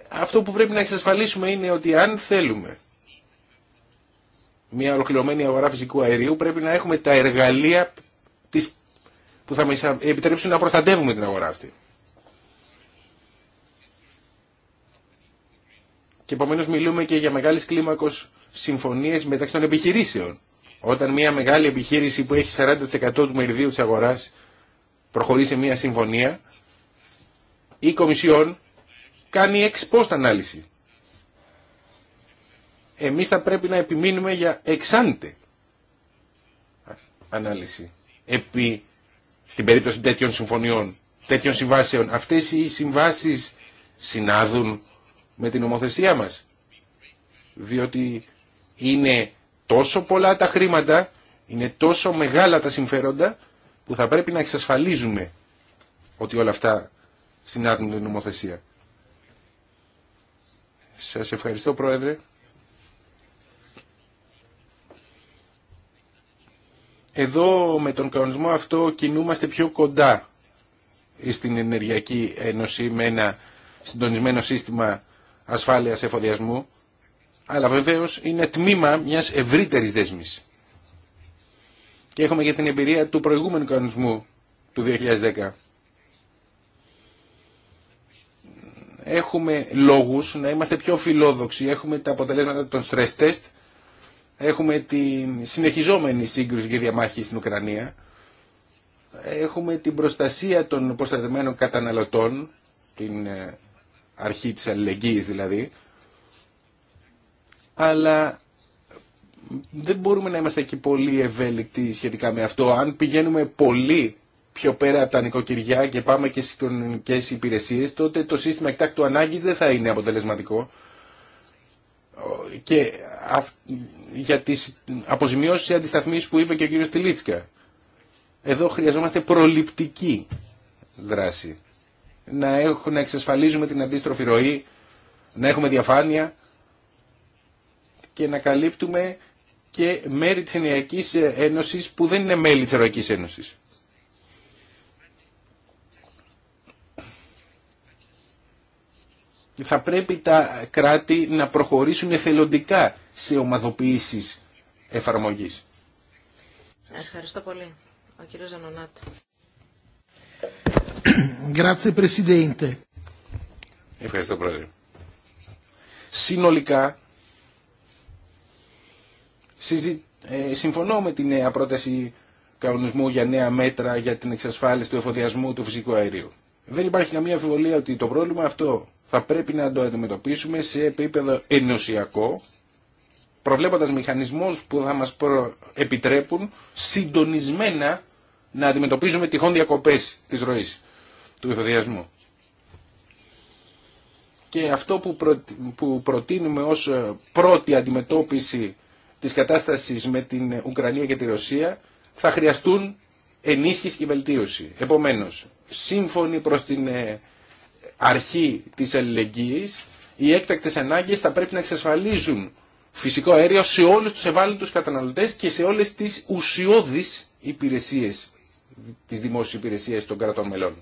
αυτό που πρέπει να εξασφαλίσουμε είναι ότι αν θέλουμε μια ολοκληρωμένη αγορά φυσικού αερίου πρέπει να έχουμε τα εργαλεία που θα μας επιτρέψουν να προστατεύουμε την αγορά αυτή. Και επομένω μιλούμε και για μεγάλες κλίμακος συμφωνίες μεταξύ των επιχειρήσεων. Όταν μια μεγάλη επιχείρηση που έχει 40% του μεριδίου της αγοράς προχωρεί σε μια συμφωνία, η Κομισιόν κάνει εξ ανάλυση. Εμείς θα πρέπει να επιμείνουμε για εξάντε ανάλυση επί, στην περίπτωση τέτοιων συμφωνιών, τέτοιων συμβάσεων. Αυτές οι συμβάσεις συνάδουν με την ομοθεσία μας, διότι είναι τόσο πολλά τα χρήματα, είναι τόσο μεγάλα τα συμφέροντα που θα πρέπει να εξασφαλίζουμε ότι όλα αυτά συνάδουν την νομοθεσία. Σας ευχαριστώ Πρόεδρε. Εδώ με τον κανονισμό αυτό κινούμαστε πιο κοντά στην Ενεργειακή Ένωση με ένα συντονισμένο σύστημα ασφάλειας εφοδιασμού αλλά βεβαίως είναι τμήμα μιας ευρύτερης δέσμης. Και έχουμε και την εμπειρία του προηγούμενου κανονισμού του 2010. Έχουμε λόγους να είμαστε πιο φιλόδοξοι, έχουμε τα αποτελέσματα των stress test, έχουμε τη συνεχιζόμενη σύγκρουση και διαμάχη στην Ουκρανία, έχουμε την προστασία των προστατευμένων καταναλωτών, την ε, αρχή της αλληλεγγύης δηλαδή, αλλά δεν μπορούμε να είμαστε εκεί πολύ ευέλικτοι σχετικά με αυτό. Αν πηγαίνουμε πολύ πιο πέρα από τα νοικοκυριά και πάμε και στις κοινωνικές υπηρεσίες, τότε το σύστημα εκτάκτου ανάγκης δεν θα είναι αποτελεσματικό. Και για τι αποζημιώσει και που είπε και ο κ. τηλίτσκα. Εδώ χρειαζόμαστε προληπτική δράση. Να, να εξασφαλίζουμε την αντίστροφη ροή, να έχουμε διαφάνεια, και να καλύπτουμε και μέρη της Ενιακής Ένωσης που δεν είναι μέλη της Ευρωπαϊκής Ένωσης. Θα πρέπει τα κράτη να προχωρήσουν εθελοντικά σε ομαδοποιήσεις εφαρμογής. Ευχαριστώ πολύ. Ο κύριος Ευχαριστώ, Πρόεδρε. Συνολικά, ε, συμφωνώ με τη νέα πρόταση κανονισμού για νέα μέτρα για την εξασφάλιση του εφοδιασμού του φυσικού αερίου. Δεν υπάρχει καμία αμφιβολία ότι το πρόβλημα αυτό θα πρέπει να το αντιμετωπίσουμε σε επίπεδο ενωσιακό, προβλέποντας μηχανισμούς που θα μας προ... επιτρέπουν συντονισμένα να αντιμετωπίζουμε τυχόν διακοπές της ροής του εφοδιασμού. Και αυτό που, που προτείνουμε ως ε, πρώτη αντιμετώπιση της κατάστασης με την Ουκρανία και τη Ρωσία θα χρειαστούν ενίσχυση και βελτίωση. Επομένως, σύμφωνοι προς την ε, αρχή της αλληλεγγύης, οι έκτακτες ανάγκες θα πρέπει να εξασφαλίζουν φυσικό αέριο σε όλους τους ευάλωτους καταναλωτές και σε όλες τις ουσιώδεις υπηρεσίες, τις δημόσιες υπηρεσίες των κρατών μελών.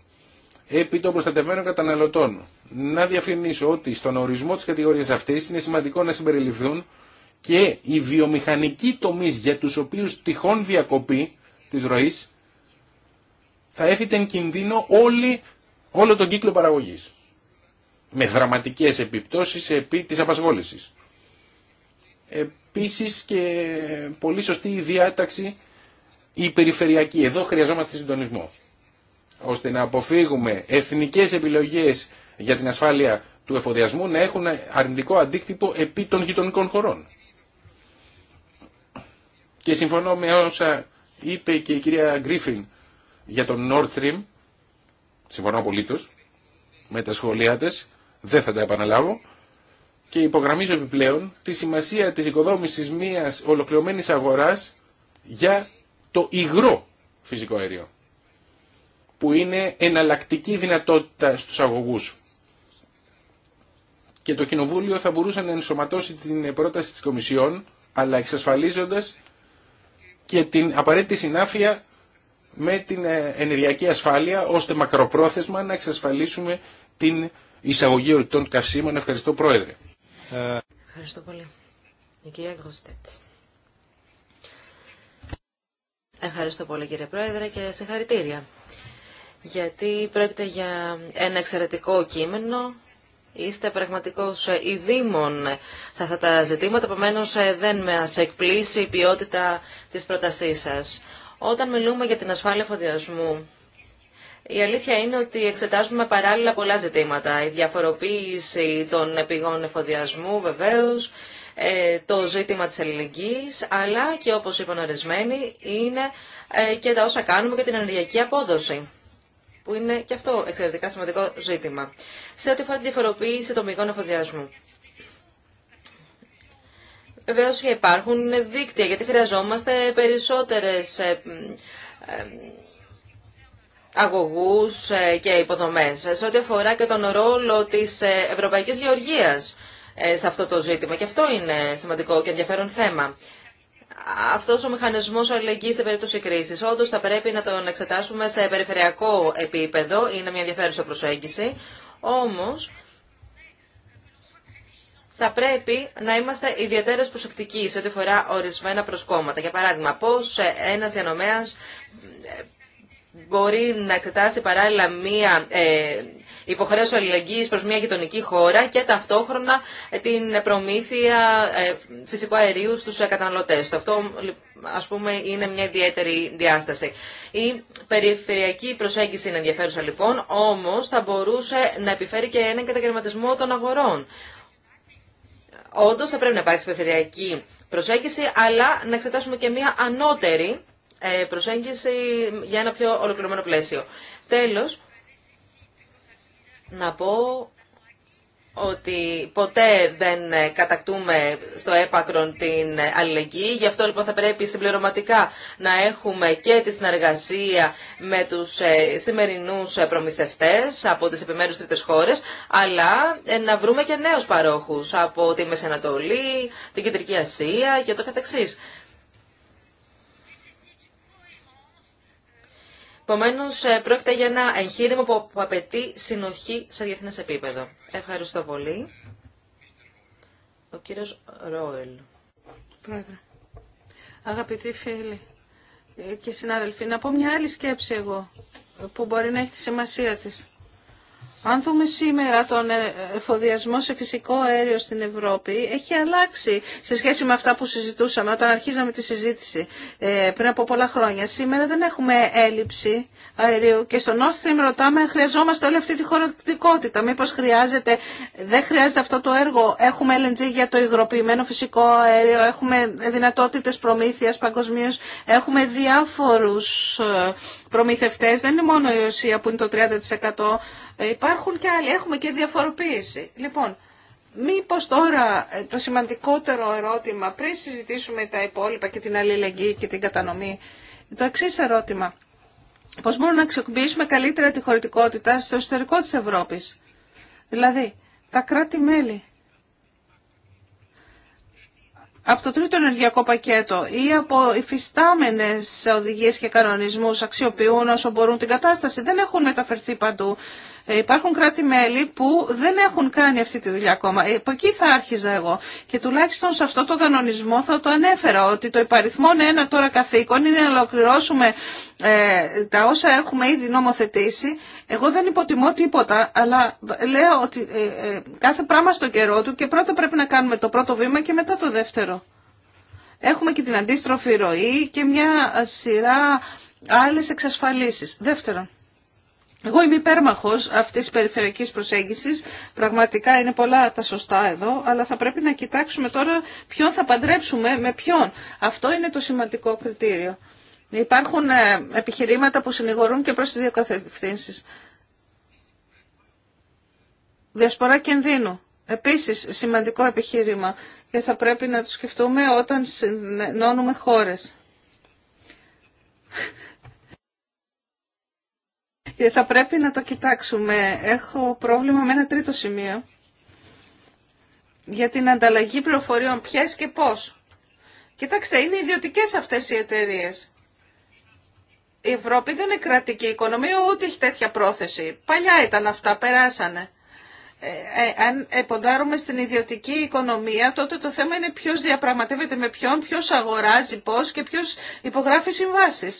Επί των προστατευμένων καταναλωτών, να διαφημίσω ότι στον ορισμό της κατηγορίας αυτής είναι σημαντικό να συμπεριληφθούν και οι βιομηχανικοί τομείς για τους οποίους τυχόν διακοπή της ροής θα έφυγαν κινδύνο όλη, όλο τον κύκλο παραγωγής με δραματικές επιπτώσεις επί της απασχόλησης. Επίσης και πολύ σωστή η διάταξη η περιφερειακή. Εδώ χρειαζόμαστε συντονισμό ώστε να αποφύγουμε εθνικές επιλογές για την ασφάλεια του εφοδιασμού να έχουν αρνητικό αντίκτυπο επί των γειτονικών χωρών. Και συμφωνώ με όσα είπε και η κυρία Γκρίφιν για τον Nord Stream. Συμφωνώ του με τα σχόλιά τη, Δεν θα τα επαναλάβω. Και υπογραμμίζω επιπλέον τη σημασία της οικοδόμησης μιας ολοκληρωμένης αγοράς για το υγρό φυσικό αέριο που είναι εναλλακτική δυνατότητα στους αγωγούς. Και το Κοινοβούλιο θα μπορούσε να ενσωματώσει την πρόταση της Κομισιόν, αλλά εξασφαλίζοντας και την απαραίτητη συνάφεια με την ε, ενεργειακή ασφάλεια ώστε μακροπρόθεσμα να εξασφαλίσουμε την εισαγωγή ορειτών καυσίμων. Ευχαριστώ Πρόεδρε. Ευχαριστώ πολύ. Η κυρία Ευχαριστώ πολύ κύριε Πρόεδρε και συγχαρητήρια. Γιατί πρόκειται για ένα εξαιρετικό κείμενο Είστε πραγματικός ε, ειδήμων σε αυτά τα ζητήματα, επομένω ε, δεν με εκπλήσει η ποιότητα της πρότασής σας. Όταν μιλούμε για την ασφάλεια εφοδιασμού, η αλήθεια είναι ότι εξετάζουμε παράλληλα πολλά ζητήματα. Η διαφοροποίηση των πηγών εφοδιασμού βεβαίως, ε, το ζήτημα της ελληνικής, αλλά και όπως είπαν ορισμένοι, είναι και τα όσα κάνουμε για την ενεργειακή απόδοση που είναι και αυτό εξαιρετικά σημαντικό ζήτημα. Σε ό,τι αφορά τη διαφοροποίηση τομικών εφοδιασμού. Βεβαίω και υπάρχουν δίκτυα, γιατί χρειαζόμαστε περισσότερες ε, ε, αγωγούς ε, και υποδομές. Σε ό,τι αφορά και τον ρόλο της Ευρωπαϊκής Γεωργίας σε αυτό το ζήτημα. Και αυτό είναι σημαντικό και ενδιαφέρον θέμα. Αυτό ο μηχανισμός αλληλεγγύη σε περίπτωση κρίση, όντω θα πρέπει να τον εξετάσουμε σε περιφερειακό επίπεδο, είναι μια ενδιαφέρουσα προσέγγιση, Όμω θα πρέπει να είμαστε ιδιαίτερε προσεκτικοί σε ό,τι αφορά ορισμένα προσκόμματα. Για παράδειγμα, πώς ένας διανομέας μπορεί να εκτάσει παράλληλα μία ε, υποχρέωση αλληλεγγύη προ μια γειτονική χώρα και ταυτόχρονα ε, την προμήθεια ε, φυσικού αερίου στου ε, καταναλωτέ. Αυτό α πούμε είναι μια ιδιαίτερη διάσταση. Η περιφερειακή προσέγγιση είναι ενδιαφέρουσα λοιπόν, όμω θα μπορούσε να επιφέρει και έναν καταγερματισμό των αγορών. Όντω θα πρέπει να υπάρξει περιφερειακή προσέγγιση, αλλά να εξετάσουμε και μια ανώτερη προσέγγιση για ένα πιο ολοκληρωμένο πλαίσιο. Τέλος, να πω ότι ποτέ δεν κατακτούμε στο έπακρον την αλληλεγγύη. Γι' αυτό λοιπόν θα πρέπει συμπληρωματικά να έχουμε και τη συνεργασία με τους ε, σημερινούς προμηθευτές από τις επιμέρους τρίτες χώρες, αλλά ε, να βρούμε και νέους παρόχους από τη Μεσανατολή, την Κεντρική Ασία και το καθεξής. Επομένω, ε, πρόκειται για ένα εγχείρημα που απαιτεί συνοχή σε διεθνέ επίπεδο. Ευχαριστώ πολύ. Ο κύριο Ρόελ. Πρόεδρε. Αγαπητοί φίλοι και συνάδελφοι, να πω μια άλλη σκέψη εγώ που μπορεί να έχει τη σημασία της. Αν δούμε σήμερα τον ε, εφοδιασμό σε φυσικό αέριο στην Ευρώπη, έχει αλλάξει σε σχέση με αυτά που συζητούσαμε όταν αρχίζαμε τη συζήτηση ε, πριν από πολλά χρόνια. Σήμερα δεν έχουμε έλλειψη αερίου και στο North Stream ρωτάμε αν χρειαζόμαστε όλη αυτή τη χωρητικότητα. Μήπως χρειάζεται, δεν χρειάζεται αυτό το έργο. Έχουμε LNG για το υγροποιημένο φυσικό αέριο, έχουμε δυνατότητες προμήθειας παγκοσμίω, έχουμε διάφορους ε, προμηθευτές. Δεν είναι μόνο η Ρωσία που είναι το 30% ε, υπάρχουν και άλλοι, έχουμε και διαφοροποίηση. Λοιπόν, μήπως τώρα ε, το σημαντικότερο ερώτημα, πριν συζητήσουμε τα υπόλοιπα και την αλληλεγγύη και την κατανομή, το εξή ερώτημα. Πώς μπορούμε να αξιοποιήσουμε καλύτερα τη χωρητικότητα στο εσωτερικό της Ευρώπης. Δηλαδή, τα κράτη-μέλη από το τρίτο ενεργειακό πακέτο ή από υφιστάμενες οδηγίες και κανονισμούς αξιοποιούν όσο μπορούν την κατάσταση. Δεν έχουν μεταφερθεί παντού ε, υπάρχουν κράτη-μέλη που δεν έχουν κάνει αυτή τη δουλειά ακόμα. Ε, από εκεί θα άρχιζα εγώ. Και τουλάχιστον σε αυτό το κανονισμό θα το ανέφερα ότι το είναι ένα τώρα καθήκον είναι να ολοκληρώσουμε ε, τα όσα έχουμε ήδη νομοθετήσει. Εγώ δεν υποτιμώ τίποτα, αλλά λέω ότι ε, ε, κάθε πράγμα στο καιρό του και πρώτα πρέπει να κάνουμε το πρώτο βήμα και μετά το δεύτερο. Έχουμε και την αντίστροφη ροή και μια σειρά άλλες εξασφαλίσεις. Δεύτερον, εγώ είμαι υπέρμαχο αυτή τη περιφερειακής προσέγγιση. Πραγματικά είναι πολλά τα σωστά εδώ, αλλά θα πρέπει να κοιτάξουμε τώρα ποιον θα παντρέψουμε με ποιον. Αυτό είναι το σημαντικό κριτήριο. Υπάρχουν ε, επιχειρήματα που συνηγορούν και προς τι δύο κατευθύνσει. Διασπορά κινδύνου. Επίσης σημαντικό επιχείρημα και θα πρέπει να το σκεφτούμε όταν συνενώνουμε χώρες. Ε, θα πρέπει να το κοιτάξουμε. Έχω πρόβλημα με ένα τρίτο σημείο για την ανταλλαγή πληροφοριών. Ποιε και πώ. Κοιτάξτε, είναι ιδιωτικέ αυτέ οι εταιρείε. Η Ευρώπη δεν είναι κρατική οικονομία, ούτε έχει τέτοια πρόθεση. Παλιά ήταν αυτά, περάσανε. Ε, ε, αν εποντάρουμε στην ιδιωτική οικονομία, τότε το θέμα είναι ποιο διαπραγματεύεται με ποιον, ποιο αγοράζει πώ και ποιο υπογράφει συμβάσει.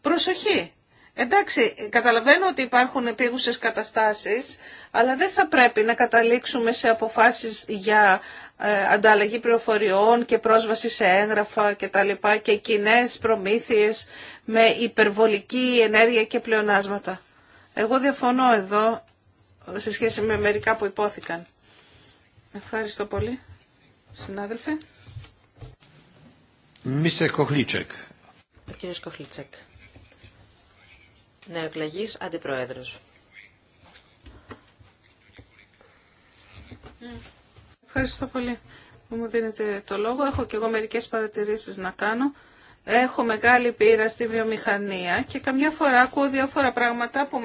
Προσοχή. Εντάξει, καταλαβαίνω ότι υπάρχουν επίγουσες καταστάσεις, αλλά δεν θα πρέπει να καταλήξουμε σε αποφάσεις για ε, ανταλλαγή πληροφοριών και πρόσβαση σε έγγραφα και τα και κοινέ προμήθειες με υπερβολική ενέργεια και πλεονάσματα. Εγώ διαφωνώ εδώ σε σχέση με μερικά που υπόθηκαν. Ευχαριστώ πολύ, συνάδελφε. Μίστερ Κοχλίτσεκ νεοεκλεγής αντιπρόεδρος. Ευχαριστώ πολύ που μου δίνετε το λόγο. Έχω και εγώ μερικές παρατηρήσεις να κάνω. Έχω μεγάλη πείρα στη βιομηχανία και καμιά φορά ακούω διάφορα πράγματα που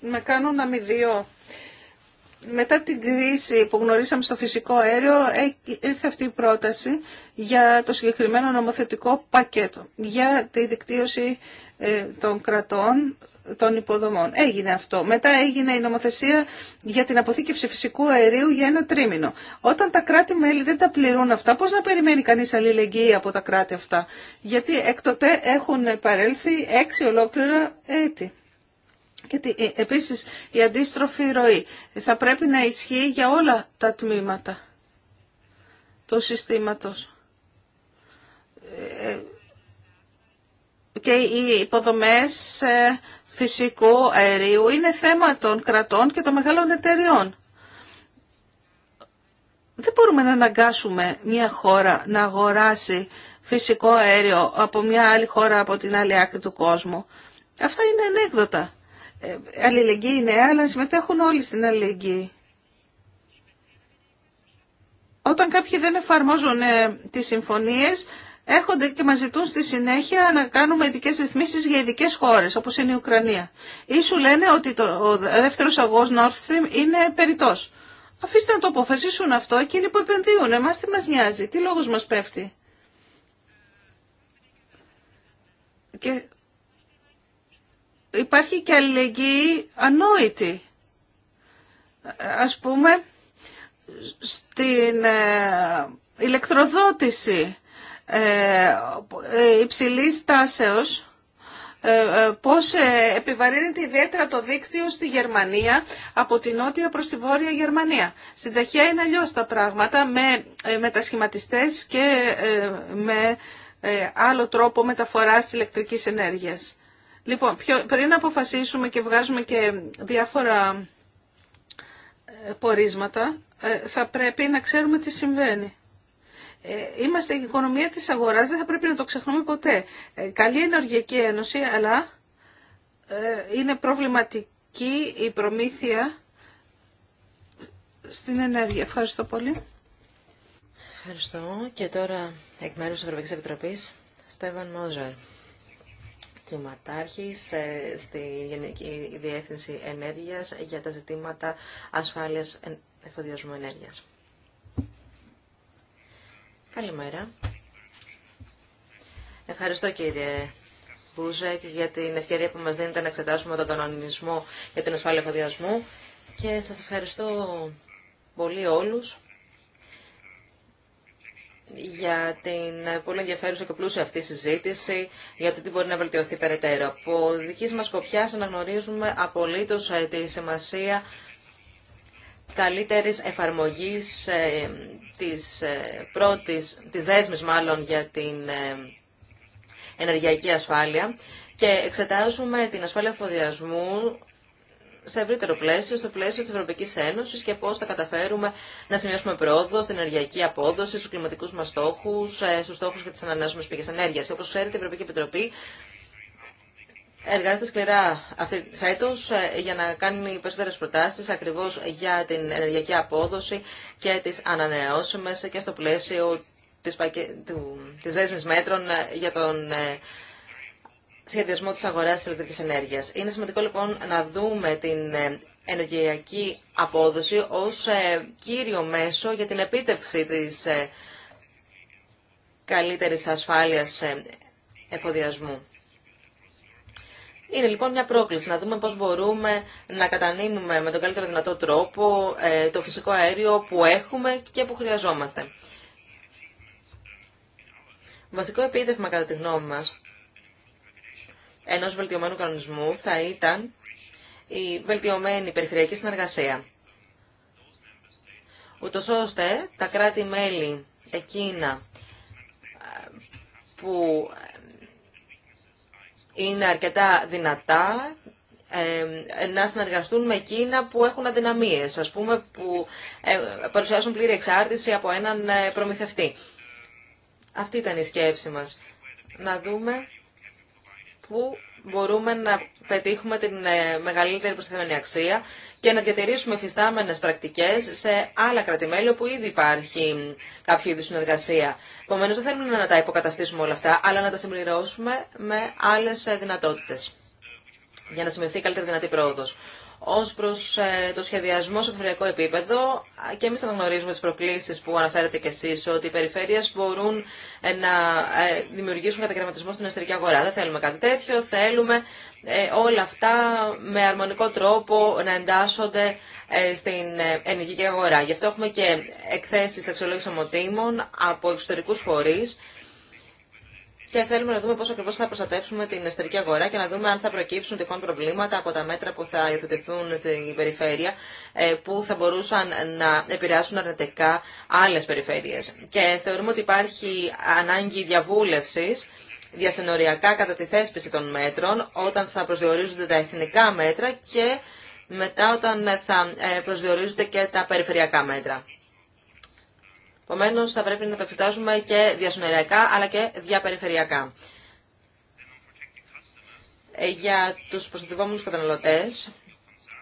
με κάνουν αμυδιό. Μετά την κρίση που γνωρίσαμε στο φυσικό αέριο ε, ήρθε αυτή η πρόταση για το συγκεκριμένο νομοθετικό πακέτο για τη δικτύωση ε, των κρατών των υποδομών. Έγινε αυτό. Μετά έγινε η νομοθεσία για την αποθήκευση φυσικού αερίου για ένα τρίμηνο. Όταν τα κράτη-μέλη δεν τα πληρούν αυτά, πώς να περιμένει κανείς αλληλεγγύη από τα κράτη αυτά. Γιατί εκτοτε έχουν παρέλθει έξι ολόκληρα έτη. Και ε, επίσης η αντίστροφη ροή θα πρέπει να ισχύει για όλα τα τμήματα του συστήματος. Ε, ε, και οι υποδομές φυσικού αερίου είναι θέμα των κρατών και των μεγάλων εταιριών. Δεν μπορούμε να αναγκάσουμε μια χώρα να αγοράσει φυσικό αέριο από μια άλλη χώρα από την άλλη άκρη του κόσμου. Αυτά είναι ανέκδοτα. Ε, αλληλεγγύη είναι, αλλά συμμετέχουν όλοι στην αλληλεγγύη. Όταν κάποιοι δεν εφαρμόζουν ε, τις συμφωνίες, έρχονται και μας ζητούν στη συνέχεια να κάνουμε ειδικέ ρυθμίσει για ειδικέ χώρε όπω είναι η Ουκρανία. Ή σου λένε ότι ο δεύτερο αγός Nord Stream είναι περιττός. Αφήστε να το αποφασίσουν αυτό εκείνοι που επενδύουν. Εμά τι μα νοιάζει, τι λόγο μα πέφτει. υπάρχει και αλληλεγγύη ανόητη. Ας πούμε, στην ε, ηλεκτροδότηση ε, ε, υψηλής τάσεως ε, πώς επιβαρύνεται ιδιαίτερα το δίκτυο στη Γερμανία από την νότια προς τη βόρεια Γερμανία. Στην Τσαχία είναι αλλιώ τα πράγματα με μετασχηματιστές και με άλλο τρόπο μεταφοράς ηλεκτρικής ενέργειας. Λοιπόν, πριν αποφασίσουμε και βγάζουμε και διάφορα πορίσματα, θα πρέπει να ξέρουμε τι συμβαίνει. Ε, είμαστε η οικονομία της αγοράς, δεν θα πρέπει να το ξεχνούμε ποτέ. Ε, καλή ενεργειακή ένωση, αλλά ε, είναι προβληματική η προμήθεια στην ενέργεια. Ευχαριστώ πολύ. Ευχαριστώ. Και τώρα εκ μέρους της Ευρωπαϊκής Επιτροπής, Στέβαν Μόζαρ, ε, στη Γενική Διεύθυνση Ενέργειας για τα ζητήματα ασφάλειας εφοδιασμού ενέργειας. Καλημέρα. Ευχαριστώ κύριε Μπούζεκ για την ευκαιρία που μας δίνετε να εξετάσουμε τον κανονισμό για την ασφάλεια εφοδιασμού και σας ευχαριστώ πολύ όλους για την πολύ ενδιαφέρουσα και πλούσια αυτή συζήτηση για το τι μπορεί να βελτιωθεί περαιτέρω. Από δική μας σκοπιά αναγνωρίζουμε απολύτως ε, τη σημασία καλύτερης εφαρμογής ε, της, ε, πρώτης, της δέσμης μάλλον για την ε, ενεργειακή ασφάλεια και εξετάζουμε την ασφάλεια φοδιασμού σε ευρύτερο πλαίσιο, στο πλαίσιο της Ευρωπαϊκής Ένωσης και πώς θα καταφέρουμε να σημειώσουμε πρόοδο στην ενεργειακή απόδοση, στους κλιματικούς μας στόχους, στους στόχους για τις ανανεώσιμες πηγές ενέργειας. Και όπως ξέρετε, η Ευρωπαϊκή Επιτροπή εργάζεται σκληρά αυτή φέτος ε, για να κάνει περισσότερες προτάσεις ακριβώς για την ενεργειακή απόδοση και τις ανανεώσιμες και στο πλαίσιο της, πακε... μέτρων ε, για τον ε, σχεδιασμό της αγοράς της ηλεκτρικής ενέργειας. Είναι σημαντικό λοιπόν να δούμε την ενεργειακή απόδοση ως κύριο μέσο για την επίτευξη της καλύτερης ασφάλειας εφοδιασμού. Είναι λοιπόν μια πρόκληση να δούμε πώς μπορούμε να κατανείμουμε με τον καλύτερο δυνατό τρόπο ε, το φυσικό αέριο που έχουμε και που χρειαζόμαστε. Βασικό επίδευμα κατά τη γνώμη μας ενός βελτιωμένου κανονισμού θα ήταν η βελτιωμένη περιφερειακή συνεργασία. Ούτως ώστε τα κράτη-μέλη εκείνα που είναι αρκετά δυνατά να συνεργαστούν με εκείνα που έχουν αδυναμίες, ας πούμε που ε, παρουσιάζουν πλήρη εξάρτηση από έναν ε, προμηθευτή. Αυτή ήταν η σκέψη μας. Να δούμε πού μπορούμε να πετύχουμε την ε, μεγαλύτερη προσθεμένη αξία και να διατηρήσουμε φυστάμενες πρακτικές σε άλλα κρατημέλη όπου ήδη υπάρχει κάποιο είδη συνεργασία. Επομένω, δεν θέλουμε να τα υποκαταστήσουμε όλα αυτά, αλλά να τα συμπληρώσουμε με άλλες ε, δυνατότητες για να σημειωθεί καλύτερη δυνατή πρόοδος ως προς ε, το σχεδιασμό σε περιφερειακό επίπεδο και εμείς αναγνωρίζουμε τι προκλήσει που αναφέρατε κι εσεί ότι οι περιφέρειες μπορούν ε, να ε, δημιουργήσουν κατακαιρματισμό στην εσωτερική αγορά. Δεν θέλουμε κάτι τέτοιο, θέλουμε όλα αυτά με αρμονικό τρόπο να εντάσσονται στην ενεργική αγορά. Γι' αυτό έχουμε και εκθέσει αξιολόγηση ομοτήμων από εξωτερικού φορεί και θέλουμε να δούμε πώ ακριβώ θα προστατεύσουμε την εσωτερική αγορά και να δούμε αν θα προκύψουν τυχόν προβλήματα από τα μέτρα που θα υιοθετηθούν στην περιφέρεια ε, που θα μπορούσαν να επηρεάσουν αρνητικά άλλες περιφέρειες. Και θεωρούμε ότι υπάρχει ανάγκη διαβούλευση διασυνοριακά κατά τη θέσπιση των μέτρων όταν θα προσδιορίζονται τα εθνικά μέτρα και μετά όταν θα ε, προσδιορίζονται και τα περιφερειακά μέτρα. Επομένω, θα πρέπει να το εξετάζουμε και διασυνοριακά αλλά και διαπεριφερειακά. Ε, για τους προστατευόμενου καταναλωτές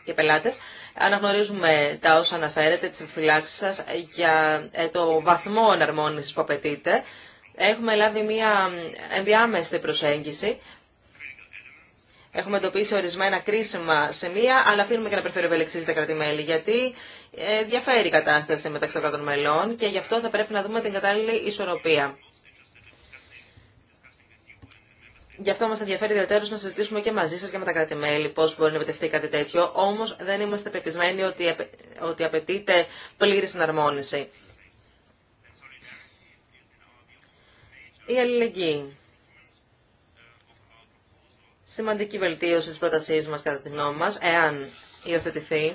και πελάτες, αναγνωρίζουμε τα όσα αναφέρετε, τι επιφυλάξει σα για ε, το βαθμό εναρμόνιση που απαιτείται. Έχουμε λάβει μια ενδιάμεση προσέγγιση Έχουμε εντοπίσει ορισμένα κρίσιμα σημεία, αλλά αφήνουμε και να περιθώριο ευελεξή τα κράτη-μέλη, γιατί ε, διαφέρει η κατάσταση μεταξύ των κρατών μελών και γι' αυτό θα πρέπει να δούμε την κατάλληλη ισορροπία. Γι' αυτό μα ενδιαφέρει ιδιαίτερω να συζητήσουμε και μαζί σα και με τα κράτη-μέλη πώ μπορεί να επιτευχθεί κάτι τέτοιο. Όμω δεν είμαστε πεπισμένοι ότι, ότι απαιτείται πλήρη συναρμόνιση. Η αλληλεγγύη σημαντική βελτίωση της πρότασής μας κατά τη γνώμη μας, εάν υιοθετηθεί,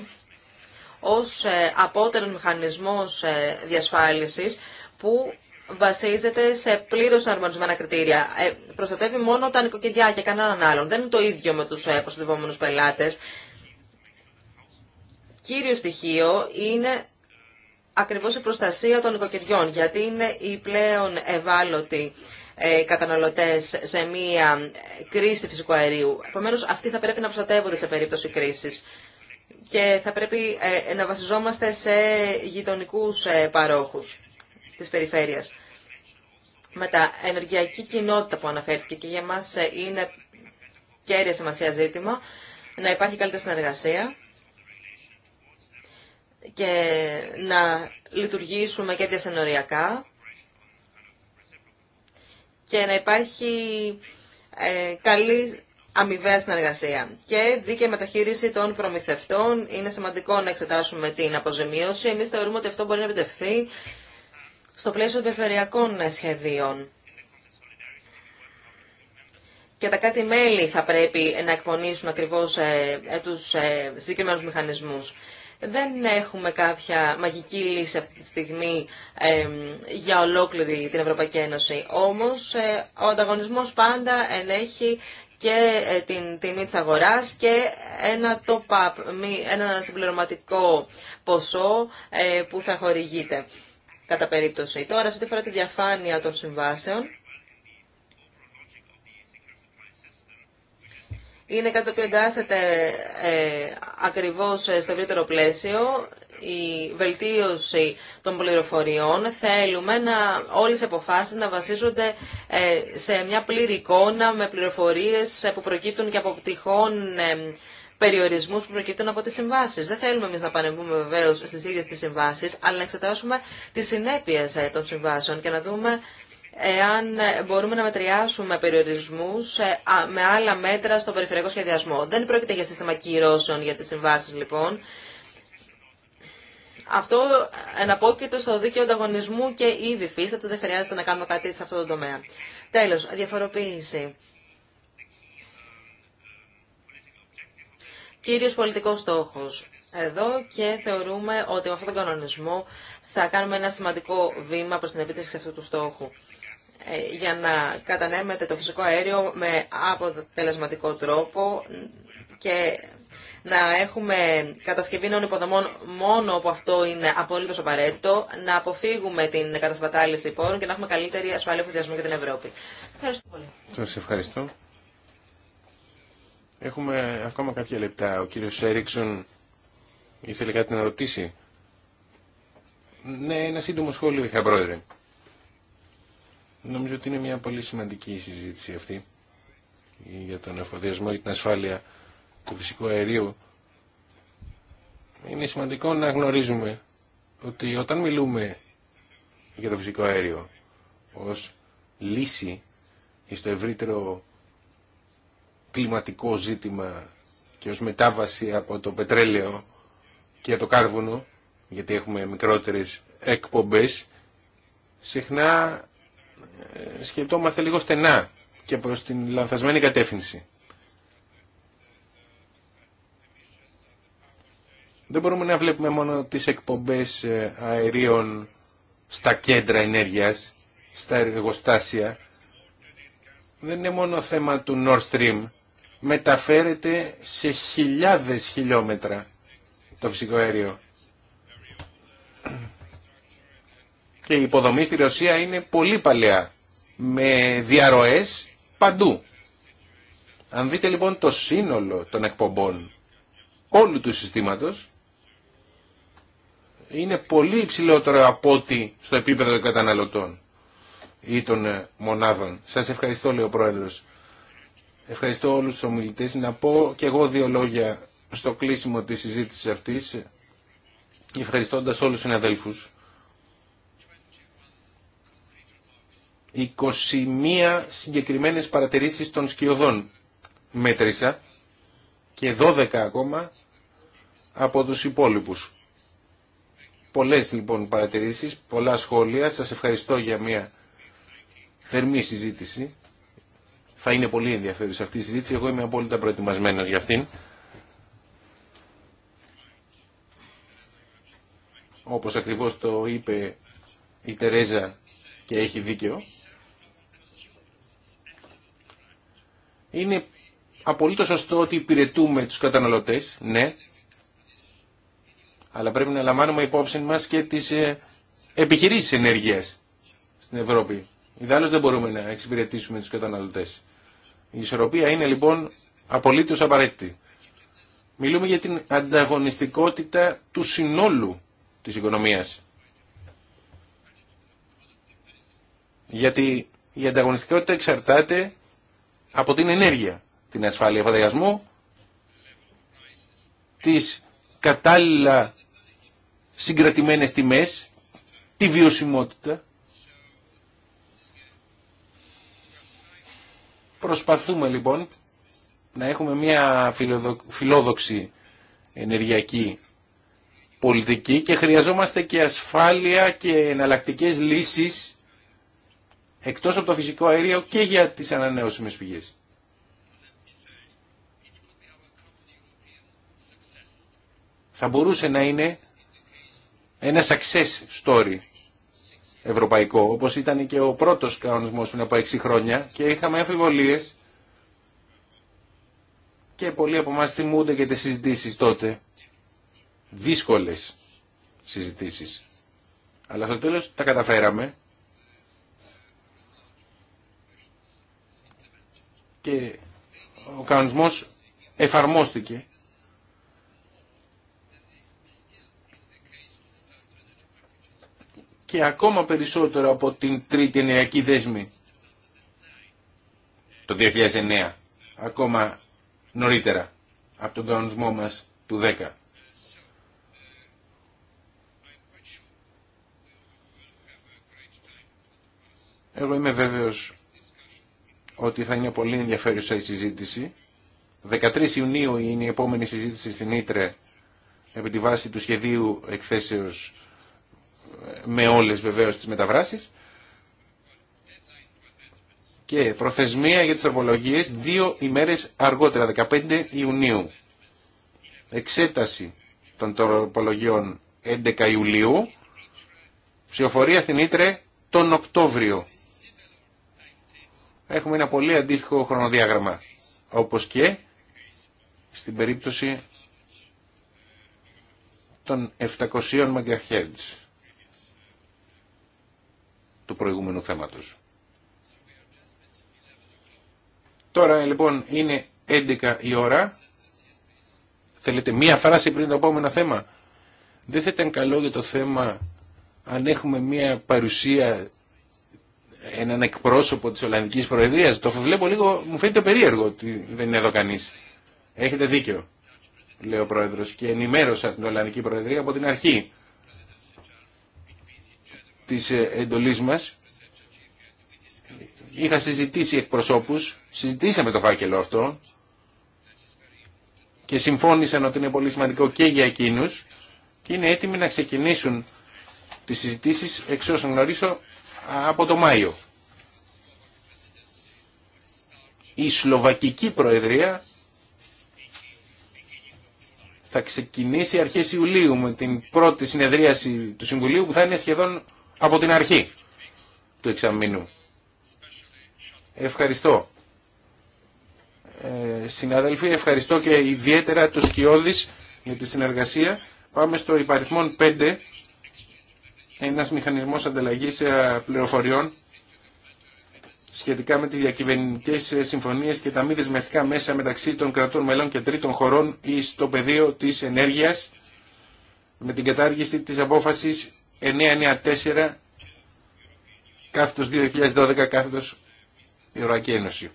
ως ε, απότερος μηχανισμός ε, διασφάλισης που βασίζεται σε πλήρως αρμονισμένα κριτήρια. Ε, προστατεύει μόνο τα νοικοκυριά και κανέναν άλλον. Δεν είναι το ίδιο με τους ε, προστατευόμενους πελάτες. Κύριο στοιχείο είναι ακριβώς η προστασία των νοικοκυριών, γιατί είναι η πλέον ευάλωτη... Ε, καταναλωτέ σε μια κρίση φυσικού αερίου. Επομένω, αυτοί θα πρέπει να προστατεύονται σε περίπτωση κρίσης και θα πρέπει ε, να βασιζόμαστε σε γειτονικούς ε, παρόχους της περιφέρειας. Με τα ενεργειακή κοινότητα που αναφέρθηκε και για μας είναι κέρια σημασία ζήτημα, να υπάρχει καλύτερη συνεργασία και να λειτουργήσουμε και διασυνοριακά και να υπάρχει ε, καλή αμοιβαία συνεργασία. Και δίκαιη μεταχείριση των προμηθευτών. Είναι σημαντικό να εξετάσουμε την αποζημίωση. Εμείς θεωρούμε ότι αυτό μπορεί να επιτευχθεί στο πλαίσιο των περιφερειακών σχεδίων. Και τα κάτι μέλη θα πρέπει να εκπονήσουν ακριβώς ε, τους ε, συγκεκριμένους μηχανισμούς. Δεν έχουμε κάποια μαγική λύση αυτή τη στιγμή ε, για ολόκληρη την Ευρωπαϊκή Ένωση. Όμως ε, ο ανταγωνισμός πάντα ενέχει και ε, την τιμή της αγοράς και ένα, top up, ένα συμπληρωματικό ποσό ε, που θα χορηγείται κατά περίπτωση. Τώρα, σε ό,τι φορά τη διαφάνεια των συμβάσεων, Είναι κάτι το οποίο εντάσσεται ε, ακριβώς στο ευρύτερο πλαίσιο, η βελτίωση των πληροφοριών. Θέλουμε να, όλες οι αποφάσεις να βασίζονται ε, σε μια πλήρη εικόνα με πληροφορίες ε, που προκύπτουν και από πτυχών ε, περιορισμούς που προκύπτουν από τις συμβάσεις. Δεν θέλουμε εμείς να πανεμβούμε βεβαίω στις ίδιες τις συμβάσεις, αλλά να εξετάσουμε τις συνέπειες ε, των συμβάσεων και να δούμε εάν μπορούμε να μετριάσουμε περιορισμούς ε, με άλλα μέτρα στο περιφερειακό σχεδιασμό. Δεν πρόκειται για σύστημα κυρώσεων για τις συμβάσεις λοιπόν. Αυτό εναπόκειται στο δίκαιο ανταγωνισμού και ήδη φύσταται, δεν χρειάζεται να κάνουμε κάτι σε αυτό το τομέα. Τέλος, διαφοροποίηση. Κύριος πολιτικός στόχος. Εδώ και θεωρούμε ότι με αυτόν τον κανονισμό θα κάνουμε ένα σημαντικό βήμα προς την επίτευξη αυτού του στόχου. Ε, για να κατανέμεται το φυσικό αέριο με αποτελεσματικό τρόπο και να έχουμε κατασκευή νέων υποδομών μόνο όπου αυτό είναι απόλυτο απαραίτητο, να αποφύγουμε την κατασπατάληση πόρων και να έχουμε καλύτερη ασφάλεια για την Ευρώπη. Ευχαριστώ πολύ. Σα ευχαριστώ. Έχουμε ακόμα κάποια λεπτά. Ο κύριος Σέριξον ήθελε κάτι να ρωτήσει. Ναι, ένα σύντομο σχόλιο είχα, Πρόεδρε. Νομίζω ότι είναι μια πολύ σημαντική συζήτηση αυτή για τον εφοδιασμό και την ασφάλεια του φυσικού αερίου. Είναι σημαντικό να γνωρίζουμε ότι όταν μιλούμε για το φυσικό αέριο ως λύση στο ευρύτερο κλιματικό ζήτημα και ως μετάβαση από το πετρέλαιο και το κάρβουνο, γιατί έχουμε μικρότερες εκπομπές, συχνά σκεπτόμαστε λίγο στενά και προς την λανθασμένη κατεύθυνση. Δεν μπορούμε να βλέπουμε μόνο τις εκπομπές ε, αερίων στα κέντρα ενέργειας, στα εργοστάσια. Δεν είναι μόνο θέμα του Nord Stream. Μεταφέρεται σε χιλιάδες χιλιόμετρα το φυσικό αέριο. και η υποδομή στη Ρωσία είναι πολύ παλιά με διαρροές παντού. Αν δείτε λοιπόν το σύνολο των εκπομπών όλου του συστήματος είναι πολύ υψηλότερο από ό,τι στο επίπεδο των καταναλωτών ή των ε, μονάδων. Σας ευχαριστώ λέει ο Πρόεδρος. Ευχαριστώ όλους τους ομιλητές. Να πω και εγώ δύο λόγια στο κλείσιμο της συζήτησης αυτής ευχαριστώντας όλους τους συναδέλφους 21 συγκεκριμένες παρατηρήσεις των σκιωδών μέτρησα και 12 ακόμα από τους υπόλοιπους. Πολλές λοιπόν παρατηρήσεις, πολλά σχόλια. Σας ευχαριστώ για μια θερμή συζήτηση. Θα είναι πολύ ενδιαφέρουσα αυτή η συζήτηση. Εγώ είμαι απόλυτα προετοιμασμένος για αυτήν. Όπως ακριβώς το είπε η Τερέζα και έχει δίκαιο, είναι απολύτως σωστό ότι υπηρετούμε τους καταναλωτές, ναι, αλλά πρέπει να λαμβάνουμε υπόψη μας και τις ε, επιχειρήσεις ενέργειας στην Ευρώπη. Ιδάλλως δεν μπορούμε να εξυπηρετήσουμε τους καταναλωτές. Η ισορροπία είναι λοιπόν απολύτως απαραίτητη. Μιλούμε για την ανταγωνιστικότητα του συνόλου της οικονομίας. Γιατί η ανταγωνιστικότητα εξαρτάται από την ενέργεια, την ασφάλεια φαδιασμού, τις κατάλληλα συγκρατημένες τιμές, τη βιωσιμότητα. Προσπαθούμε λοιπόν να έχουμε μια φιλόδοξη ενεργειακή πολιτική και χρειαζόμαστε και ασφάλεια και εναλλακτικές λύσεις εκτός από το φυσικό αέριο και για τις ανανεώσιμες πηγές. Θα μπορούσε να είναι ένα success story ευρωπαϊκό, όπως ήταν και ο πρώτος κανονισμός πριν από 6 χρόνια και είχαμε αμφιβολίες και πολλοί από εμάς θυμούνται και τις συζητήσεις τότε, δύσκολες συζητήσεις. Αλλά στο τέλος τα καταφέραμε και ο κανονισμός εφαρμόστηκε. Και ακόμα περισσότερο από την τρίτη νεακή δέσμη το 2009, ακόμα νωρίτερα από τον κανονισμό μας του 10. Εγώ είμαι βέβαιος ότι θα είναι πολύ ενδιαφέρουσα η συζήτηση. 13 Ιουνίου είναι η επόμενη συζήτηση στην Ήτρε επί τη βάση του σχεδίου εκθέσεως ε, με όλες βεβαίως τις μεταβράσεις και προθεσμία για τις τροπολογίες δύο ημέρες αργότερα, 15 Ιουνίου. Εξέταση των τροπολογιών 11 Ιουλίου, ψηφοφορία στην Ήτρε τον Οκτώβριο έχουμε ένα πολύ αντίστοιχο χρονοδιάγραμμα. Όπως και στην περίπτωση των 700 MHz του προηγούμενου θέματος. Τώρα λοιπόν είναι 11 η ώρα. Θέλετε μία φράση πριν το επόμενο θέμα. Δεν θα ήταν καλό για το θέμα αν έχουμε μία παρουσία έναν εκπρόσωπο της Ολλανδικής Προεδρίας. Το βλέπω λίγο, μου φαίνεται περίεργο ότι δεν είναι εδώ κανείς. Έχετε δίκιο, λέει ο Πρόεδρος και ενημέρωσα την Ολλανδική Προεδρία από την αρχή της ε, εντολής μας. Είχα συζητήσει εκπροσώπους, συζητήσαμε το φάκελο αυτό και συμφώνησαν ότι είναι πολύ σημαντικό και για εκείνους και είναι έτοιμοι να ξεκινήσουν τις συζητήσεις εξ όσων γνωρίζω από το Μάιο. Η Σλοβακική Προεδρία θα ξεκινήσει αρχές Ιουλίου με την πρώτη συνεδρίαση του Συμβουλίου που θα είναι σχεδόν από την αρχή του εξαμήνου. Ευχαριστώ. Ε, συναδελφοί, ευχαριστώ και ιδιαίτερα τους Σκιώδης για τη συνεργασία. Πάμε στο υπαριθμόν 5 ένας μηχανισμός ανταλλαγή ε, πληροφοριών σχετικά με τις διακυβερνητικέ ε, συμφωνίες και τα μη δεσμευτικά μέσα μεταξύ των κρατών μελών και τρίτων χωρών ή στο πεδίο της ενέργειας με την κατάργηση της απόφασης 994 κάθετος 2012 κάθετος Ευρωπαϊκή Ένωση.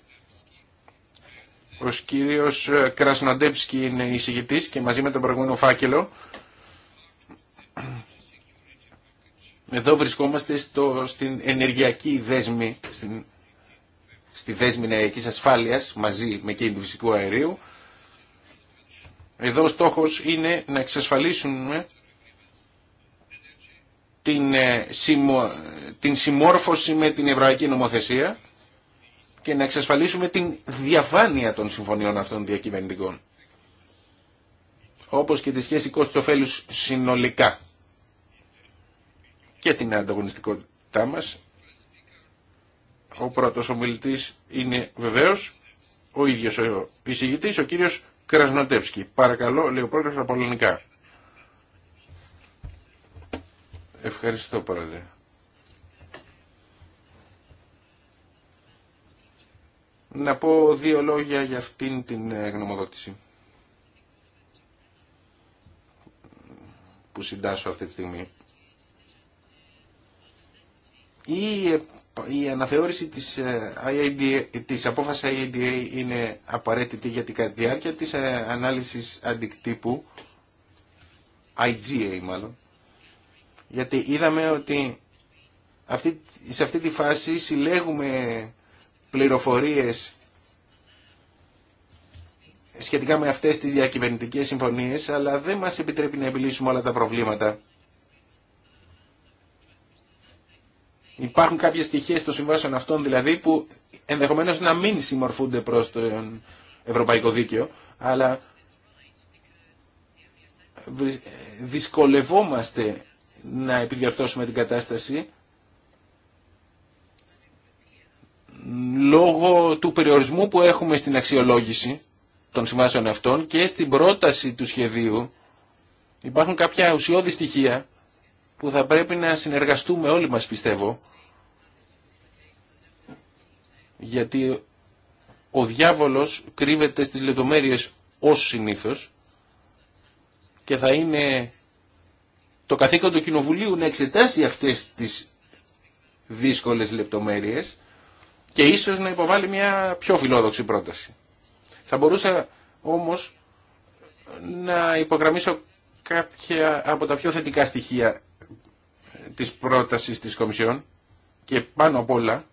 Ο κύριος ε, Κρασνοντέψκι είναι εισηγητής και μαζί με τον προηγούμενο φάκελο εδώ βρισκόμαστε στο, στην ενεργειακή δέσμη, στη δέσμη ενεργειακής ασφάλειας μαζί με εκείνη φυσικού αερίου. Εδώ ο στόχος είναι να εξασφαλίσουμε την, ε, την συμμόρφωση με την Ευρωπαϊκή Νομοθεσία και να εξασφαλίσουμε την διαφάνεια των συμφωνιών αυτών διακυβερνητικών όπως και τη σχέση κόστος-οφέλους συνολικά και την ανταγωνιστικότητά μας. Ο πρώτος ομιλητής είναι βεβαίως ο ίδιος ο εισηγητής, ο κύριος Κρασνοτεύσκη. Παρακαλώ, λέει ο πρόεδρος από ελληνικά. Ευχαριστώ, πρόεδρε. Να πω δύο λόγια για αυτήν την ε, γνωμοδότηση που συντάσσω αυτή τη στιγμή η αναθεώρηση της, ε, IADA, της απόφασης IADA είναι απαραίτητη για τη διάρκεια της ε, ανάλυσης αντικτύπου, IGA μάλλον, γιατί είδαμε ότι αυτή, σε αυτή τη φάση συλλέγουμε πληροφορίες σχετικά με αυτές τις διακυβερνητικές συμφωνίες, αλλά δεν μας επιτρέπει να επιλύσουμε όλα τα προβλήματα Υπάρχουν κάποιες στοιχεία των συμβάσεων αυτών δηλαδή που ενδεχομένως να μην συμμορφούνται προς το ευρωπαϊκό δίκαιο, αλλά δυσκολευόμαστε να επιδιορθώσουμε την κατάσταση λόγω του περιορισμού που έχουμε στην αξιολόγηση των συμβάσεων αυτών και στην πρόταση του σχεδίου υπάρχουν κάποια ουσιώδη στοιχεία που θα πρέπει να συνεργαστούμε όλοι μας πιστεύω γιατί ο διάβολος κρύβεται στις λεπτομέρειες ως συνήθως και θα είναι το καθήκον του Κοινοβουλίου να εξετάσει αυτές τις δύσκολες λεπτομέρειες και ίσως να υποβάλει μια πιο φιλόδοξη πρόταση. Θα μπορούσα όμως να υπογραμμίσω κάποια από τα πιο θετικά στοιχεία της πρότασης της Κομισιόν και πάνω απ' όλα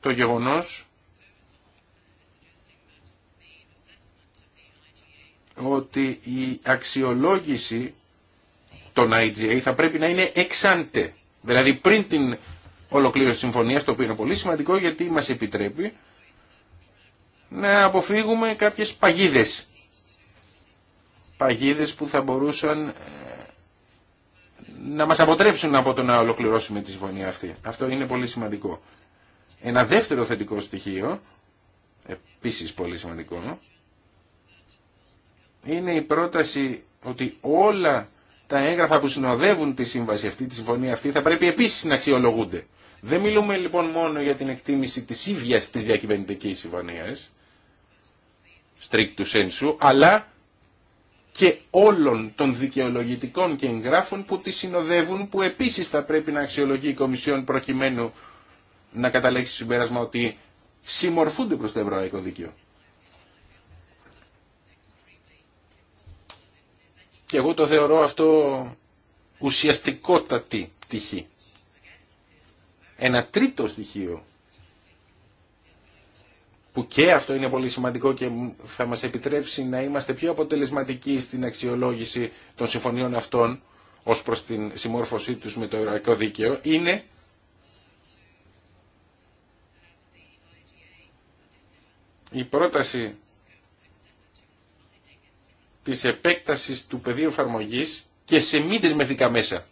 το γεγονός ότι η αξιολόγηση των IGA θα πρέπει να είναι εξάντε. Δηλαδή πριν την ολοκλήρωση της συμφωνίας, το οποίο είναι πολύ σημαντικό γιατί μας επιτρέπει να αποφύγουμε κάποιες παγίδες. Παγίδες που θα μπορούσαν ε, να μας αποτρέψουν από το να ολοκληρώσουμε τη συμφωνία αυτή. Αυτό είναι πολύ σημαντικό. Ένα δεύτερο θετικό στοιχείο, επίσης πολύ σημαντικό, είναι η πρόταση ότι όλα τα έγγραφα που συνοδεύουν τη σύμβαση αυτή, τη συμφωνία αυτή, θα πρέπει επίσης να αξιολογούνται. Δεν μιλούμε λοιπόν μόνο για την εκτίμηση της ίδιας της διακυβερνητικής συμφωνίας, στρίκτου sensu, αλλά και όλων των δικαιολογητικών και εγγράφων που τη συνοδεύουν, που επίσης θα πρέπει να αξιολογεί η Κομισιόν προκειμένου να καταλέξει το συμπέρασμα ότι συμμορφούνται προς το ευρωπαϊκό δίκαιο. Και εγώ το θεωρώ αυτό ουσιαστικότατη πτυχή. Ένα τρίτο στοιχείο που και αυτό είναι πολύ σημαντικό και θα μας επιτρέψει να είμαστε πιο αποτελεσματικοί στην αξιολόγηση των συμφωνιών αυτών ως προς την συμμόρφωσή τους με το ευρωπαϊκό δίκαιο, είναι η πρόταση της επέκτασης του πεδίου εφαρμογή και σε μη δεσμευτικά μέσα.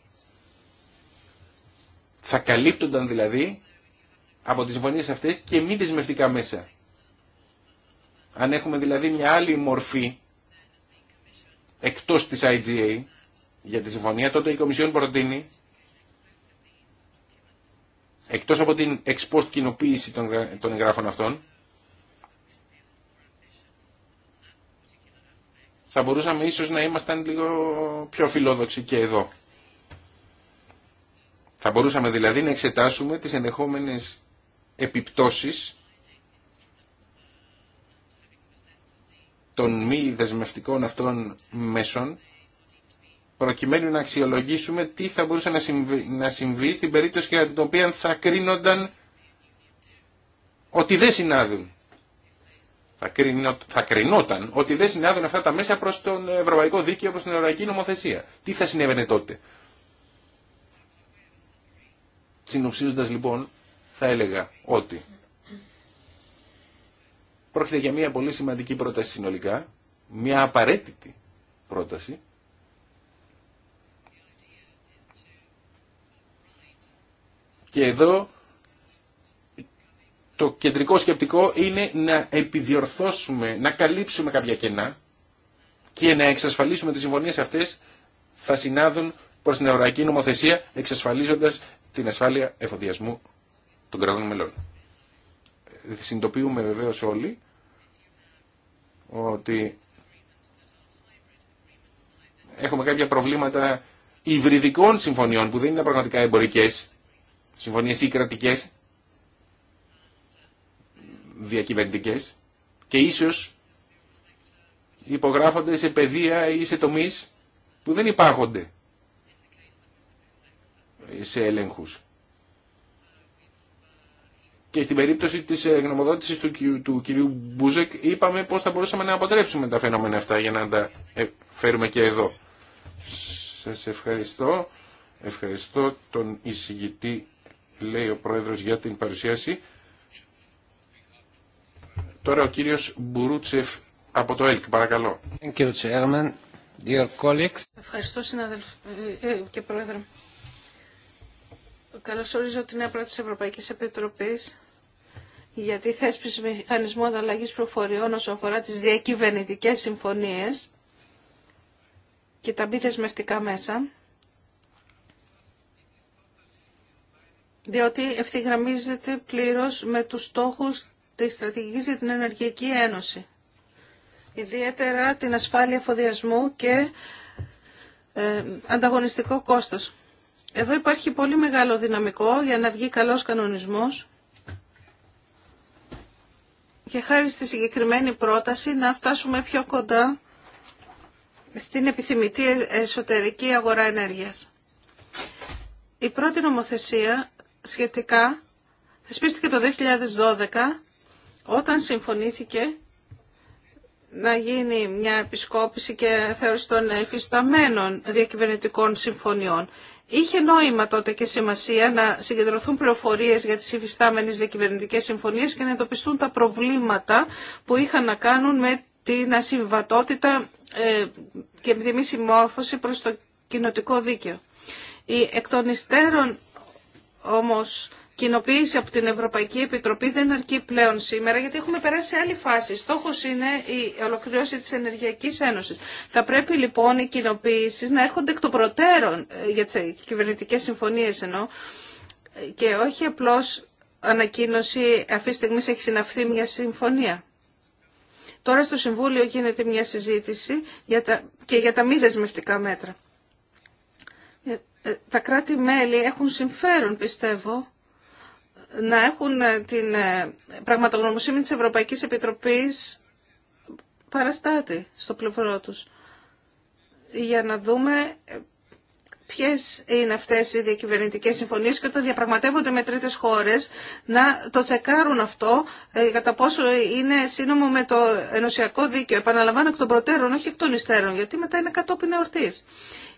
Θα καλύπτονταν δηλαδή από τις συμφωνίες αυτές και μη δεσμευτικά μέσα. Αν έχουμε δηλαδή μια άλλη μορφή εκτός της IGA για τη συμφωνία, τότε η Κομισιόν προτείνει εκτός από την εξπόστ κοινοποίηση των εγγράφων αυτών, Θα μπορούσαμε ίσως να ήμασταν λίγο πιο φιλόδοξοι και εδώ. Θα μπορούσαμε δηλαδή να εξετάσουμε τις ενδεχόμενες επιπτώσεις των μη δεσμευτικών αυτών μέσων προκειμένου να αξιολογήσουμε τι θα μπορούσε να συμβεί, να συμβεί στην περίπτωση κατά την οποία θα κρίνονταν ότι δεν συνάδουν θα, θα κρινόταν ότι δεν συνάδουν αυτά τα μέσα προς τον ευρωπαϊκό δίκαιο, προς την ευρωπαϊκή νομοθεσία. Τι θα συνέβαινε τότε. Συνοψίζοντας λοιπόν θα έλεγα ότι πρόκειται για μια πολύ σημαντική πρόταση συνολικά, μια απαραίτητη πρόταση, Και εδώ το κεντρικό σκεπτικό είναι να επιδιορθώσουμε, να καλύψουμε κάποια κενά και να εξασφαλίσουμε ότι οι συμφωνίες αυτές θα συνάδουν προς την ευρωπαϊκή νομοθεσία εξασφαλίζοντας την ασφάλεια εφοδιασμού των κρατών μελών. Συντοποιούμε βεβαίως όλοι ότι έχουμε κάποια προβλήματα υβριδικών συμφωνιών που δεν είναι πραγματικά εμπορικές συμφωνίες ή κρατικές διακυβερνητικέ και ίσως υπογράφονται σε παιδεία ή σε τομείς που δεν υπάρχονται σε έλεγχους. Και στην περίπτωση της ε, γνωμοδότησης του, του κυρίου Μπούζεκ είπαμε πώς θα μπορούσαμε να αποτρέψουμε τα φαινόμενα αυτά για να τα ε, φέρουμε και εδώ. Σας ευχαριστώ. Ευχαριστώ τον εισηγητή, λέει ο Πρόεδρος, για την παρουσίαση. Τώρα ο κύριος Μπουρούτσεφ από το ΕΛΚ, παρακαλώ. Ευχαριστώ συνάδελφοι ε, ε, και πρόεδρε. ορίζω την νέα πρώτη της Ευρωπαϊκής Επιτροπής για τη θέσπιση μηχανισμού ανταλλαγής προφοριών όσον αφορά τις διακυβερνητικές συμφωνίες και τα μη δεσμευτικά μέσα. διότι ευθυγραμμίζεται πλήρως με τους στόχους τη στρατηγική για την Ενεργειακή Ένωση. Ιδιαίτερα την ασφάλεια εφοδιασμού και ε, ανταγωνιστικό κόστος. Εδώ υπάρχει πολύ μεγάλο δυναμικό για να βγει καλός κανονισμός και χάρη στη συγκεκριμένη πρόταση να φτάσουμε πιο κοντά στην επιθυμητή εσωτερική αγορά ενέργειας. Η πρώτη νομοθεσία σχετικά θεσπίστηκε το 2012 όταν συμφωνήθηκε να γίνει μια επισκόπηση και θεώρηση των εφισταμένων διακυβερνητικών συμφωνιών. Είχε νόημα τότε και σημασία να συγκεντρωθούν πληροφορίες για τις υφιστάμενες διακυβερνητικές συμφωνίες και να εντοπιστούν τα προβλήματα που είχαν να κάνουν με την ασυμβατότητα ε, και τη μη συμμόρφωση προς το κοινοτικό δίκαιο. Η εκ των όμως κοινοποίηση από την Ευρωπαϊκή Επιτροπή δεν αρκεί πλέον σήμερα, γιατί έχουμε περάσει σε άλλη φάση. Στόχο είναι η ολοκληρώση τη Ενεργειακή Ένωση. Θα πρέπει λοιπόν οι κοινοποίησει να έρχονται εκ των προτέρων ε, για τι κυβερνητικέ συμφωνίε ενώ και όχι απλώ ανακοίνωση αυτή τη στιγμή έχει συναυθεί μια συμφωνία. Τώρα στο Συμβούλιο γίνεται μια συζήτηση για τα, και για τα μη δεσμευτικά μέτρα. Ε, ε, τα κράτη-μέλη έχουν συμφέρον, πιστεύω, να έχουν ε, την ε, πραγματογνωμοσύνη της Ευρωπαϊκής Επιτροπής παραστάτη στο πλευρό τους για να δούμε ε, ποιες είναι αυτές οι διακυβερνητικές συμφωνίες και όταν διαπραγματεύονται με τρίτες χώρες να το τσεκάρουν αυτό κατά πόσο είναι σύνομο με το ενωσιακό δίκαιο. Επαναλαμβάνω εκ των προτέρων, όχι εκ των υστέρων, γιατί μετά είναι κατόπιν εορτής.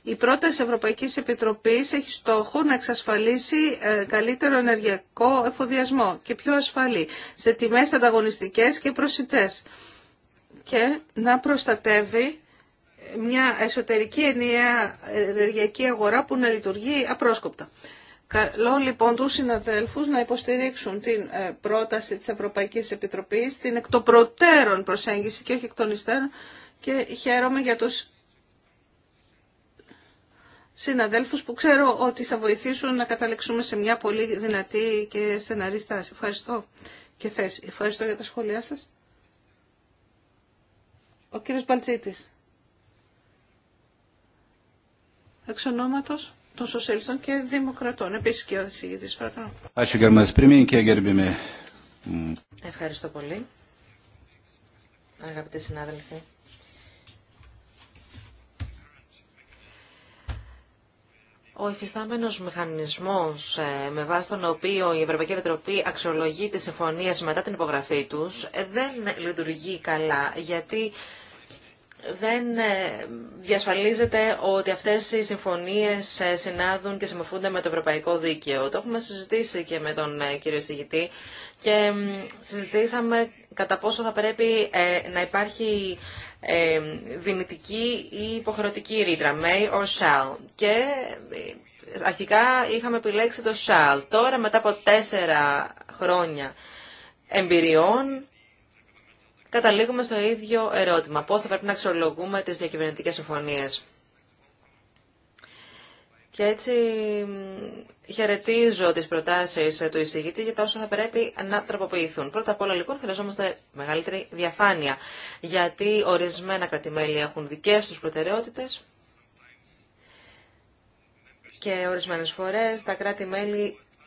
Η πρόταση Ευρωπαϊκής Επιτροπής έχει στόχο να εξασφαλίσει ε, καλύτερο ενεργειακό εφοδιασμό και πιο ασφαλή σε τιμές ανταγωνιστικές και προσιτές και να προστατεύει μια εσωτερική ενιαία ενεργειακή αγορά που να λειτουργεί απρόσκοπτα. Καλό λοιπόν τους συναδέλφους να υποστηρίξουν την ε, πρόταση της Ευρωπαϊκής Επιτροπής, την εκ των προτέρων προσέγγιση και όχι εκ των υστέρων και χαίρομαι για τους συναδέλφους που ξέρω ότι θα βοηθήσουν να καταληξούμε σε μια πολύ δυνατή και στεναρή στάση. Ευχαριστώ και θέση. Ευχαριστώ για τα σχόλιά σας. Ο κύριος Μπαλτσίτης. Εξ ονόματος των Σοσιαλιστών και Δημοκρατών. Επίσης και ο δεσηγητής. Ευχαριστώ πολύ. Αγαπητοί συνάδελφοι. Ο εφιστάμενος μηχανισμός ε, με βάση τον οποίο η Ευρωπαϊκή Επιτροπή αξιολογεί τις συμφωνίες μετά την υπογραφή τους ε, δεν λειτουργεί καλά γιατί δεν ε, διασφαλίζεται ότι αυτές οι συμφωνίες συνάδουν και συμφωνούν με το ευρωπαϊκό δίκαιο. Το έχουμε συζητήσει και με τον κύριο Συγητή και συζητήσαμε κατά πόσο θα πρέπει να υπάρχει ε, δυνητική ή υποχρεωτική ρήτρα, may or shall. Και ε, αρχικά είχαμε επιλέξει το shall. Τώρα μετά από τέσσερα χρόνια εμπειριών καταλήγουμε στο ίδιο ερώτημα. Πώς θα πρέπει να αξιολογούμε τις διακυβερνητικές συμφωνίες. Και έτσι χαιρετίζω τις προτάσεις ε, του εισηγητή για τα όσα θα πρέπει να τροποποιηθούν. Πρώτα απ' όλα λοιπόν χρειαζόμαστε μεγαλύτερη διαφάνεια, γιατί ορισμένα κρατημέλη έχουν δικές τους προτεραιότητες και ορισμένες φορές τα κρατη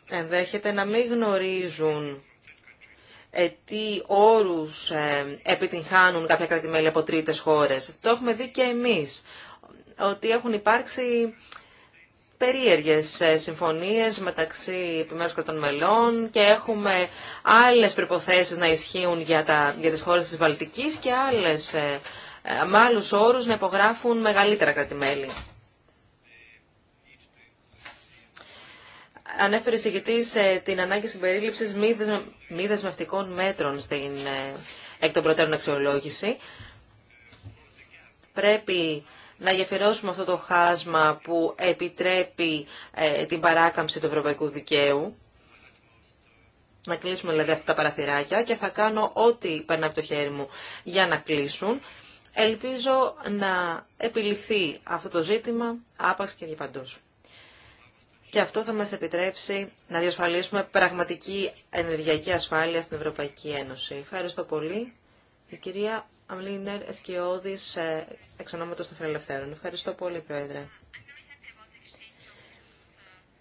ενδέχεται να μην γνωρίζουν ε, τι όρους ε, επιτυγχάνουν κρατημέλη από τρίτες χώρες. Το έχουμε δει και εμείς, ότι έχουν υπάρξει περίεργες ε, συμφωνίες μεταξύ επιμέρους κρατών μελών και έχουμε άλλες προϋποθέσεις να ισχύουν για, τα, για τις χώρες της Βαλτικής και άλλες, ε, ε, με άλλους όρους να υπογράφουν μεγαλύτερα κρατημέλη. Ανέφερε η την ανάγκη συμπερίληψης μη, δεσμε, δεσμευτικών μέτρων στην εκ των προτέρων αξιολόγηση. Πρέπει να γεφυρώσουμε αυτό το χάσμα που επιτρέπει ε, την παράκαμψη του ευρωπαϊκού δικαίου. Να κλείσουμε δηλαδή αυτά τα παραθυράκια και θα κάνω ό,τι περνάει από το χέρι μου για να κλείσουν. Ελπίζω να επιληθεί αυτό το ζήτημα άπαξ και διαπαντός. Και αυτό θα μας επιτρέψει να διασφαλίσουμε πραγματική ενεργειακή ασφάλεια στην Ευρωπαϊκή Ένωση. Ευχαριστώ πολύ. Η κυρία Αμλίνερ Εσκιώδης, ε, εξ ονόματος των Φιλελευθέρων. Ευχαριστώ πολύ, Πρόεδρε.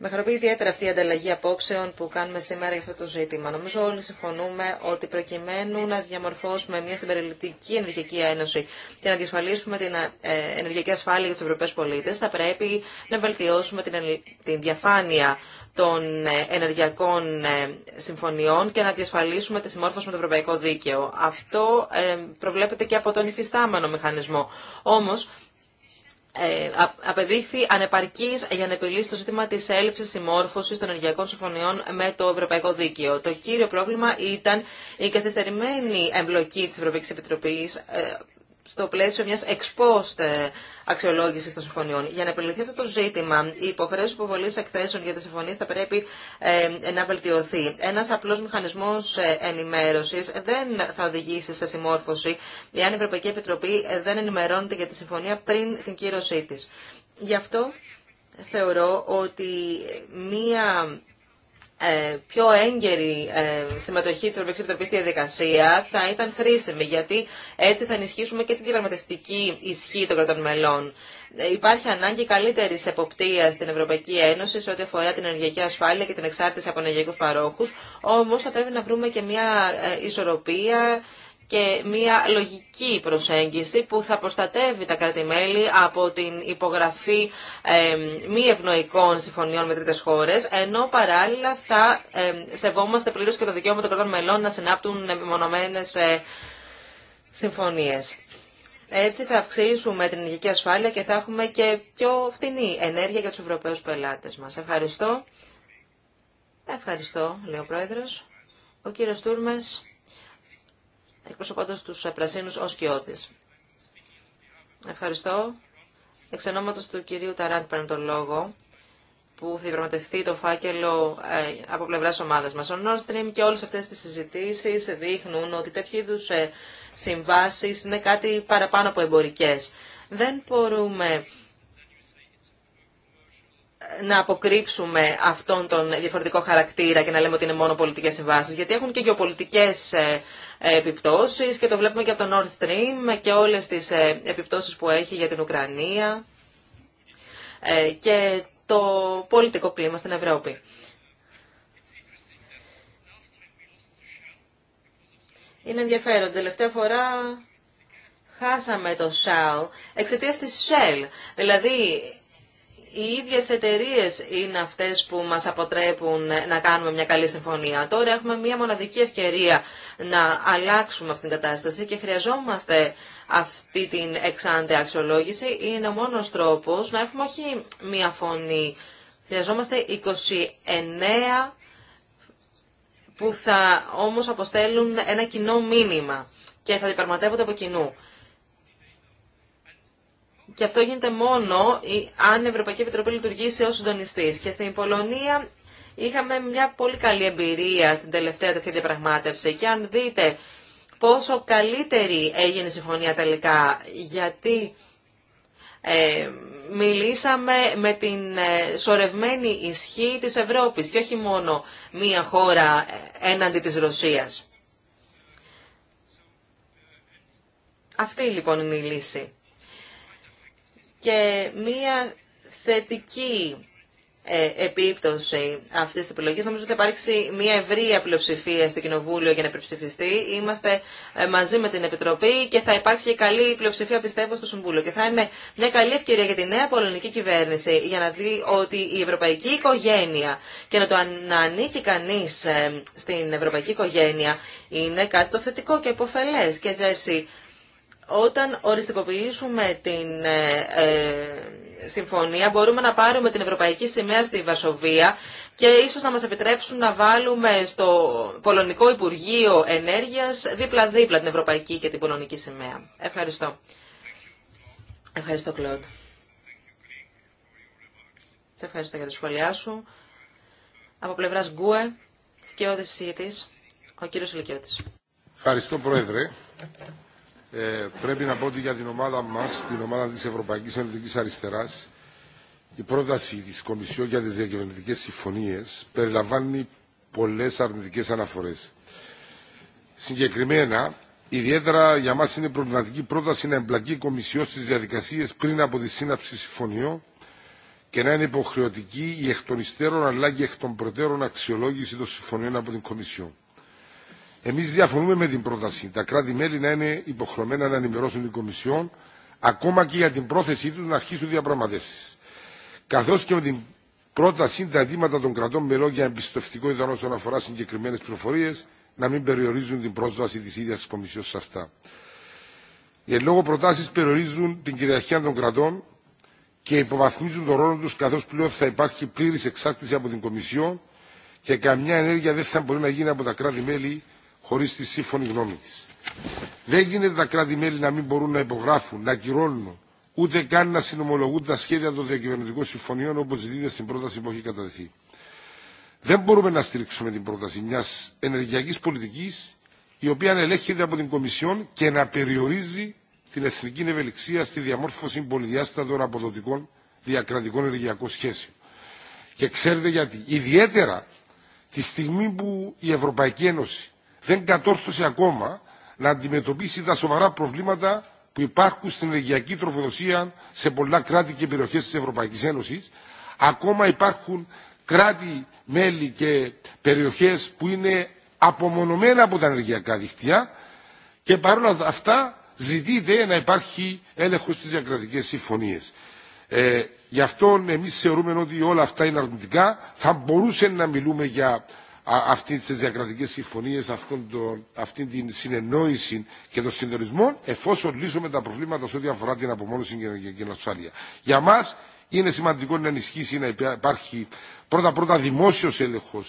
Με χαροποιεί ιδιαίτερα αυτή η ανταλλαγή απόψεων που κάνουμε σήμερα για αυτό το ζήτημα. Νομίζω όλοι συμφωνούμε ότι προκειμένου να διαμορφώσουμε μια συμπεριληπτική ενεργειακή ένωση και να διασφαλίσουμε την ε, ενεργειακή ασφάλεια για του Ευρωπαίου πολίτε, θα πρέπει να βελτιώσουμε την διαφάνεια των ε, ενεργειακών ε, συμφωνιών και να διασφαλίσουμε τη συμμόρφωση με το ευρωπαϊκό δίκαιο. Αυτό προβλέπεται και από τον υφιστάμενο μηχανισμό. Όμω, ε, απεδείχθη ανεπαρκής για να επιλύσει το ζήτημα τη έλλειψης συμμόρφωσης των ενεργειακών συμφωνιών με το Ευρωπαϊκό Δίκαιο. Το κύριο πρόβλημα ήταν η καθυστερημένη εμπλοκή της Ευρωπαϊκής Επιτροπής ε, στο πλαίσιο μιας εξπόστε αξιολόγηση των συμφωνιών. Για να επιληθεί αυτό το ζήτημα, η υποχρέωση υποβολή εκθέσεων για τις συμφωνίες θα πρέπει ε, να βελτιωθεί. Ένας απλός μηχανισμός ε, ενημέρωση δεν θα οδηγήσει σε συμμόρφωση εάν η Ευρωπαϊκή Επιτροπή ε, δεν ενημερώνεται για τη συμφωνία πριν την κύρωσή τη. Γι' αυτό θεωρώ ότι μία ε, πιο έγκαιρη ε, συμμετοχή τη Ευρωπαϊκή Επιτροπή στη διαδικασία θα ήταν χρήσιμη, γιατί έτσι θα ενισχύσουμε και τη διαπραγματευτική ισχύ των κρατών μελών. Ε, υπάρχει ανάγκη καλύτερη εποπτεία στην Ευρωπαϊκή Ένωση σε ό,τι αφορά την ενεργειακή ασφάλεια και την εξάρτηση από ενεργειακού παρόχου. Όμω θα πρέπει να βρούμε και μια ισορροπία και μια λογική προσέγγιση που θα προστατεύει τα κράτη-μέλη από την υπογραφή μη ευνοϊκών συμφωνιών με τρίτες χώρες, ενώ παράλληλα θα σεβόμαστε πλήρως και το δικαίωμα των κρατών μελών να συνάπτουν μεμονωμένες ε, συμφωνίες. Έτσι θα αυξήσουμε την ενεργειακή ασφάλεια και θα έχουμε και πιο φτηνή ενέργεια για τους Ευρωπαίους πελάτες μας. Ευχαριστώ. Ευχαριστώ, λέει ο Πρόεδρος. Ο κύριος Τούρμες εκπροσωπώντας του πρασίνους ως κοιότης. Ευχαριστώ. Εξ του κυρίου Ταράντ παίρνω τον λόγο που θα διαπραγματευτεί το φάκελο ε, από πλευράς ομάδας μας. Ο Nord Stream και όλες αυτές τις συζητήσεις δείχνουν ότι τέτοιου είδου ε, συμβάσεις είναι κάτι παραπάνω από εμπορικές. Δεν μπορούμε ε, να αποκρύψουμε αυτόν τον διαφορετικό χαρακτήρα και να λέμε ότι είναι μόνο πολιτικές συμβάσεις, γιατί έχουν και γεωπολιτικές επιπτώσεις και το βλέπουμε και από το Nord Stream και όλες τις ε, επιπτώσεις που έχει για την Ουκρανία ε, και το πολιτικό κλίμα στην Ευρώπη. Είναι ενδιαφέρον. Τελευταία φορά χάσαμε το Shell εξαιτίας της Shell. Δηλαδή οι ίδιες εταιρείε είναι αυτές που μας αποτρέπουν να κάνουμε μια καλή συμφωνία. Τώρα έχουμε μια μοναδική ευκαιρία να αλλάξουμε αυτήν την κατάσταση και χρειαζόμαστε αυτή την εξάντια αξιολόγηση. Είναι ο μόνος τρόπος να έχουμε όχι μια φωνή. Χρειαζόμαστε 29 που θα όμως αποστέλουν ένα κοινό μήνυμα και θα διπραγματεύονται από κοινού. Και αυτό γίνεται μόνο αν η Ευρωπαϊκή Επιτροπή λειτουργήσει ως συντονιστής. Και στην Πολωνία είχαμε μια πολύ καλή εμπειρία στην τελευταία τέτοια διαπραγμάτευση. Και αν δείτε πόσο καλύτερη έγινε η συμφωνία τελικά, γιατί ε, μιλήσαμε με την ε, σορευμένη ισχύ της Ευρώπης και όχι μόνο μία χώρα ε, έναντι της Ρωσίας. Αυτή λοιπόν είναι η λύση και μία θετική ε, επίπτωση αυτής της επιλογής. Νομίζω ότι θα υπάρξει μια ευρεία οτι θα υπαρξει μια ευρία πλειοψηφια στο Κοινοβούλιο για να επιψηφιστεί. Είμαστε ε, μαζί με την Επιτροπή και θα υπάρξει και καλή πλειοψηφία πιστεύω στο Συμβούλιο. Και θα είναι μια καλή ευκαιρία για τη νέα πολωνική κυβέρνηση για να δει ότι η ευρωπαϊκή οικογένεια και να το ανήκει κανείς ε, στην ευρωπαϊκή οικογένεια είναι κάτι το θετικό και υποφελές. Και Τζέρσι, όταν οριστικοποιήσουμε την ε, ε, συμφωνία μπορούμε να πάρουμε την Ευρωπαϊκή Σημαία στη Βασοβία και ίσως να μας επιτρέψουν να βάλουμε στο Πολωνικό Υπουργείο Ενέργειας δίπλα-δίπλα την Ευρωπαϊκή και την Πολωνική Σημαία. Ευχαριστώ. Ευχαριστώ, Κλοντ. Σε ευχαριστώ για τη σχόλιά σου. Από πλευράς Γκουε, σκιώδης συζητητής, ο κύριος Λυκιώτης. Ευχαριστώ, Πρόεδρε. Ε, πρέπει να πω ότι για την ομάδα μα, την ομάδα τη Ευρωπαϊκή Ενωτική Αριστερά, η πρόταση τη Κομισιόν για τι διακυβερνητικέ συμφωνίε περιλαμβάνει πολλέ αρνητικέ αναφορέ. Συγκεκριμένα, ιδιαίτερα για μα είναι προβληματική πρόταση να εμπλακεί η Κομισιόν στι διαδικασίε πριν από τη σύναψη συμφωνιών και να είναι υποχρεωτική η εκ των υστέρων αλλά και εκ των προτέρων αξιολόγηση των συμφωνιών από την Κομισιόν. Εμεί διαφωνούμε με την πρόταση τα κράτη-μέλη να είναι υποχρεωμένα να ενημερώσουν την Κομισιόν ακόμα και για την πρόθεσή του να αρχίσουν διαπραγματεύσει. Καθώ και με την πρόταση τα αιτήματα των κρατών μελών για ιδανό όσον αφορά συγκεκριμένε πληροφορίε να μην περιορίζουν την πρόσβαση τη ίδια τη Κομισιόν σε αυτά. Οι εν λόγω προτάσει περιορίζουν την κυριαρχία των κρατών και υποβαθμίζουν τον ρόλο του καθώ πλέον θα υπάρχει πλήρη εξάρτηση από την Κομισιόν και καμιά ενέργεια δεν θα μπορεί να γίνει από τα κράτη-μέλη χωρί τη σύμφωνη γνώμη τη. Δεν γίνεται τα κράτη-μέλη να μην μπορούν να υπογράφουν, να κυρώνουν, ούτε καν να συνομολογούν τα σχέδια των διακυβερνητικών συμφωνιών όπω ζητείτε στην πρόταση που έχει καταδεθεί. Δεν μπορούμε να στηρίξουμε την πρόταση μια ενεργειακή πολιτική η οποία ελέγχεται από την Κομισιόν και να περιορίζει την εθνική ευελιξία στη διαμόρφωση πολυδιάστατων αποδοτικών διακρατικών ενεργειακών σχέσεων. Και ξέρετε γιατί. Ιδιαίτερα τη στιγμή που η Ευρωπαϊκή Ένωση δεν κατόρθωσε ακόμα να αντιμετωπίσει τα σοβαρά προβλήματα που υπάρχουν στην ενεργειακή τροφοδοσία σε πολλά κράτη και περιοχές της Ευρωπαϊκής Ένωσης. Ακόμα υπάρχουν κράτη, μέλη και περιοχές που είναι απομονωμένα από τα ενεργειακά δικτυά και παρόλα αυτά ζητείται να υπάρχει έλεγχος στις διακρατικές συμφωνίες. Ε, γι' αυτό εμείς θεωρούμε ότι όλα αυτά είναι αρνητικά. Θα μπορούσε να μιλούμε για αυτή τη διακρατική συμφωνία, αυτή την συνεννόηση και τον συντονισμό, εφόσον λύσουμε τα προβλήματα σε ό,τι αφορά την απομόνωση και την ασφάλεια. Για μα είναι σημαντικό να ενισχύσει να υπάρχει πρώτα-πρώτα δημόσιο έλεγχο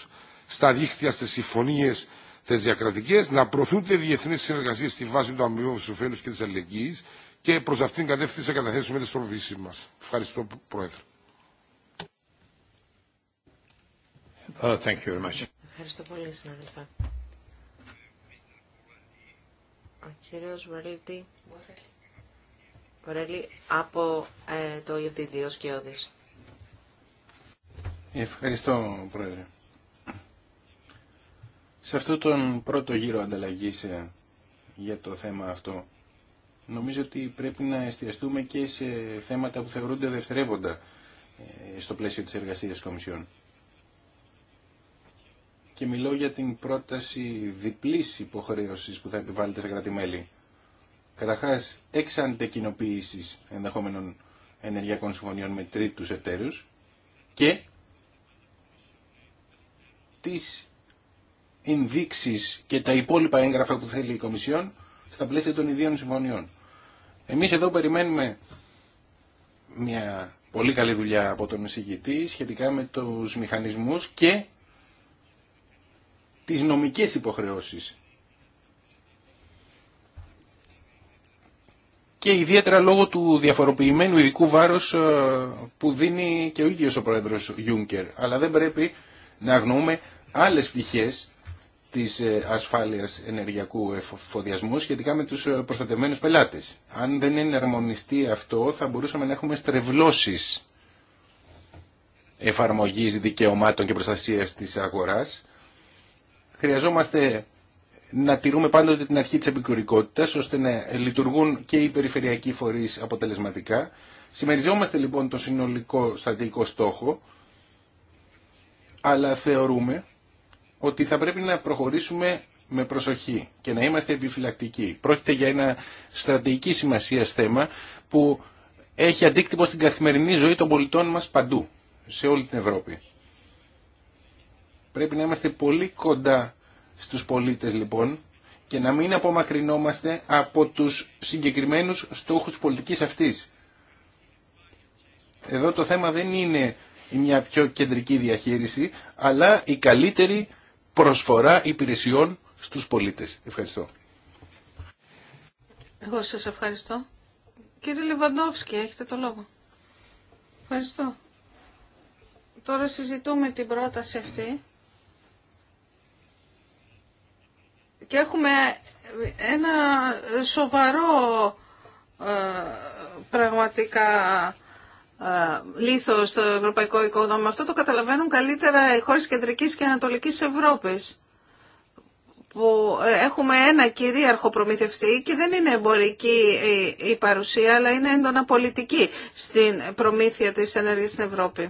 στα δίχτυα, στι συμφωνίε, τι διακρατικέ, να προωθούνται διεθνεί συνεργασίε στη βάση του αμοιβού ωφέλου και τη αλληλεγγύη και προ αυτήν την κατεύθυνση θα καταθέσουμε τι τροποποιήσει μα. Ευχαριστώ, Πρόεδρε. Oh, thank you very much. Ευχαριστώ πολύ, συνάδελφα. Ο κύριος από ε, το EFTD, ο Σκιώδης. Ευχαριστώ, Πρόεδρε. Σε αυτόν τον πρώτο γύρο ανταλλαγής ε, για το θέμα αυτό, νομίζω ότι πρέπει να εστιαστούμε και σε θέματα που θεωρούνται δευτερεύοντα ε, στο πλαίσιο της εργασίας της και μιλώ για την πρόταση διπλής υποχρέωσης που θα επιβάλλεται σε κράτη-μέλη. Καταρχάς, εξ αντεκοινοποίησης ενδεχόμενων ενεργειακών συμφωνιών με τρίτους εταίρους και τις ενδείξεις και τα υπόλοιπα έγγραφα που θέλει η Κομισιόν στα πλαίσια των ιδίων συμφωνιών. Εμείς εδώ περιμένουμε μια πολύ καλή δουλειά από τον εισηγητή σχετικά με τους μηχανισμούς και τις νομικές υποχρεώσεις. Και ιδιαίτερα λόγω του διαφοροποιημένου ειδικού βάρους ε, που δίνει και ο ίδιος ο πρόεδρος Γιούνκερ. Αλλά δεν πρέπει να αγνοούμε άλλες πτυχές της ε, ασφάλειας ενεργειακού εφοδιασμού σχετικά με τους ε, προστατευμένους πελάτες. Αν δεν είναι ερμονιστή αυτό θα μπορούσαμε να έχουμε στρεβλώσεις εφαρμογής δικαιωμάτων και προστασίας της αγοράς χρειαζόμαστε να τηρούμε πάντοτε την αρχή της επικουρικότητας ώστε να λειτουργούν και οι περιφερειακοί φορείς αποτελεσματικά. Συμμεριζόμαστε λοιπόν το συνολικό στρατηγικό στόχο αλλά θεωρούμε ότι θα πρέπει να προχωρήσουμε με προσοχή και να είμαστε επιφυλακτικοί. Πρόκειται για ένα στρατηγική σημασία θέμα που έχει αντίκτυπο στην καθημερινή ζωή των πολιτών μας παντού, σε όλη την Ευρώπη. Πρέπει να είμαστε πολύ κοντά στους πολίτες λοιπόν και να μην απομακρυνόμαστε από τους συγκεκριμένους στόχους πολιτικής αυτής. Εδώ το θέμα δεν είναι μια πιο κεντρική διαχείριση, αλλά η καλύτερη προσφορά υπηρεσιών στους πολίτες. Ευχαριστώ. Εγώ σας ευχαριστώ. Κύριε Λεβαντόφσκι, έχετε το λόγο. Ευχαριστώ. Τώρα συζητούμε την πρόταση αυτή και έχουμε ένα σοβαρό ε, πραγματικά ε, λίθο στο ευρωπαϊκό οικοδόμημα. Αυτό το καταλαβαίνουν καλύτερα οι χώρες κεντρικής και ανατολικής Ευρώπης που ε, έχουμε ένα κυρίαρχο προμηθευτή και δεν είναι εμπορική η παρουσία, αλλά είναι έντονα πολιτική στην προμήθεια της ενέργειας στην Ευρώπη.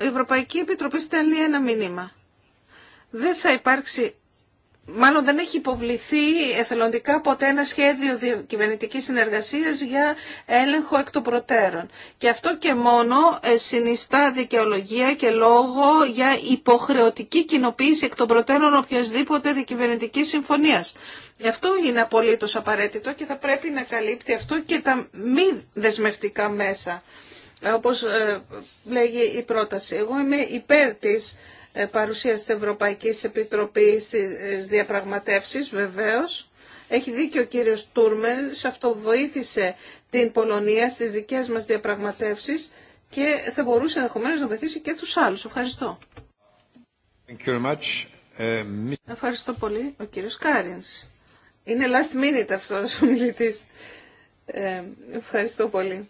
Η Ευρωπαϊκή Επιτροπή στέλνει ένα μήνυμα. Δεν θα υπάρξει μάλλον δεν έχει υποβληθεί εθελοντικά ποτέ ένα σχέδιο κυβερνητικής συνεργασίας για έλεγχο εκ των προτέρων. Και αυτό και μόνο ε, συνιστά δικαιολογία και λόγο για υποχρεωτική κοινοποίηση εκ των προτέρων οποιασδήποτε διακυβερνητικής συμφωνίας. Γι' αυτό είναι απολύτως απαραίτητο και θα πρέπει να καλύπτει αυτό και τα μη δεσμευτικά μέσα, ε, όπως ε, λέγει η πρόταση. Εγώ είμαι υπέρ της ε, παρουσία της Ευρωπαϊκής Επιτροπής στις διαπραγματεύσεις βεβαίως. Έχει δίκιο ο κύριος Τούρμελ, σε αυτό βοήθησε την Πολωνία στις δικές μας διαπραγματεύσεις και θα μπορούσε ενδεχομένω να βοηθήσει και τους άλλους. Ευχαριστώ. Thank you ε, Ευχαριστώ πολύ. Ο κύριος Κάρινς. Είναι last minute αυτός ο μιλητής. Ε, ευχαριστώ πολύ.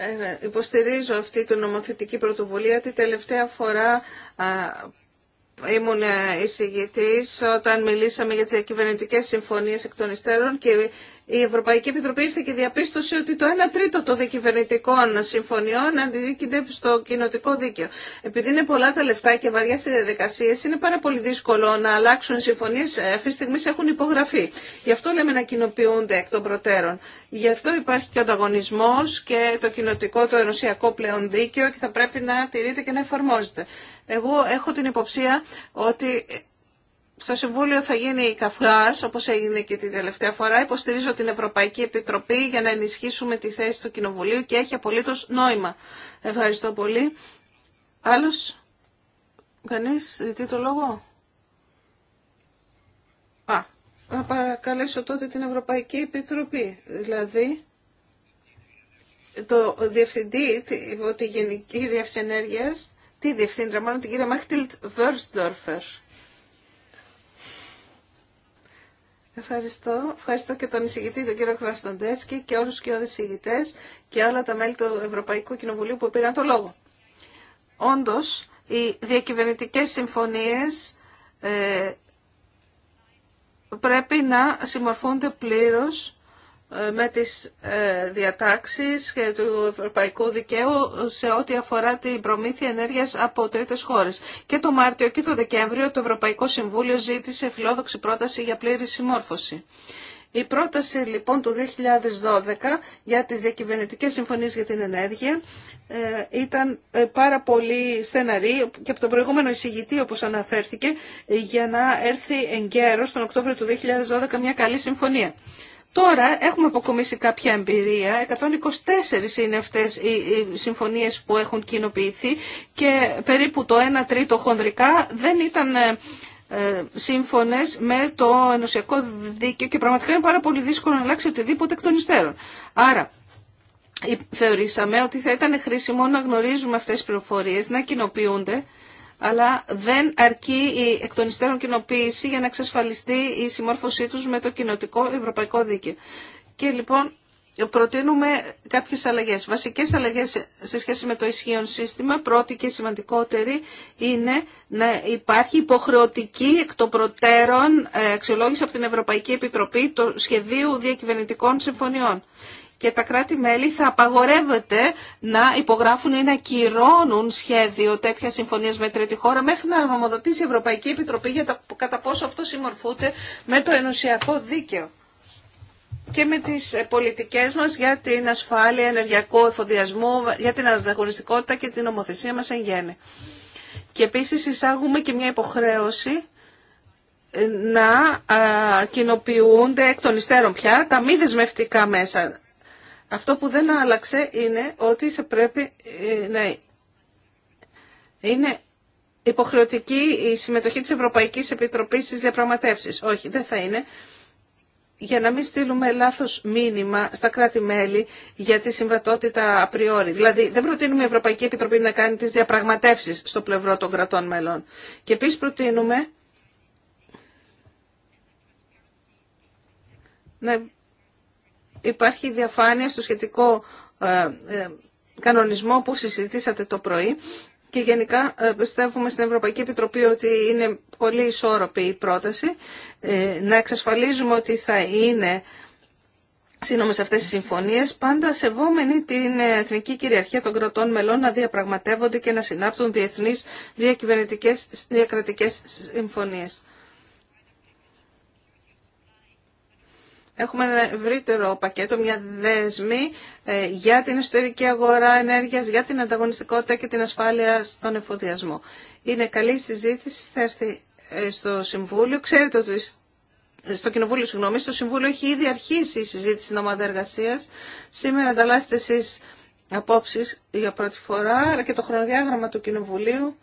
Ε, υποστηρίζω αυτή την νομοθετική πρωτοβουλία τη τελευταία φορά ήμουν εισηγητή όταν μιλήσαμε για τι διακυβερνητικέ συμφωνίε εκ των υστέρων και η Ευρωπαϊκή Επιτροπή ήρθε και διαπίστωσε ότι το 1 τρίτο των διακυβερνητικών συμφωνιών αντιδίκεται στο κοινοτικό δίκαιο. Επειδή είναι πολλά τα λεφτά και βαριά οι διαδικασίε, είναι πάρα πολύ δύσκολο να αλλάξουν συμφωνίε. Ε, Αυτή τη στιγμή έχουν υπογραφεί. Γι' αυτό λέμε να κοινοποιούνται εκ των προτέρων. Γι' αυτό υπάρχει και ο ανταγωνισμό και το κοινοτικό, το ενωσιακό πλέον δίκαιο και θα πρέπει να τηρείται και να εφαρμόζεται. Εγώ έχω την υποψία ότι στο Συμβούλιο θα γίνει η καφγάς, όπως έγινε και την τελευταία φορά. Υποστηρίζω την Ευρωπαϊκή Επιτροπή για να ενισχύσουμε τη θέση του Κοινοβουλίου και έχει απολύτως νόημα. Ευχαριστώ πολύ. Άλλος, κανείς ζητεί το λόγο. Α, να παρακαλέσω τότε την Ευρωπαϊκή Επιτροπή, δηλαδή το Διευθυντή, τη Γενική Διευθυνέργειας τι διευθύντρια, μάλλον την κυρία Μάχτιλτ Βέρστορφερ. Ευχαριστώ. Ευχαριστώ και τον εισηγητή, τον κύριο Κραστοντέσκη και όλου και όλε εισηγητές και όλα τα μέλη του Ευρωπαϊκού Κοινοβουλίου που πήραν το λόγο. Όντω, οι διακυβερνητικέ συμφωνίε ε, πρέπει να συμμορφούνται πλήρως ε, με τις ε, διατάξεις και του ευρωπαϊκού δικαίου σε ό,τι αφορά την προμήθεια ενέργειας από τρίτες χώρες. Και το Μάρτιο και το Δεκέμβριο το Ευρωπαϊκό Συμβούλιο ζήτησε φιλόδοξη πρόταση για πλήρη συμμόρφωση. Η πρόταση λοιπόν του 2012 για τις διακυβερνητικές συμφωνίες για την ενέργεια ε, ήταν πάρα πολύ στεναρή και από τον προηγούμενο εισηγητή όπως αναφέρθηκε για να έρθει εγκαίρος τον Οκτώβριο του 2012 μια καλή συμφωνία. Τώρα έχουμε αποκομίσει κάποια εμπειρία. 124 είναι αυτές οι συμφωνίες που έχουν κοινοποιηθεί και περίπου το 1 τρίτο χονδρικά δεν ήταν ε, ε, σύμφωνες με το ενωσιακό δίκαιο και πραγματικά είναι πάρα πολύ δύσκολο να αλλάξει οτιδήποτε εκ των υστέρων. Άρα, θεωρήσαμε ότι θα ήταν χρήσιμο να γνωρίζουμε αυτές τις πληροφορίες, να κοινοποιούνται αλλά δεν αρκεί η εκ κοινοποίηση για να εξασφαλιστεί η συμμόρφωσή τους με το κοινοτικό ευρωπαϊκό δίκαιο. Και λοιπόν προτείνουμε κάποιες αλλαγές. Βασικές αλλαγές σε σχέση με το ισχύον σύστημα, πρώτη και σημαντικότερη, είναι να υπάρχει υποχρεωτική εκ των προτέρων ε, αξιολόγηση από την Ευρωπαϊκή Επιτροπή του σχεδίου διακυβερνητικών συμφωνιών και τα κράτη-μέλη θα απαγορεύεται να υπογράφουν ή να κυρώνουν σχέδιο τέτοια συμφωνία με τρίτη χώρα μέχρι να νομοδοτήσει η Ευρωπαϊκή χωρα μεχρι να αρμοδοτησει η ευρωπαικη επιτροπη για το κατά πόσο αυτό συμμορφούνται με το ενωσιακό δίκαιο και με τις ε, πολιτικές μας για την ασφάλεια ενεργειακό εφοδιασμό, για την ανταγωνιστικότητα και την νομοθεσία μας εν γέννη. Και επίσης εισάγουμε και μια υποχρέωση ε, να κοινοποιούνται εκ των υστέρων πια τα μη δεσμευτικά μέσα αυτό που δεν άλλαξε είναι ότι θα πρέπει ε, να είναι υποχρεωτική η συμμετοχή της Ευρωπαϊκής Επιτροπής στις διαπραγματεύσεις. Όχι, δεν θα είναι. Για να μην στείλουμε λάθος μήνυμα στα κράτη-μέλη για τη συμβατότητα απριόρι. Δηλαδή, δεν προτείνουμε η Ευρωπαϊκή Επιτροπή να κάνει τις διαπραγματεύσεις στο πλευρό των κρατών μελών. Και επίση προτείνουμε να υπάρχει διαφάνεια στο σχετικό ε, ε, κανονισμό που συζητήσατε το πρωί και γενικά ε, πιστεύουμε στην Ευρωπαϊκή Επιτροπή ότι είναι πολύ ισόρροπη η πρόταση. Να εξασφαλίζουμε ότι θα είναι σύνομε αυτέ αυτές συμφωνίε, συμφωνίες, πάντα σεβόμενοι την εθνική κυριαρχία των κρατών μελών να διαπραγματεύονται και να συνάπτουν διεθνείς διακυβερνητικές διακρατικές συμφωνίες. Έχουμε ένα ευρύτερο πακέτο, μια δέσμη ε, για την εσωτερική αγορά ενέργειας, για την ανταγωνιστικότητα και την ασφάλεια στον εφοδιασμό. Είναι καλή συζήτηση, θα έρθει ε, στο Συμβούλιο. Ξέρετε ότι ε, στο Κοινοβούλιο, συγγνώμη, στο Συμβούλιο έχει ήδη αρχίσει η συζήτηση στην ομάδα εργασία. Σήμερα ανταλλάσσετε εσείς απόψεις για πρώτη φορά, αλλά και το χρονοδιάγραμμα του Κοινοβουλίου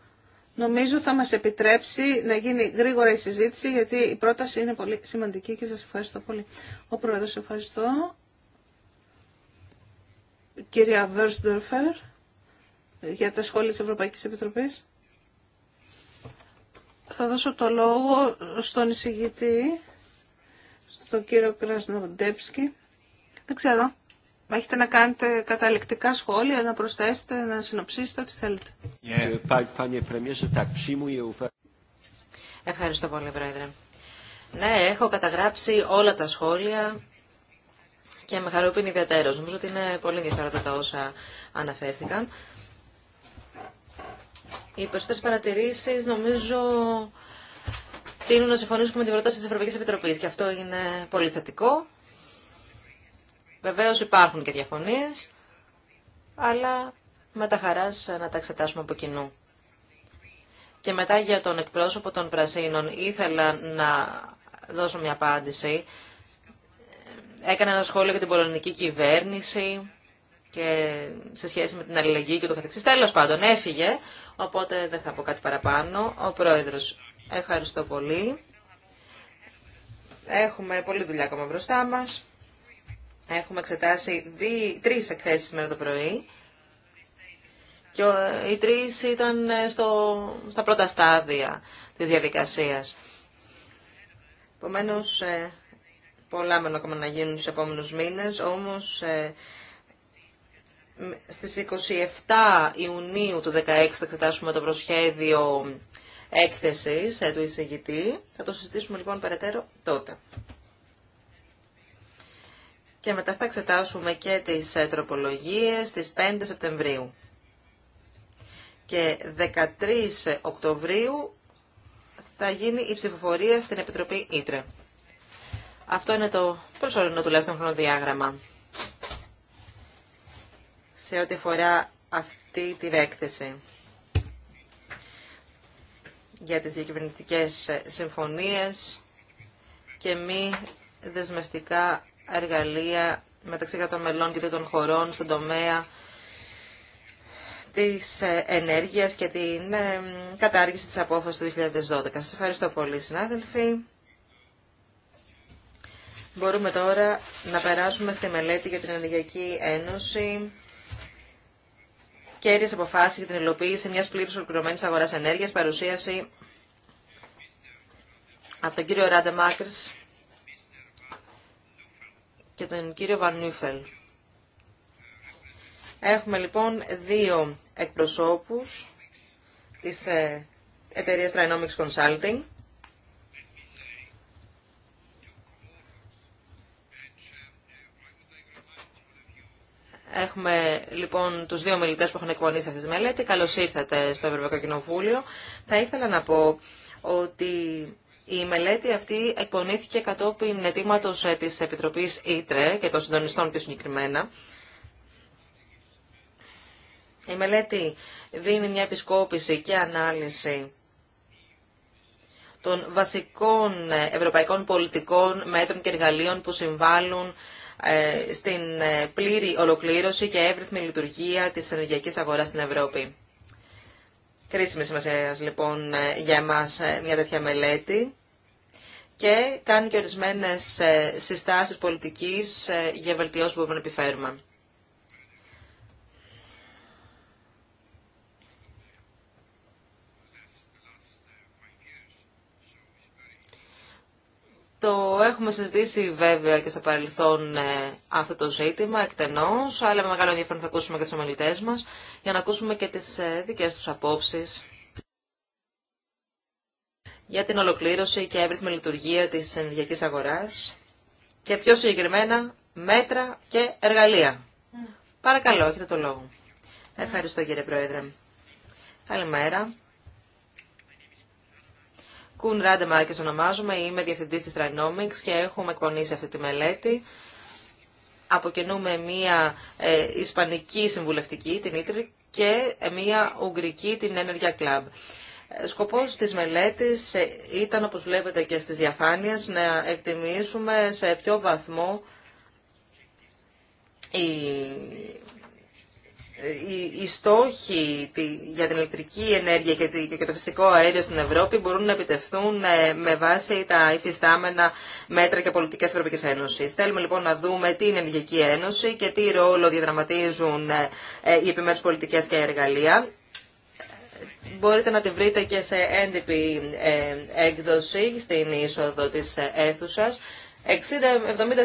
νομίζω θα μας επιτρέψει να γίνει γρήγορα η συζήτηση γιατί η πρόταση είναι πολύ σημαντική και σας ευχαριστώ πολύ. Ο Πρόεδρος ευχαριστώ. Κυρία Βέρσντορφερ για τα σχόλια της Ευρωπαϊκής Επιτροπής. Θα δώσω το λόγο στον εισηγητή, στον κύριο Κρασνοντέψκη. Δεν ξέρω Έχετε να κάνετε καταληκτικά σχόλια, να προσθέσετε, να συνοψίσετε ό,τι θέλετε. Ευχαριστώ πολύ, Πρόεδρε. Ναι, έχω καταγράψει όλα τα σχόλια και με χαρούπιν ιδιαίτερο. Νομίζω ότι είναι πολύ ενδιαφέροντα τα όσα αναφέρθηκαν. Οι περισσότερε παρατηρήσει νομίζω τείνουν να συμφωνήσουμε με την πρόταση τη Ευρωπαϊκή Επιτροπή και αυτό είναι πολύ θετικό. Βεβαίω υπάρχουν και διαφωνίε, αλλά με τα χαρά να τα εξετάσουμε από κοινού. Και μετά για τον εκπρόσωπο των Πρασίνων ήθελα να δώσω μια απάντηση. Έκανα ένα σχόλιο για την πολωνική κυβέρνηση και σε σχέση με την αλληλεγγύη και το καθεξής. Τέλος πάντων έφυγε, οπότε δεν θα πω κάτι παραπάνω. Ο Πρόεδρος, ευχαριστώ πολύ. Έχουμε πολλή δουλειά ακόμα μπροστά μας. Έχουμε εξετάσει δι... τρεις εκθέσεις σήμερα το πρωί και οι τρει ήταν ε, στο... στα πρώτα στάδια της διαδικασίας. Επομένω, ε, πολλά μένουν ακόμα να γίνουν στους επόμενους μήνες, όμως ε, στις 27 Ιουνίου του 2016 θα εξετάσουμε το προσχέδιο έκθεσης του εισηγητή. Θα το συζητήσουμε λοιπόν περαιτέρω τότε και μετά θα εξετάσουμε και τις ε, τροπολογίες στις 5 Σεπτεμβρίου. Και 13 Οκτωβρίου θα γίνει η ψηφοφορία στην Επιτροπή Ήτρε. Αυτό είναι το προσωρινό τουλάχιστον χρονοδιάγραμμα σε ό,τι αφορά αυτή τη έκθεση για τις διακυβερνητικές συμφωνίες και μη δεσμευτικά εργαλεία μεταξύ κρατών μελών και των χωρών στον τομέα της ε, ενέργειας και την ε, κατάργηση της απόφασης του 2012. Σας ευχαριστώ πολύ συνάδελφοι. Μπορούμε τώρα να περάσουμε στη μελέτη για την Ενεργειακή Ένωση κέρδιες αποφάσεις για την υλοποίηση μιας πλήρους ολοκληρωμένης αγοράς ενέργειας, παρουσίαση από τον κύριο Ράντε Μάκρης, και τον κύριο Νιούφελ. Έχουμε λοιπόν δύο εκπροσώπους της ε, εταιρείας Trinomics Consulting. Έχουμε λοιπόν τους δύο μιλητές που έχουν εκπονήσει αυτή τη μελέτη. Καλώς ήρθατε στο Ευρωπαϊκό Κοινοβούλιο. Θα ήθελα να πω ότι η μελέτη αυτή εκπονήθηκε κατόπιν αιτήματος ε, της Επιτροπής Ήτρε και των συντονιστών πιο συγκεκριμένα. Η μελέτη δίνει μια επισκόπηση και ανάλυση των βασικών ε, ευρωπαϊκών πολιτικών μέτρων και εργαλείων που συμβάλλουν ε, στην πλήρη ολοκλήρωση και εύρυθμη λειτουργία της ενεργειακής αγοράς στην Ευρώπη. Κρίσιμη σημασία λοιπόν για εμάς ε, μια τέτοια μελέτη και κάνει και ορισμένες ε, συστάσεις πολιτικής ε, για βελτιώσεις που μπορούμε να επιφέρουμε. Το έχουμε συζητήσει βέβαια και στο παρελθόν ε, αυτό το ζήτημα εκτενώς, αλλά με μεγάλο ενδιαφέρον θα ακούσουμε και τους ομιλητές μας για να ακούσουμε και τις ε, δικές τους απόψεις για την ολοκλήρωση και εύρυθμη λειτουργία της ενεργειακής αγοράς και πιο συγκεκριμένα μέτρα και εργαλεία. Mm. Παρακαλώ, έχετε το λόγο. Ευχαριστώ κύριε Πρόεδρε. Καλημέρα. Κουν Ράντε Μάρκες ονομάζομαι, είμαι διευθυντής της Trinomics και έχουμε εκπονήσει αυτή τη μελέτη. Αποκαινούμε μία ε, ισπανική συμβουλευτική, την Ήτρη, και ε, μία ουγγρική, την Energia Club. Ε, σκοπός της μελέτης ήταν, όπως βλέπετε και στις διαφάνειες, να εκτιμήσουμε σε ποιο βαθμό η... Ε, οι στόχοι για την ηλεκτρική ενέργεια και το φυσικό αέριο στην Ευρώπη μπορούν να επιτευθούν ε, με βάση τα υφιστάμενα μέτρα και πολιτικές της Ευρωπαϊκής Ένωσης. Θέλουμε λοιπόν να δούμε τι είναι η Ενεργειακή Ένωση και τι ρόλο διαδραματίζουν ε, οι επιμέρους πολιτικές και εργαλεία. Μπορείτε να τη βρείτε και σε έντυπη έκδοση στην είσοδο της αίθουσας. 60-70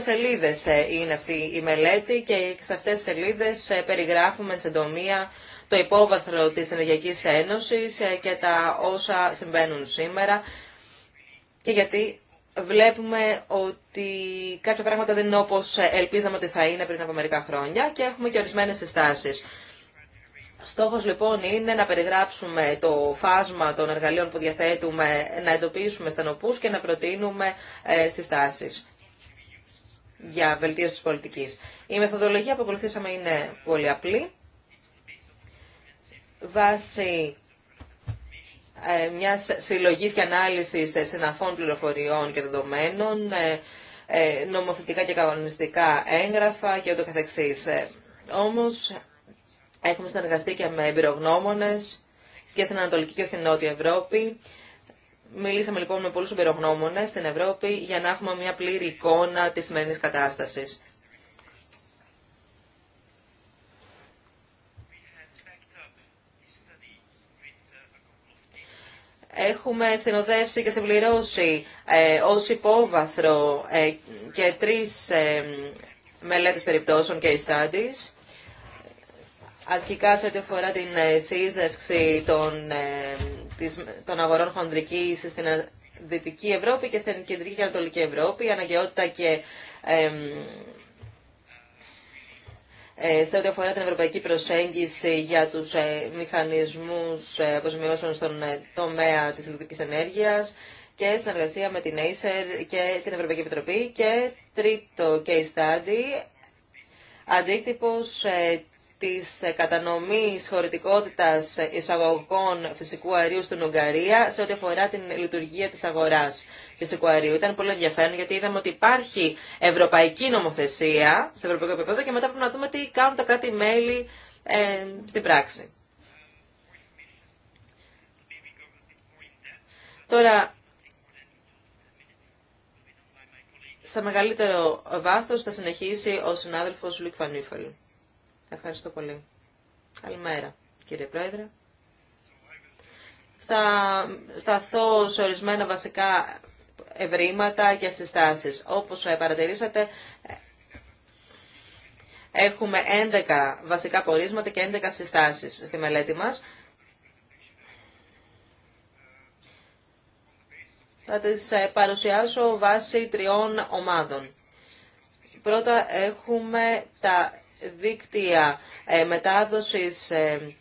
σελίδες ε, είναι αυτή η μελέτη και σε αυτές τις σελίδες ε, περιγράφουμε σε εντομία το υπόβαθρο της Ενεργειακής Ένωσης ε, και τα όσα συμβαίνουν σήμερα και γιατί βλέπουμε ότι κάποια πράγματα δεν είναι όπως ελπίζαμε ότι θα είναι πριν από μερικά χρόνια και έχουμε και ορισμένες συστάσεις. Στόχος λοιπόν είναι να περιγράψουμε το φάσμα των εργαλείων που διαθέτουμε, να εντοπίσουμε στενοπούς και να προτείνουμε συστάσεις για βελτίωση της πολιτικής. Η μεθοδολογία που ακολουθήσαμε είναι πολύ απλή. Βάσει ε, μιας συλλογής και ανάλυσης συναφών πληροφοριών και δεδομένων, ε, ε, νομοθετικά και κανονιστικά έγγραφα και ούτω καθεξής. Όμως, έχουμε συνεργαστεί και με εμπειρογνώμονες και στην Ανατολική και στην Νότια Ευρώπη Μιλήσαμε λοιπόν με πολλούς εμπειρογνώμονες στην Ευρώπη για να έχουμε μια πλήρη εικόνα της σημερινής κατάστασης. Έχουμε συνοδεύσει και συμπληρώσει ε, ως υπόβαθρο ε, και τρεις ε, μελέτες περιπτώσεων και studies. Αρχικά σε ό,τι αφορά την ε, σύζευξη των ε, των αγορών χονδρική στην Δυτική Ευρώπη και στην Κεντρική και Ανατολική Ευρώπη, αναγκαιότητα και ε, σε ό,τι αφορά την ευρωπαϊκή προσέγγιση για τους ε, μηχανισμούς ε, αποζημιώσεων στον τομέα της ηλεκτρικής ενέργειας και συνεργασία με την Acer και την Ευρωπαϊκή Επιτροπή. Και τρίτο case study, αντίκτυπος της ε, κατανομής χωρητικότητας εισαγωγών φυσικού αερίου στην Ουγγαρία σε ό,τι αφορά την λειτουργία της αγοράς φυσικού αερίου. Ήταν πολύ ενδιαφέρον γιατί είδαμε ότι υπάρχει ευρωπαϊκή νομοθεσία σε ευρωπαϊκό επίπεδο και μετά πρέπει να δούμε τι κάνουν τα κράτη-μέλη ε, στην πράξη. Τώρα, σε μεγαλύτερο βάθος θα συνεχίσει ο συνάδελφος Λουκ Ευχαριστώ πολύ. Καλημέρα, κύριε Πρόεδρε. Θα σταθώ σε ορισμένα βασικά ευρήματα και συστάσεις. Όπως παρατηρήσατε, έχουμε 11 βασικά πορίσματα και 11 συστάσεις στη μελέτη μας. Θα τις ε, παρουσιάσω βάσει τριών ομάδων. Πρώτα έχουμε τα δίκτυα ε, μετάδοσης ε,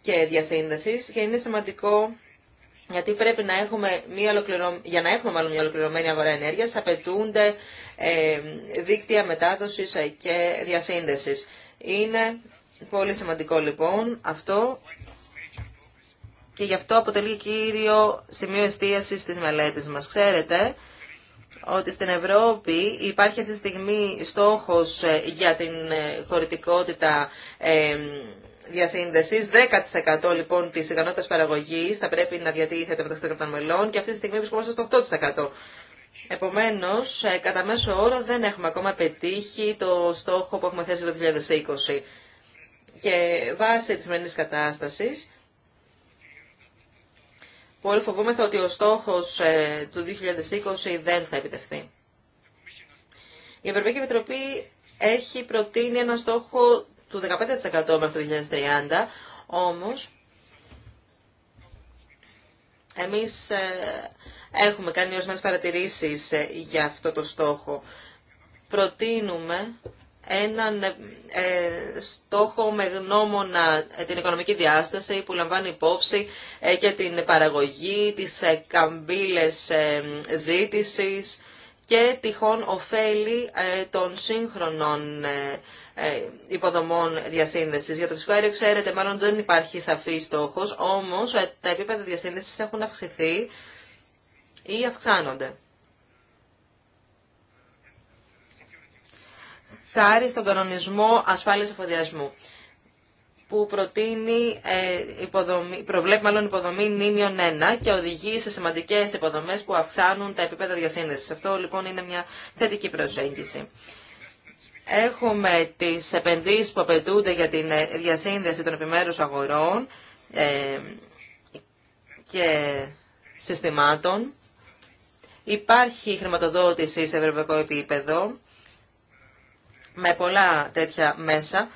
και διασύνδεσης και είναι σημαντικό γιατί πρέπει να έχουμε μια ολοκληρω... για να έχουμε μάλλον μια ολοκληρωμένη αγορά ενέργειας απαιτούνται ε, δίκτυα μετάδοσης και διασύνδεσης. Είναι πολύ σημαντικό λοιπόν αυτό και γι' αυτό αποτελεί κύριο σημείο εστίασης της μελέτης μας. Ξέρετε ότι στην Ευρώπη υπάρχει αυτή τη στιγμή στόχος ε, για την ε, χωρητικότητα ε, διασύνδεσης. 10% λοιπόν της ικανότητας παραγωγής θα πρέπει να διατίθεται μεταξύ των μελών και αυτή τη στιγμή βρισκόμαστε στο 8%. Επομένως, κατά μέσο όρο δεν έχουμε ακόμα πετύχει το στόχο που έχουμε θέσει το 2020. Και βάσει της μενής κατάστασης, Πολλοί φοβούμεθα ότι ο στόχος ε, του 2020 δεν θα επιτευχθεί. Η Ευρωπαϊκή Επιτροπή έχει προτείνει ένα στόχο του 15% μέχρι το 2030, όμως εμείς ε, έχουμε κάνει ορισμένες παρατηρήσεις ε, για αυτό το στόχο. Προτείνουμε έναν ε, στόχο με γνώμονα ε, την οικονομική διάσταση που λαμβάνει υπόψη ε, και την παραγωγή, τις καμπύλες ζήτησης και τυχόν ωφέλη των σύγχρονων υποδομών διασύνδεσης. Για το φυσικό αέριο ξέρετε μάλλον δεν υπάρχει σαφή στόχος, όμως τα επίπεδα διασύνδεσης έχουν αυξηθεί ή αυξάνονται. χάρη στον κανονισμό ασφάλειας εφοδιασμού που προτείνει, ε, υποδομή, προβλέπει μάλλον υποδομή νήμιον 1 και οδηγεί σε σημαντικές υποδομές που αυξάνουν τα επίπεδα διασύνδεσης. Αυτό λοιπόν είναι μια θετική προσέγγιση. Έχουμε τις επενδύσεις που απαιτούνται για την ε, διασύνδεση των επιμέρους αγορών ε, και συστημάτων. Υπάρχει χρηματοδότηση σε ευρωπαϊκό επίπεδο με πολλά τέτοια μέσα.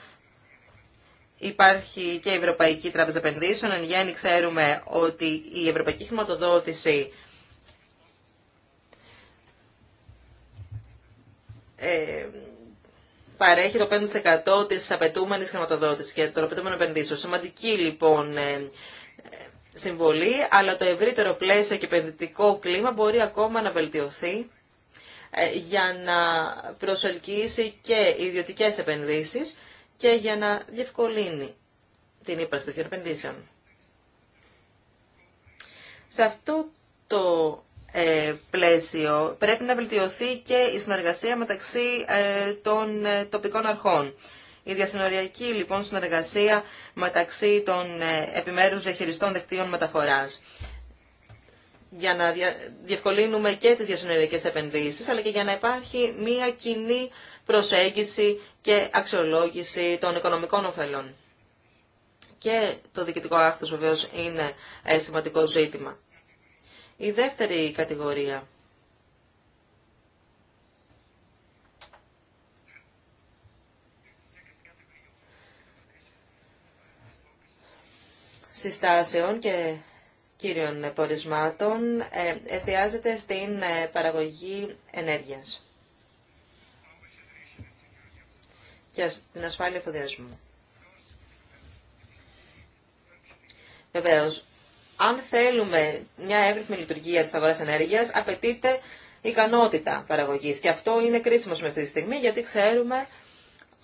Υπάρχει και η Ευρωπαϊκή Τράπεζα Επενδύσεων. Εν γέννη ξέρουμε ότι η Ευρωπαϊκή Χρηματοδότηση ε, παρέχει το 5% της απαιτούμενης χρηματοδότησης και των απαιτούμενων επενδύσεων. Σημαντική λοιπόν ε, συμβολή, αλλά το ευρύτερο πλαίσιο και επενδυτικό κλίμα μπορεί ακόμα να βελτιωθεί ε, για να προσελκύσει και ιδιωτικές επενδύσεις και για να διευκολύνει την ύπαρξη τέτοιων επενδύσεων. Σε αυτό το ε, πλαίσιο πρέπει να βελτιωθεί και η συνεργασία μεταξύ ε, των τοπικών αρχών. Η διασυνοριακή λοιπόν συνεργασία μεταξύ των επιμέρους διαχειριστών δικτύων μεταφοράς για να διευκολύνουμε και τις διασυνοριακές επενδύσεις, αλλά και για να υπάρχει μια κοινή προσέγγιση και αξιολόγηση των οικονομικών ωφελών. Και το διοικητικό άκθος βεβαίως είναι ε, σημαντικό ζήτημα. Η δεύτερη κατηγορία. Συστάσεων και κύριων πορισμάτων ε, εστιάζεται στην ε, παραγωγή ενέργειας και την ασφάλεια εφοδιασμού. Βεβαίω, αν θέλουμε μια εύρυθμη λειτουργία της αγοράς ενέργειας, απαιτείται ικανότητα παραγωγής. Και αυτό είναι κρίσιμο με αυτή τη στιγμή, γιατί ξέρουμε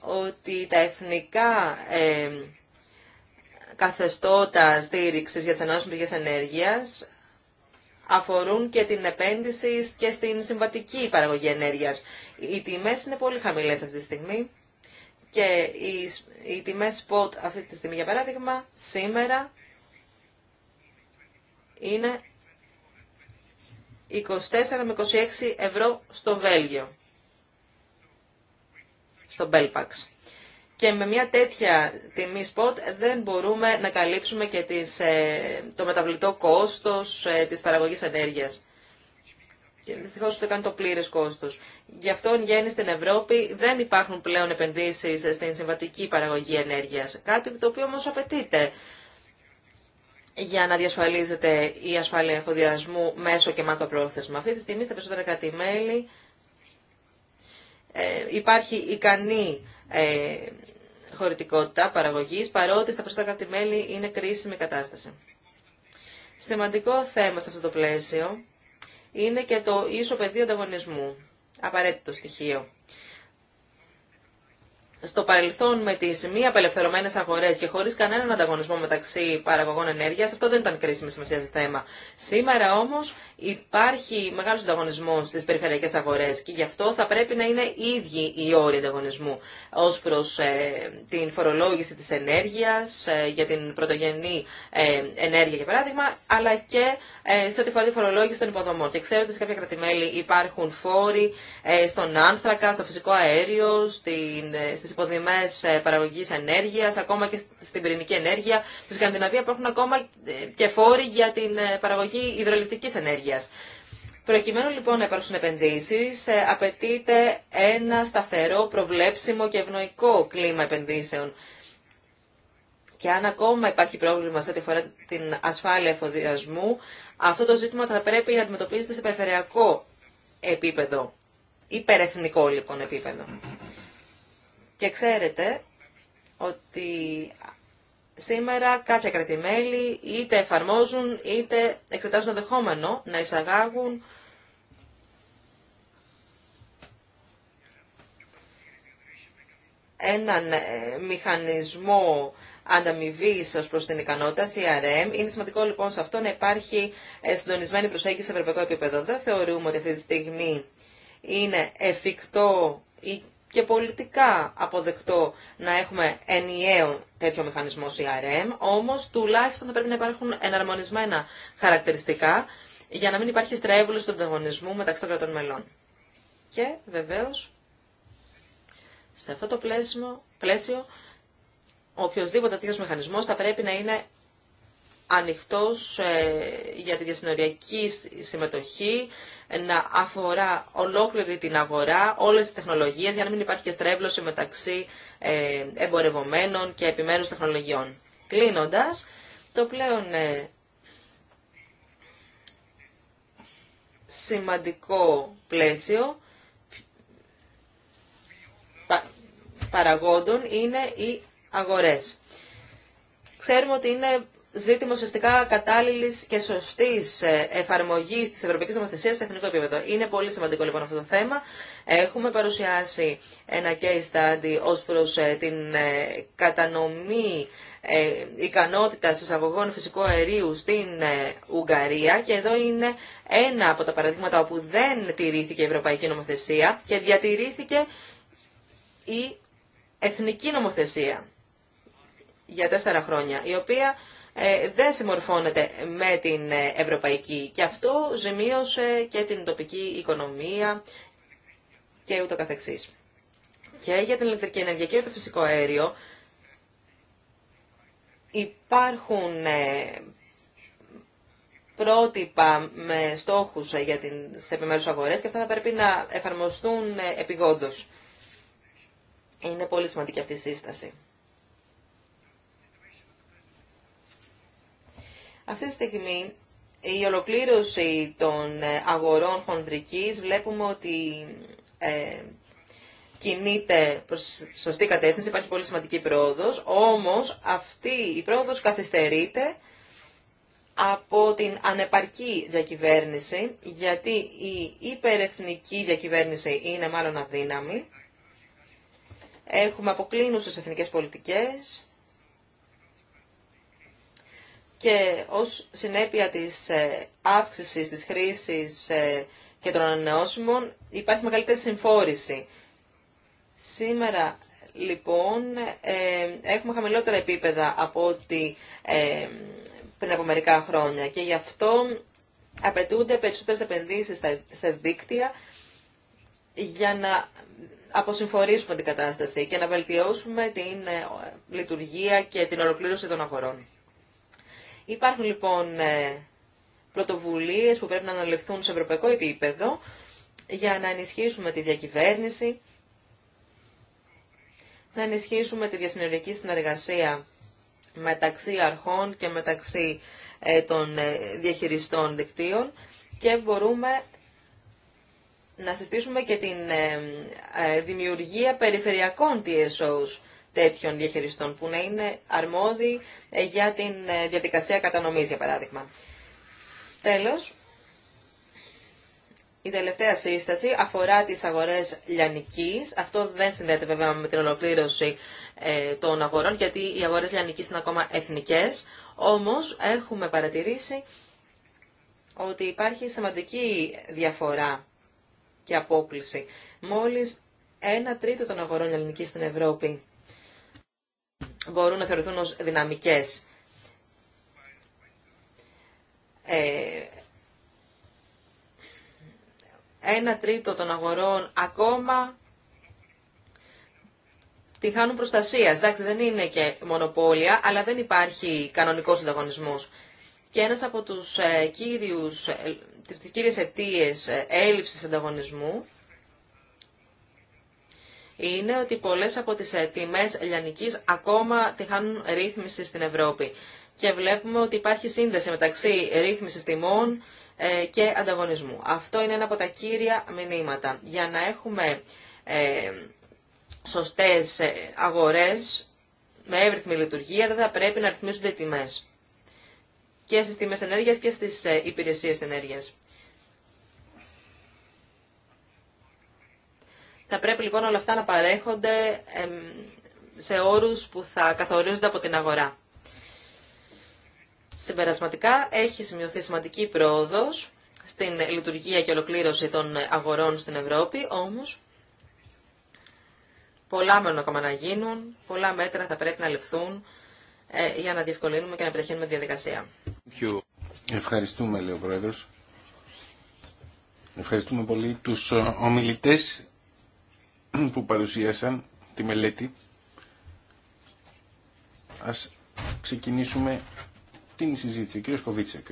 ότι τα εθνικά ε, καθεστώτα στήριξη για τι ανάλογες πηγέ ενέργεια αφορούν και την επένδυση και στην συμβατική παραγωγή ενέργειας. Οι τιμές είναι πολύ χαμηλές αυτή τη στιγμή και οι, οι τιμές spot αυτή τη στιγμή, για παράδειγμα, σήμερα είναι 24 με 26 ευρώ στο Βέλγιο, στο Μπέλπαξ και με μια τέτοια τιμή spot δεν μπορούμε να καλύψουμε και τις, ε, το μεταβλητό κόστος ε, της παραγωγής ενέργειας. Και δυστυχώ ούτε καν το πλήρε κόστο. Γι' αυτό, εν γέννη στην Ευρώπη, δεν υπάρχουν πλέον επενδύσει στην συμβατική παραγωγή ενέργεια. Κάτι το οποίο όμω απαιτείται για να διασφαλίζεται η ασφάλεια εφοδιασμού μέσω και μακροπρόθεσμα. Αυτή τη στιγμή, στα περισσότερα κράτη-μέλη, ε, υπάρχει ικανή χωρητικότητα παραγωγής, παρότι στα προστακρατημέλη κράτη-μέλη είναι κρίσιμη κατάσταση. Σημαντικό θέμα σε αυτό το πλαίσιο είναι και το ίσο πεδίο ανταγωνισμού, απαραίτητο στοιχείο στο παρελθόν με τι μη απελευθερωμένε αγορέ και χωρί κανέναν ανταγωνισμό μεταξύ παραγωγών ενέργεια, αυτό δεν ήταν κρίσιμη σημασία θέμα. Σήμερα όμω υπάρχει μεγάλο ανταγωνισμός στι περιφερειακέ αγορέ και γι' αυτό θα πρέπει να είναι ίδιοι οι όροι ανταγωνισμού ω προ ε, την φορολόγηση τη ενέργεια ε, για την πρωτογενή ε, ενέργεια για παράδειγμα, αλλά και σε ό,τι αφορά τη φορολόγηση των υποδομών. Και ξέρω ότι σε κάποια κρατημέλη υπάρχουν φόροι στον άνθρακα, στο φυσικό αέριο, στην, υποδημές ε, παραγωγής ενέργειας, ακόμα και στην πυρηνική ενέργεια. Στη Σκανδιναβία υπάρχουν ακόμα ε, και φόροι για την ε, παραγωγή υδροληπτικής ενέργειας. Προκειμένου λοιπόν να υπάρξουν επενδύσει, απαιτείται ένα σταθερό, προβλέψιμο και ευνοϊκό κλίμα επενδύσεων. Και αν ακόμα υπάρχει πρόβλημα σε ό,τι αφορά την ασφάλεια εφοδιασμού, αυτό το ζήτημα θα πρέπει να αντιμετωπίζεται σε περιφερειακό επίπεδο, υπερεθνικό λοιπόν επίπεδο. Και ξέρετε ότι σήμερα κάποια κρατημέλη είτε εφαρμόζουν είτε εξετάζουν το δεχόμενο να εισαγάγουν έναν ε, μηχανισμό ανταμοιβή ω προ την ικανότητα, CRM. Είναι σημαντικό λοιπόν σε αυτό να υπάρχει ε, συντονισμένη προσέγγιση σε ευρωπαϊκό επίπεδο. Δεν θεωρούμε ότι αυτή τη στιγμή είναι εφικτό ή και πολιτικά αποδεκτό να έχουμε ενιαίο τέτοιο μηχανισμό CRM, όμως τουλάχιστον θα πρέπει να υπάρχουν εναρμονισμένα χαρακτηριστικά για να μην υπάρχει στρέβλωση του ανταγωνισμού μεταξύ των κρατών μελών. Και βεβαίως σε αυτό το πλαίσιο, πλαίσιο οποιοδήποτε τέτοιο μηχανισμό θα πρέπει να είναι ανοιχτός ε, για τη διασυνοριακή συμμετοχή, να αφορά ολόκληρη την αγορά, όλες τις τεχνολογίες, για να μην υπάρχει και στρέβλωση μεταξύ ε, εμπορευομένων και επιμέρους τεχνολογιών. Κλείνοντας, το πλέον ε, σημαντικό πλαίσιο παραγόντων είναι οι αγορές. Ξέρουμε ότι είναι ζήτημα ουσιαστικά κατάλληλη και σωστή ε, εφαρμογή τη Ευρωπαϊκή Νομοθεσία σε εθνικό επίπεδο. Είναι πολύ σημαντικό λοιπόν αυτό το θέμα. Έχουμε παρουσιάσει ένα case study ω προ ε, την ε, κατανομή ικανότητα εισαγωγών φυσικού αερίου στην Ουγγαρία και εδώ είναι ένα από τα παραδείγματα όπου δεν τηρήθηκε η Ευρωπαϊκή Νομοθεσία και διατηρήθηκε η Εθνική Νομοθεσία για τέσσερα χρόνια, η οποία ε, δεν συμμορφώνεται με την ε, ευρωπαϊκή και αυτό ζημίωσε και την τοπική οικονομία και ούτω καθεξής. Και για την ηλεκτρική ενέργεια και το φυσικό αέριο υπάρχουν ε, πρότυπα με στόχους για την επιμέρους αγορές και αυτά θα πρέπει να εφαρμοστούν επιγόντως. Είναι πολύ σημαντική αυτή η σύσταση. Αυτή τη στιγμή η ολοκλήρωση των ε, αγορών χονδρικής βλέπουμε ότι ε, κινείται προς σωστή κατεύθυνση, υπάρχει πολύ σημαντική πρόοδος, όμως αυτή η πρόοδος καθυστερείται από την ανεπαρκή διακυβέρνηση, γιατί η υπερεθνική διακυβέρνηση είναι μάλλον αδύναμη. Έχουμε αποκλίνουσες εθνικές πολιτικές, και ως συνέπεια της ε, αύξησης της χρήσης ε, και των ανανεώσιμων υπάρχει μεγαλύτερη συμφόρηση. Σήμερα λοιπόν ε, έχουμε χαμηλότερα επίπεδα από ό,τι πριν από μερικά χρόνια και γι' αυτό απαιτούνται περισσότερες επενδύσεις σε δίκτυα για να αποσυμφορήσουμε την κατάσταση και να βελτιώσουμε την λειτουργία και την ολοκλήρωση των αγορών. Υπάρχουν λοιπόν ε, πρωτοβουλίες που πρέπει να αναλευθούν σε ευρωπαϊκό επίπεδο για να ενισχύσουμε τη διακυβέρνηση, να ενισχύσουμε τη διασυνοριακή συνεργασία μεταξύ αρχών και μεταξύ ε, των ε, διαχειριστών δικτύων και μπορούμε να συστήσουμε και την δημιουργία περιφερειακών TSOs τέτοιων διαχειριστών που να είναι αρμόδιοι ε, για την ε, διαδικασία κατανομής, για παράδειγμα. Τέλος, η τελευταία σύσταση αφορά τις αγορές λιανικής. Αυτό δεν συνδέεται βέβαια με την ολοκλήρωση ε, των αγορών, γιατί οι αγορές λιανικής είναι ακόμα εθνικές. Όμως έχουμε παρατηρήσει ότι υπάρχει σημαντική διαφορά και απόκληση. Μόλις ένα τρίτο των αγορών λιανικής στην Ευρώπη μπορούν να θεωρηθούν ως δυναμικές. Ε, ένα τρίτο των αγορών ακόμα τη χάνουν Εντάξει, δεν είναι και μονοπόλια, αλλά δεν υπάρχει κανονικός συνταγωνισμός. Και ένας από τους ε, κύριους, ε, τις κύριες αιτίες έλλειψης ανταγωνισμού είναι ότι πολλές από τις ε, τιμές λιανικής ακόμα τη χάνουν ρύθμιση στην Ευρώπη. Και βλέπουμε ότι υπάρχει σύνδεση μεταξύ ρύθμισης τιμών ε, και ανταγωνισμού. Αυτό είναι ένα από τα κύρια μηνύματα. Για να έχουμε ε, σωστές αγορές με εύρυθμη λειτουργία δεν θα πρέπει να ρυθμίζονται οι τιμές. Και στις τιμές ενέργειας και στις υπηρεσίες ενέργειας. Θα πρέπει λοιπόν όλα αυτά να παρέχονται σε όρους που θα καθορίζονται από την αγορά. Συμπερασματικά έχει σημειωθεί σημαντική πρόοδος στην λειτουργία και ολοκλήρωση των αγορών στην Ευρώπη, όμως πολλά μένουν ακόμα να γίνουν, πολλά μέτρα θα πρέπει να ληφθούν ε, για να διευκολύνουμε και να επιταχύνουμε τη διαδικασία. Ευχαριστούμε, λέει ο Πρόεδρος. Ευχαριστούμε πολύ τους ε, ομιλητές που παρουσίασαν τη μελέτη. Ας ξεκινήσουμε την συζήτηση. Κύριο Σκοβίτσεκ.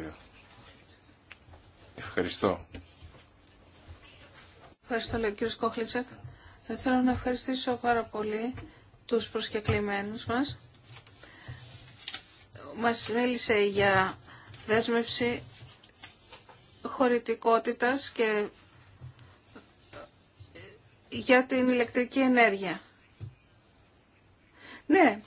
Ευχαριστώ. Ευχαριστώ, λέει ο κύριος θέλω να ευχαριστήσω πάρα πολύ τους προσκεκλημένους μας. Μας μίλησε για δέσμευση χωρητικότητας και για την ηλεκτρική ενέργεια. Ναι,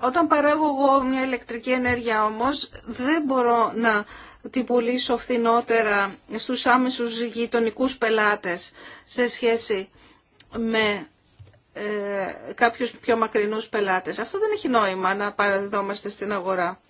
όταν παράγω εγώ μια ηλεκτρική ενέργεια όμως δεν μπορώ να την πουλήσω φθηνότερα στους άμεσους γειτονικού πελάτες σε σχέση με ε, κάποιους πιο μακρινούς πελάτες. Αυτό δεν έχει νόημα να παραδιδόμαστε στην αγορά.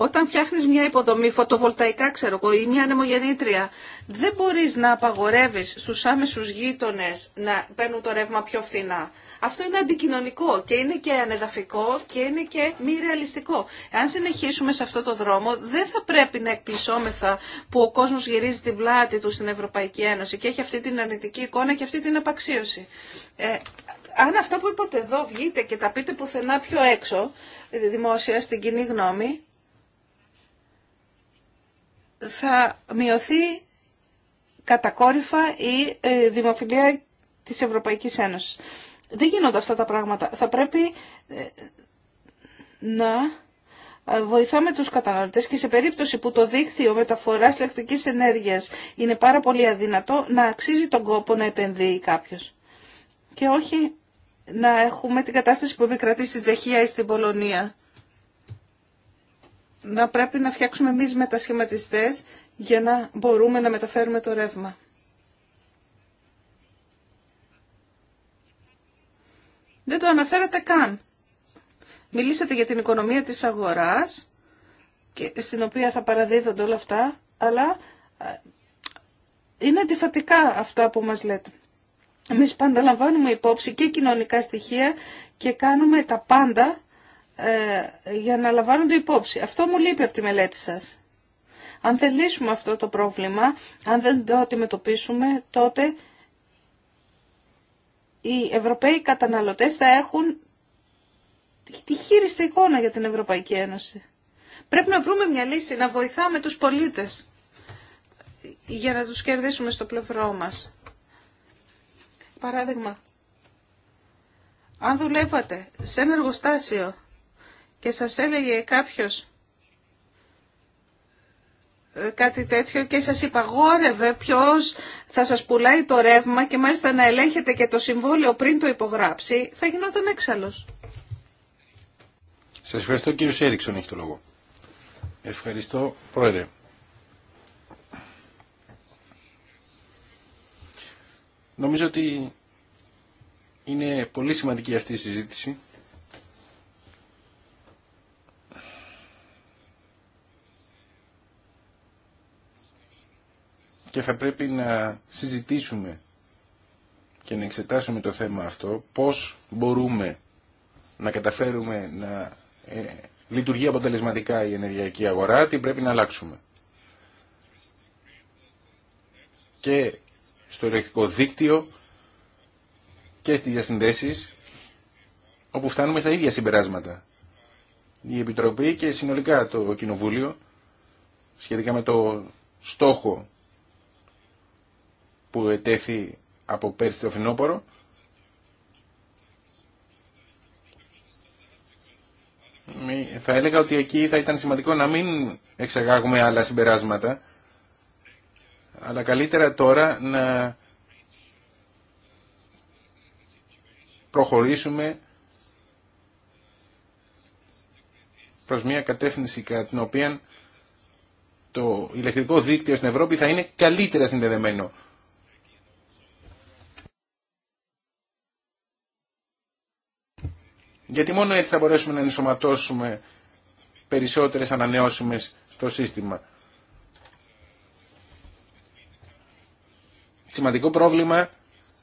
Όταν φτιάχνεις μια υποδομή φωτοβολταϊκά, ξέρω εγώ, ή μια ανεμογεννήτρια, δεν μπορείς να απαγορεύεις στους άμεσους γείτονες να παίρνουν το ρεύμα πιο φθηνά. Αυτό είναι αντικοινωνικό και είναι και ανεδαφικό και είναι και μη ρεαλιστικό. Αν συνεχίσουμε σε αυτό το δρόμο, δεν θα πρέπει να εκπλησώμεθα που ο κόσμος γυρίζει την πλάτη του στην Ευρωπαϊκή Ένωση και έχει αυτή την αρνητική εικόνα και αυτή την απαξίωση. Ε, αν αυτά που είπατε εδώ βγείτε και τα πείτε πουθενά πιο έξω, δημόσια, στην κοινή γνώμη, θα μειωθεί κατακόρυφα η ε, δημοφιλία της Ευρωπαϊκής Ένωσης. Δεν γίνονται αυτά τα πράγματα. Θα πρέπει ε, να ε, βοηθάμε τους καταναλωτές και σε περίπτωση που το δίκτυο μεταφοράς ηλεκτρικής ενέργειας είναι πάρα πολύ αδύνατο, να αξίζει τον κόπο να επενδύει κάποιος. Και όχι να έχουμε την κατάσταση που επικρατεί στην Τσεχία ή στην Πολωνία να πρέπει να φτιάξουμε εμείς μετασχηματιστές για να μπορούμε να μεταφέρουμε το ρεύμα. Δεν το αναφέρατε καν. Μιλήσατε για την οικονομία της αγοράς, στην οποία θα παραδίδονται όλα αυτά, αλλά ε, είναι αντιφατικά αυτά που μας λέτε. Εμείς πάντα λαμβάνουμε υπόψη και κοινωνικά στοιχεία και κάνουμε τα πάντα ε, για να λαμβάνονται υπόψη. Αυτό μου λείπει από τη μελέτη σας. Αν δεν λύσουμε αυτό το πρόβλημα, αν δεν το αντιμετωπίσουμε, τότε οι Ευρωπαίοι καταναλωτές θα έχουν τη χείριστη εικόνα για την Ευρωπαϊκή Ένωση. Πρέπει να βρούμε μια λύση, να βοηθάμε τους πολίτες για να τους κερδίσουμε στο πλευρό μας. Παράδειγμα, αν δουλεύατε σε ένα εργοστάσιο και σας έλεγε κάποιος ε, κάτι τέτοιο και σας υπαγόρευε ποιος θα σας πουλάει το ρεύμα και μάλιστα να ελέγχετε και το συμβόλαιο πριν το υπογράψει, θα γινόταν έξαλλος. Σας ευχαριστώ κύριο Σέριξον έχει το λόγο. Ευχαριστώ πρόεδρε. Νομίζω ότι είναι πολύ σημαντική αυτή η συζήτηση και θα πρέπει να συζητήσουμε και να εξετάσουμε το θέμα αυτό, πώς μπορούμε να καταφέρουμε να ε, λειτουργεί αποτελεσματικά η ενεργειακή αγορά, τι πρέπει να αλλάξουμε. Και στο ηλεκτρικό δίκτυο και στις διασυνδέσεις, όπου φτάνουμε στα ίδια συμπεράσματα. Η Επιτροπή και συνολικά το Κοινοβούλιο, σχετικά με το στόχο που ετέθη από πέρσι το φινόπορο. Ε, θα έλεγα ότι εκεί θα ήταν σημαντικό να μην εξαγάγουμε άλλα συμπεράσματα, αλλά καλύτερα τώρα να προχωρήσουμε προς μια κατεύθυνση κατά την οποία το ηλεκτρικό δίκτυο στην Ευρώπη θα είναι καλύτερα συνδεδεμένο Γιατί μόνο έτσι θα μπορέσουμε να ενσωματώσουμε περισσότερες ανανεώσιμες στο σύστημα. Σημαντικό πρόβλημα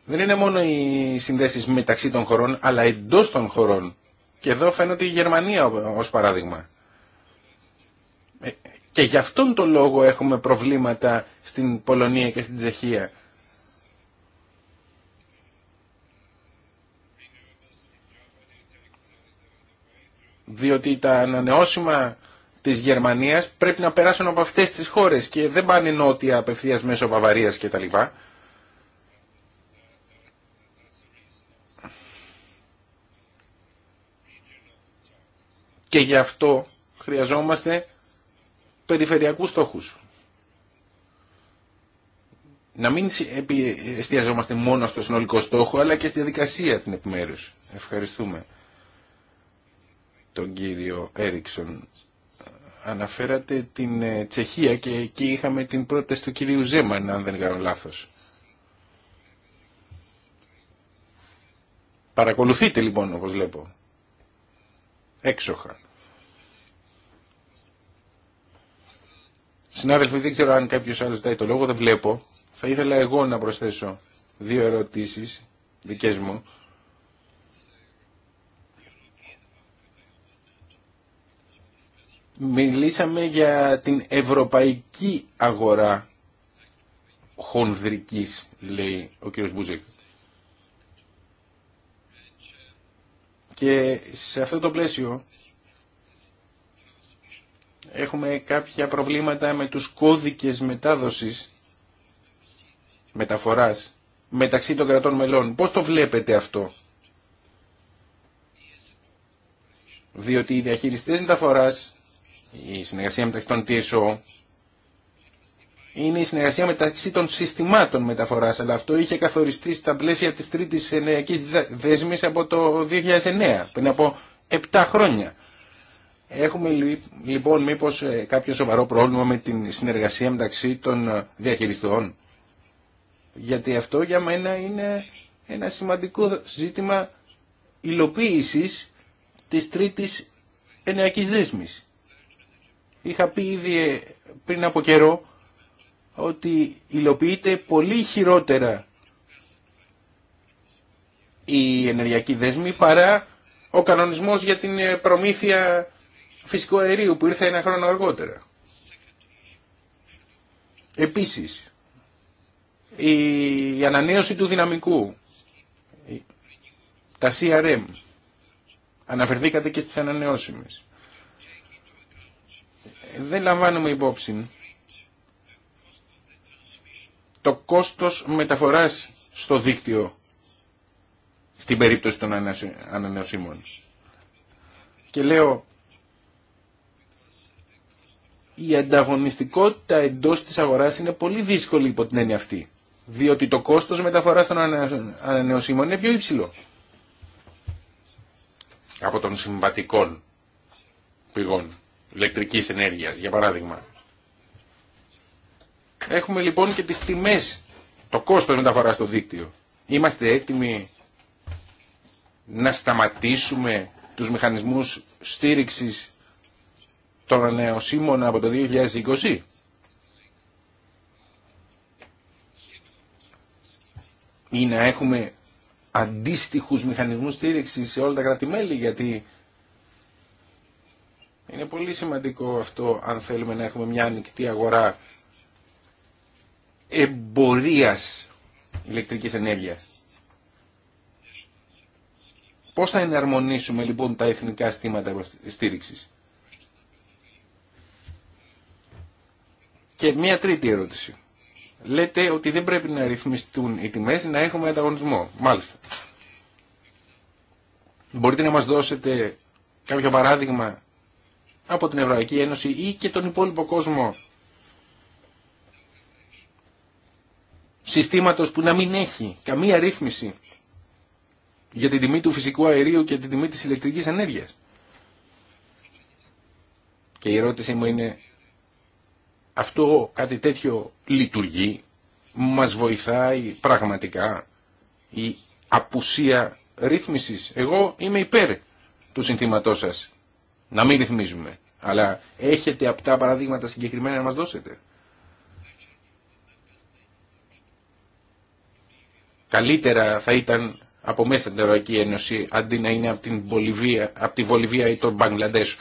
δεν είναι μόνο οι συνδέσεις μεταξύ των χωρών, αλλά εντός των χωρών. Και εδώ φαίνεται η Γερμανία ως παράδειγμα. Ε, και γι' αυτόν τον λόγο έχουμε προβλήματα στην Πολωνία και στην Τσεχία. διότι τα ανανεώσιμα της Γερμανίας πρέπει να περάσουν από αυτές τις χώρες και δεν πάνε νότια απευθείας μέσω Βαβαρίας λοιπά. Και γι' αυτό χρειαζόμαστε περιφερειακούς στόχους. Να μην εστιαζόμαστε μόνο στο συνολικό στόχο, αλλά και στη διαδικασία την επιμέρους. Ευχαριστούμε τον κύριο Έριξον. Αναφέρατε την ε, Τσεχία και εκεί είχαμε την πρόταση του κυρίου Ζέμαν, αν δεν κάνω λάθος. Παρακολουθείτε λοιπόν, όπως βλέπω. Έξοχα. Συνάδελφοι, δεν ξέρω αν κάποιος άλλος ζητάει το λόγο, δεν βλέπω. Θα ήθελα εγώ να προσθέσω δύο ερωτήσεις δικές μου. μιλήσαμε για την ευρωπαϊκή αγορά χονδρικής, λέει ο κύριος Μπούζεκ. Και σε αυτό το πλαίσιο έχουμε κάποια προβλήματα με τους κώδικες μετάδοσης, μεταφοράς, μεταξύ των κρατών μελών. Πώς το βλέπετε αυτό. Διότι οι διαχειριστές μεταφοράς η συνεργασία μεταξύ των TSO είναι η συνεργασία μεταξύ των συστημάτων μεταφοράς, αλλά αυτό είχε καθοριστεί στα πλαίσια της τρίτης ενεργειακής δέσμης από το 2009, πριν από 7 χρόνια. Έχουμε λοιπόν μήπως ε, κάποιο σοβαρό πρόβλημα με την συνεργασία μεταξύ των ε, διαχειριστών. Γιατί αυτό για μένα είναι ένα σημαντικό ζήτημα υλοποίησης της τρίτης ενεργειακής δέσμης. Είχα πει ήδη πριν από καιρό ότι υλοποιείται πολύ χειρότερα η ενεργειακή δέσμη παρά ο κανονισμός για την προμήθεια φυσικού αερίου που ήρθε ένα χρόνο αργότερα. Επίσης, η ανανέωση του δυναμικού, τα CRM, αναφερθήκατε και στις ανανεώσιμες δεν λαμβάνουμε υπόψη το κόστος μεταφοράς στο δίκτυο στην περίπτωση των ανανεωσίμων. Και λέω, η ανταγωνιστικότητα εντός της αγοράς είναι πολύ δύσκολη υπό την έννοια αυτή. Διότι το κόστος μεταφοράς των ανανεωσίμων είναι πιο υψηλό από των συμβατικών πηγών ηλεκτρικής ενέργειας, για παράδειγμα. Έχουμε λοιπόν και τις τιμές, το κόστος μεταφορά στο δίκτυο. Είμαστε έτοιμοι να σταματήσουμε τους μηχανισμούς στήριξης των ανεωσίμων από το 2020. Ή να έχουμε αντίστοιχους μηχανισμούς στήριξης σε όλα τα κράτη-μέλη, γιατί είναι πολύ σημαντικό αυτό αν θέλουμε να έχουμε μια ανοιχτή αγορά εμπορίας ηλεκτρικής ενέργειας. Πώς θα εναρμονίσουμε λοιπόν τα εθνικά στήματα στήριξης. Και μια τρίτη ερώτηση. Λέτε ότι δεν πρέπει να ρυθμιστούν οι τιμές, να έχουμε ανταγωνισμό. Μάλιστα. Μπορείτε να μας δώσετε κάποιο παράδειγμα από την Ευρωπαϊκή Ένωση ή και τον υπόλοιπο κόσμο συστήματος που να μην έχει καμία ρύθμιση για την τιμή του φυσικού αερίου και την τιμή της ηλεκτρικής ενέργειας. Και η ερώτησή μου είναι, αυτό κάτι τέτοιο λειτουργεί, μας βοηθάει πραγματικά η απουσία ρύθμισης. Εγώ είμαι υπέρ του συνθήματός σας να μην ρυθμίζουμε. Αλλά έχετε απτά παραδείγματα συγκεκριμένα να μας δώσετε. Καλύτερα θα ήταν από μέσα την Ευρωπαϊκή Ένωση αντί να είναι από, την Βολιβία, από τη Βολιβία ή τον Μπαγκλαντές.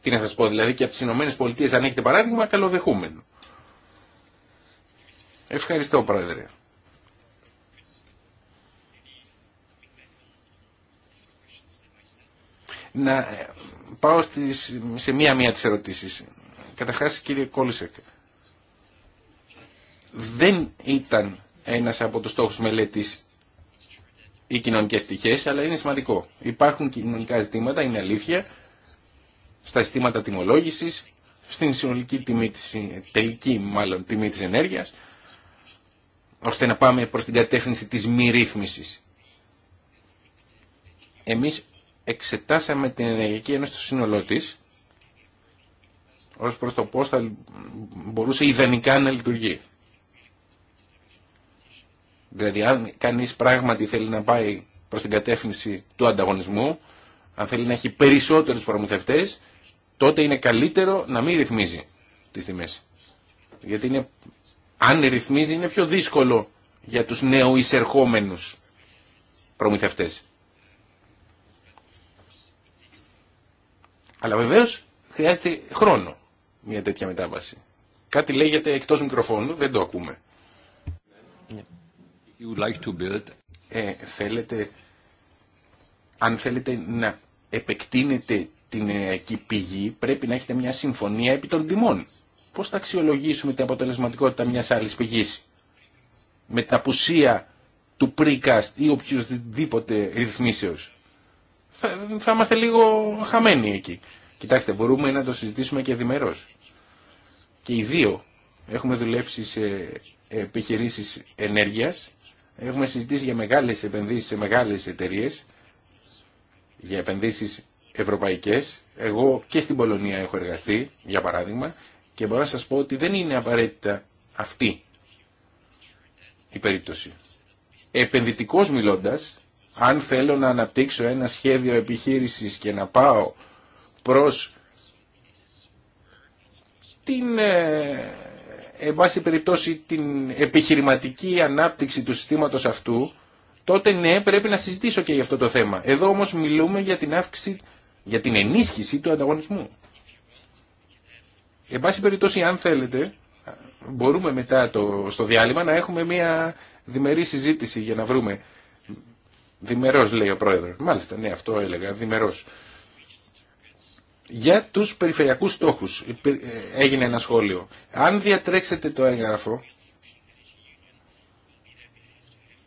Τι να σας πω δηλαδή και από τις Ηνωμένες Πολιτείες αν έχετε παράδειγμα καλοδεχούμενο. Ευχαριστώ πρόεδρε. Να ε, πάω σε μία-μία τις ερωτήσεις. Καταρχάς κύριε Κόλισεκ, δεν ήταν ένας από τους στόχους μελέτης οι κοινωνικές στοιχές, αλλά είναι σημαντικό. Υπάρχουν κοινωνικά ζητήματα, είναι αλήθεια, στα ζητήματα τιμολόγησης, στην συνολική τιμή της, τελική μάλλον τιμή της ενέργειας, ώστε να πάμε προς την κατεύθυνση της μη ρύθμισης. Εμείς εξετάσαμε την Ενεργειακή Ένωση στο σύνολό τη ως προς το πώς θα μπορούσε ιδανικά να λειτουργεί. Δηλαδή αν κανείς πράγματι θέλει να πάει προς την κατεύθυνση του ανταγωνισμού, αν θέλει να έχει περισσότερους προμηθευτές, τότε είναι καλύτερο να μην ρυθμίζει τις τιμές. Γιατί είναι, αν ρυθμίζει είναι πιο δύσκολο για τους νεοεισερχόμενους προμηθευτές. Αλλά βεβαίως χρειάζεται χρόνο μια τέτοια μετάβαση. Κάτι λέγεται εκτός μικροφώνου, δεν το ακούμε. like to build. Ε, θέλετε, αν θέλετε να επεκτείνετε την εκεί πηγή, πρέπει να έχετε μια συμφωνία επί των τιμών. Πώς θα αξιολογήσουμε την αποτελεσματικότητα μιας άλλη πηγή Με την απουσία του precast ή οποιοδήποτε ρυθμίσεω, Θα, θα είμαστε λίγο χαμένοι εκεί. Κοιτάξτε, μπορούμε να το συζητήσουμε και διμερώς. Και οι δύο έχουμε δουλέψει σε επιχειρήσεις ενέργειας, έχουμε συζητήσει για μεγάλες επενδύσεις σε μεγάλες εταιρείε για επενδύσεις ευρωπαϊκές. Εγώ και στην Πολωνία έχω εργαστεί, για παράδειγμα, και μπορώ να σας πω ότι δεν είναι απαραίτητα αυτή η περίπτωση. Επενδυτικός μιλώντας, αν θέλω να αναπτύξω ένα σχέδιο επιχείρησης και να πάω προς την, ε, πάση περιπτώσει, την επιχειρηματική ανάπτυξη του συστήματος αυτού, τότε ναι, πρέπει να συζητήσω και για αυτό το θέμα. Εδώ όμως μιλούμε για την αύξηση, για την ενίσχυση του ανταγωνισμού. Εν πάση περιπτώσει, αν θέλετε, μπορούμε μετά το, στο διάλειμμα να έχουμε μια διμερή συζήτηση για να βρούμε. Δημερός λέει ο πρόεδρος. Μάλιστα, ναι, αυτό έλεγα, δημερός. Για τους περιφερειακούς στόχους ε, έγινε ένα σχόλιο. Αν διατρέξετε το έγγραφο,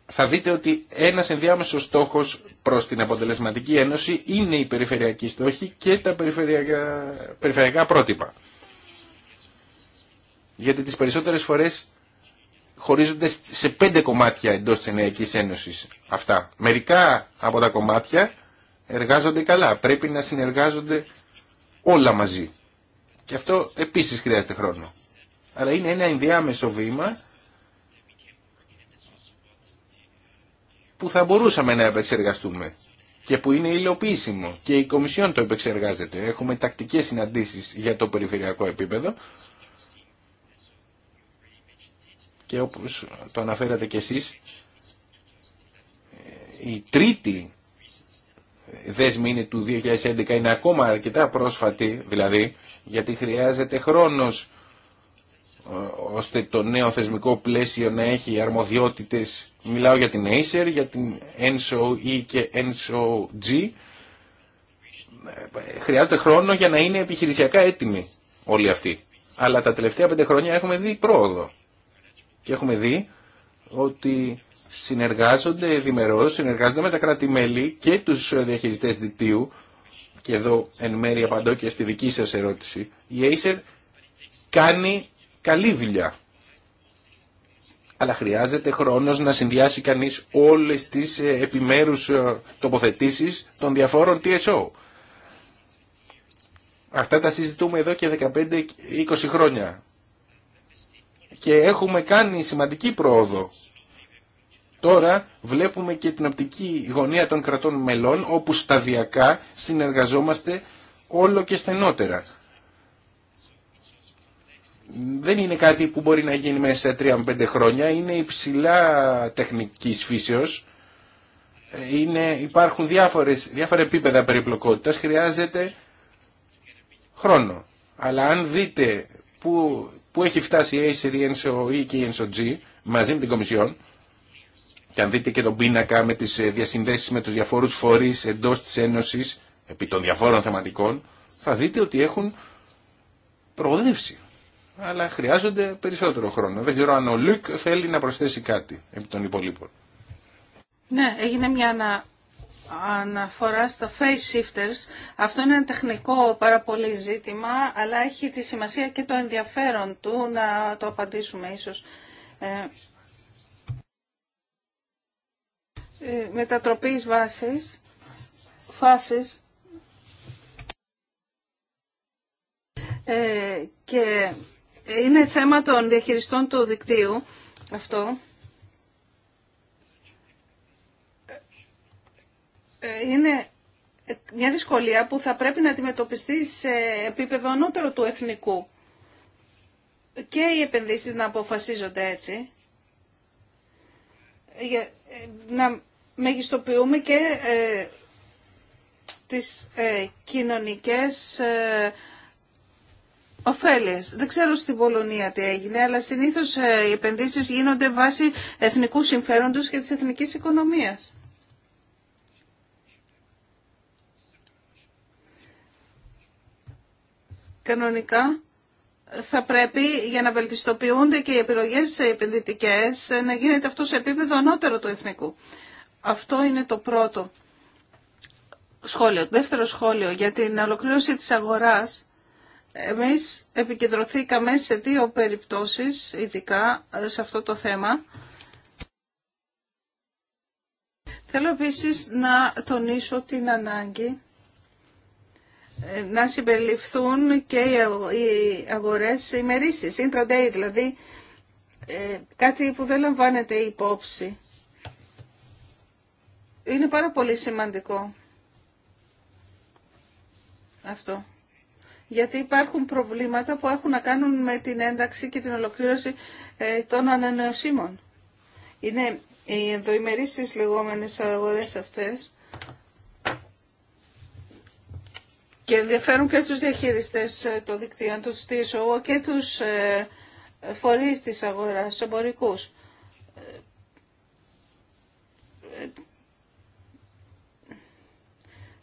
θα δείτε ότι ένας ενδιάμεσος στόχος προς την αποτελεσματική ένωση είναι η περιφερειακή στόχη και τα περιφερειακά, περιφερειακά πρότυπα. Γιατί τις περισσότερες φορές χωρίζονται σε πέντε κομμάτια εντός της Ενιακής Ένωσης αυτά. Μερικά από τα κομμάτια εργάζονται καλά. Πρέπει να συνεργάζονται όλα μαζί. Και αυτό επίσης χρειάζεται χρόνο. Αλλά είναι ένα ενδιάμεσο βήμα που θα μπορούσαμε να επεξεργαστούμε και που είναι υλοποιήσιμο και η Κομισιόν το επεξεργάζεται. Έχουμε τακτικές συναντήσεις για το περιφερειακό επίπεδο και όπως το αναφέρατε κι εσείς η τρίτη δέσμη είναι του 2011, είναι ακόμα αρκετά πρόσφατη δηλαδή, γιατί χρειάζεται χρόνος ε, ώστε το νέο θεσμικό πλαίσιο να έχει αρμοδιότητες, μιλάω για την Acer, για την NSOE και NSOG, ε, χρειάζεται χρόνο για να είναι επιχειρησιακά έτοιμοι όλοι αυτοί. Αλλά τα τελευταία πέντε χρόνια έχουμε δει πρόοδο. Και έχουμε δει ότι συνεργάζονται διμερώς, συνεργάζονται με τα κράτη-μέλη και τους διαχειριστές δικτύου και εδώ εν μέρει απαντώ και στη δική σας ερώτηση. Η Acer κάνει καλή δουλειά. Αλλά χρειάζεται χρόνος να συνδυάσει κανείς όλες τις ε, επιμέρους ε, τοποθετήσεις των διαφόρων TSO. Αυτά τα συζητούμε εδώ και 15-20 χρόνια. Και έχουμε κάνει σημαντική πρόοδο Τώρα βλέπουμε και την οπτική γωνία των κρατών μελών όπου σταδιακά συνεργαζόμαστε όλο και στενότερα. Δεν είναι κάτι που μπορεί να γίνει μέσα σε 3-5 χρόνια, είναι υψηλά τεχνικής φύσεως, είναι, υπάρχουν διάφορες, διάφορα επίπεδα περιπλοκότητας, χρειάζεται χρόνο. Αλλά αν δείτε που, που έχει φτάσει η ACR, η e και η NSOG μαζί με την Κομισιόν, και αν δείτε και τον πίνακα με τις ε, διασυνδέσεις με τους διαφόρους φορείς εντός της Ένωσης, επί των διαφόρων θεματικών, θα δείτε ότι έχουν προοδεύσει. Αλλά χρειάζονται περισσότερο χρόνο. Δεν ξέρω αν ο Λουκ θέλει να προσθέσει κάτι επί των υπολείπων. Ναι, έγινε μια ανα... αναφορά στο face shifters. Αυτό είναι ένα τεχνικό πάρα πολύ ζήτημα, αλλά έχει τη σημασία και το ενδιαφέρον του να το απαντήσουμε ίσως. Ε, ε, μετατροπής βάσεις φάσεις ε, και είναι θέμα των διαχειριστών του δικτύου αυτό. Ε, είναι μια δυσκολία που θα πρέπει να αντιμετωπιστεί σε επίπεδο ανώτερο του εθνικού. Και οι επενδύσεις να αποφασίζονται έτσι. Για να μεγιστοποιούμε και ε, τις ε, κοινωνικές ε, ωφέλειες. Δεν ξέρω στην Πολωνία τι έγινε, αλλά συνήθως ε, οι επενδύσεις γίνονται βάσει εθνικού συμφέροντος και της εθνικής οικονομίας. Κανονικά θα πρέπει για να βελτιστοποιούνται και οι επιλογές επενδυτικές να γίνεται αυτό σε επίπεδο ανώτερο του εθνικού. Αυτό είναι το πρώτο σχόλιο. Δεύτερο σχόλιο για την ολοκλήρωση της αγοράς. Εμείς επικεντρωθήκαμε σε δύο περιπτώσεις, ειδικά ε, σε αυτό το θέμα. Θέλω επίσης να τονίσω την ανάγκη ε, να συμπεριληφθούν και οι αγορές ημερήσεις, intraday δηλαδή, ε, κάτι που δεν λαμβάνεται υπόψη είναι πάρα πολύ σημαντικό αυτό. Γιατί υπάρχουν προβλήματα που έχουν να κάνουν με την ένταξη και την ολοκλήρωση ε, των ανανεωσίμων. Είναι οι ενδοημερείς στις λεγόμενες αγορές αυτές και ενδιαφέρουν και τους διαχειριστές ε, των δικτύων, τους TSO και τους ε, φορείς της αγοράς, τους εμπορικούς.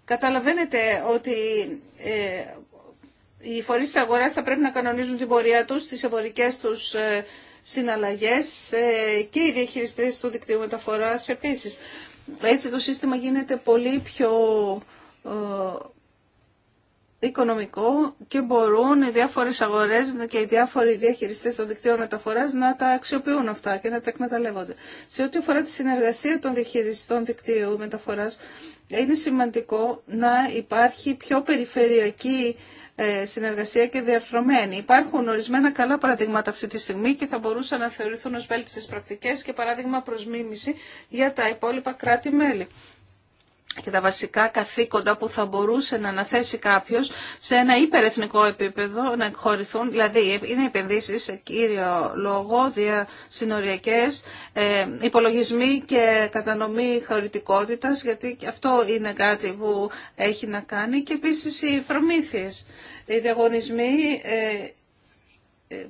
Καταλαβαίνετε ότι ε, οι φορείς της αγοράς θα πρέπει να κανονίζουν την πορεία τους, τις εμπορικές τους ε, συναλλαγές ε, και οι διαχειριστές του δικτύου μεταφοράς επίσης. Έτσι το σύστημα γίνεται πολύ πιο οικονομικό και μπορούν οι διάφορες αγορές και οι διάφοροι διαχειριστές των δικτύων μεταφοράς να τα αξιοποιούν αυτά και να τα εκμεταλλεύονται. Σε ό,τι αφορά τη συνεργασία των διαχειριστών δικτύου μεταφοράς, είναι σημαντικό να υπάρχει πιο περιφερειακή ε, συνεργασία και διαρθρωμένη. Υπάρχουν ορισμένα καλά παραδείγματα αυτή τη στιγμή και θα μπορούσαν να θεωρηθούν ως βέλτιστες πρακτικές και παράδειγμα προσμίμηση για τα υπόλοιπα κράτη-μέλη και τα βασικά καθήκοντα που θα μπορούσε να αναθέσει κάποιο σε ένα υπερεθνικό επίπεδο να εκχωρηθούν, δηλαδή είναι επενδύσει σε κύριο λόγο, διασυνοριακέ, ε, υπολογισμοί και κατανομή χωρητικότητα, γιατί αυτό είναι κάτι που έχει να κάνει και επίση οι προμήθειε. οι διαγωνισμοί ε, ε,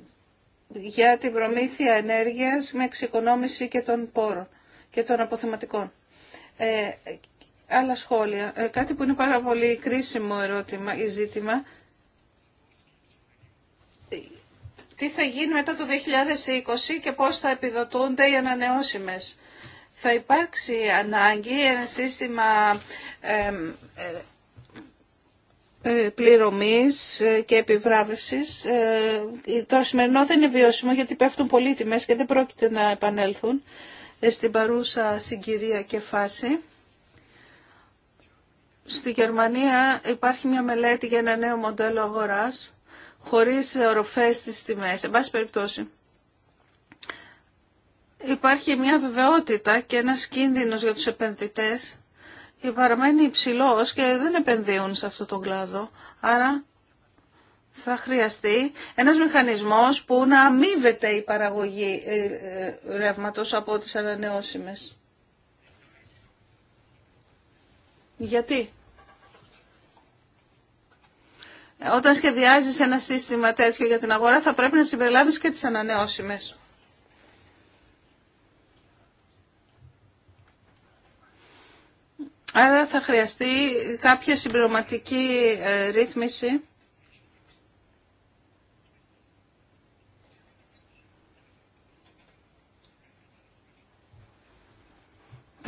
για την προμήθεια ενέργειας με εξοικονόμηση και των πόρων και των αποθεματικών ε, άλλα σχόλια. Ε, κάτι που είναι πάρα πολύ κρίσιμο ερώτημα ή ζήτημα. Τι θα γίνει μετά το 2020 και πώς θα επιδοτούνται οι ανανεώσιμες. Θα υπάρξει ανάγκη ένα σύστημα ε, ε, πληρωμής και επιβράβευσης. Το σημερινό δεν είναι βιώσιμο γιατί πέφτουν πολύ τιμές και δεν πρόκειται να επανέλθουν στην παρούσα συγκυρία και φάση. Στη Γερμανία υπάρχει μια μελέτη για ένα νέο μοντέλο αγοράς χωρίς οροφές στις τιμές. Εν πάση περιπτώσει, υπάρχει μια βεβαιότητα και ένας κίνδυνος για τους επενδυτές και παραμένει υψηλό και δεν επενδύουν σε αυτό τον κλάδο. Άρα θα χρειαστεί ένας μηχανισμός που να αμείβεται η παραγωγή ε, ε, ρεύματος από τις ανανεώσιμες. Γιατί όταν σχεδιάζεις ένα σύστημα τέτοιο για την αγορά θα πρέπει να συμπεριλάβεις και τις ανανεώσιμες. Άρα θα χρειαστεί κάποια συμπληρωματική ε, ρύθμιση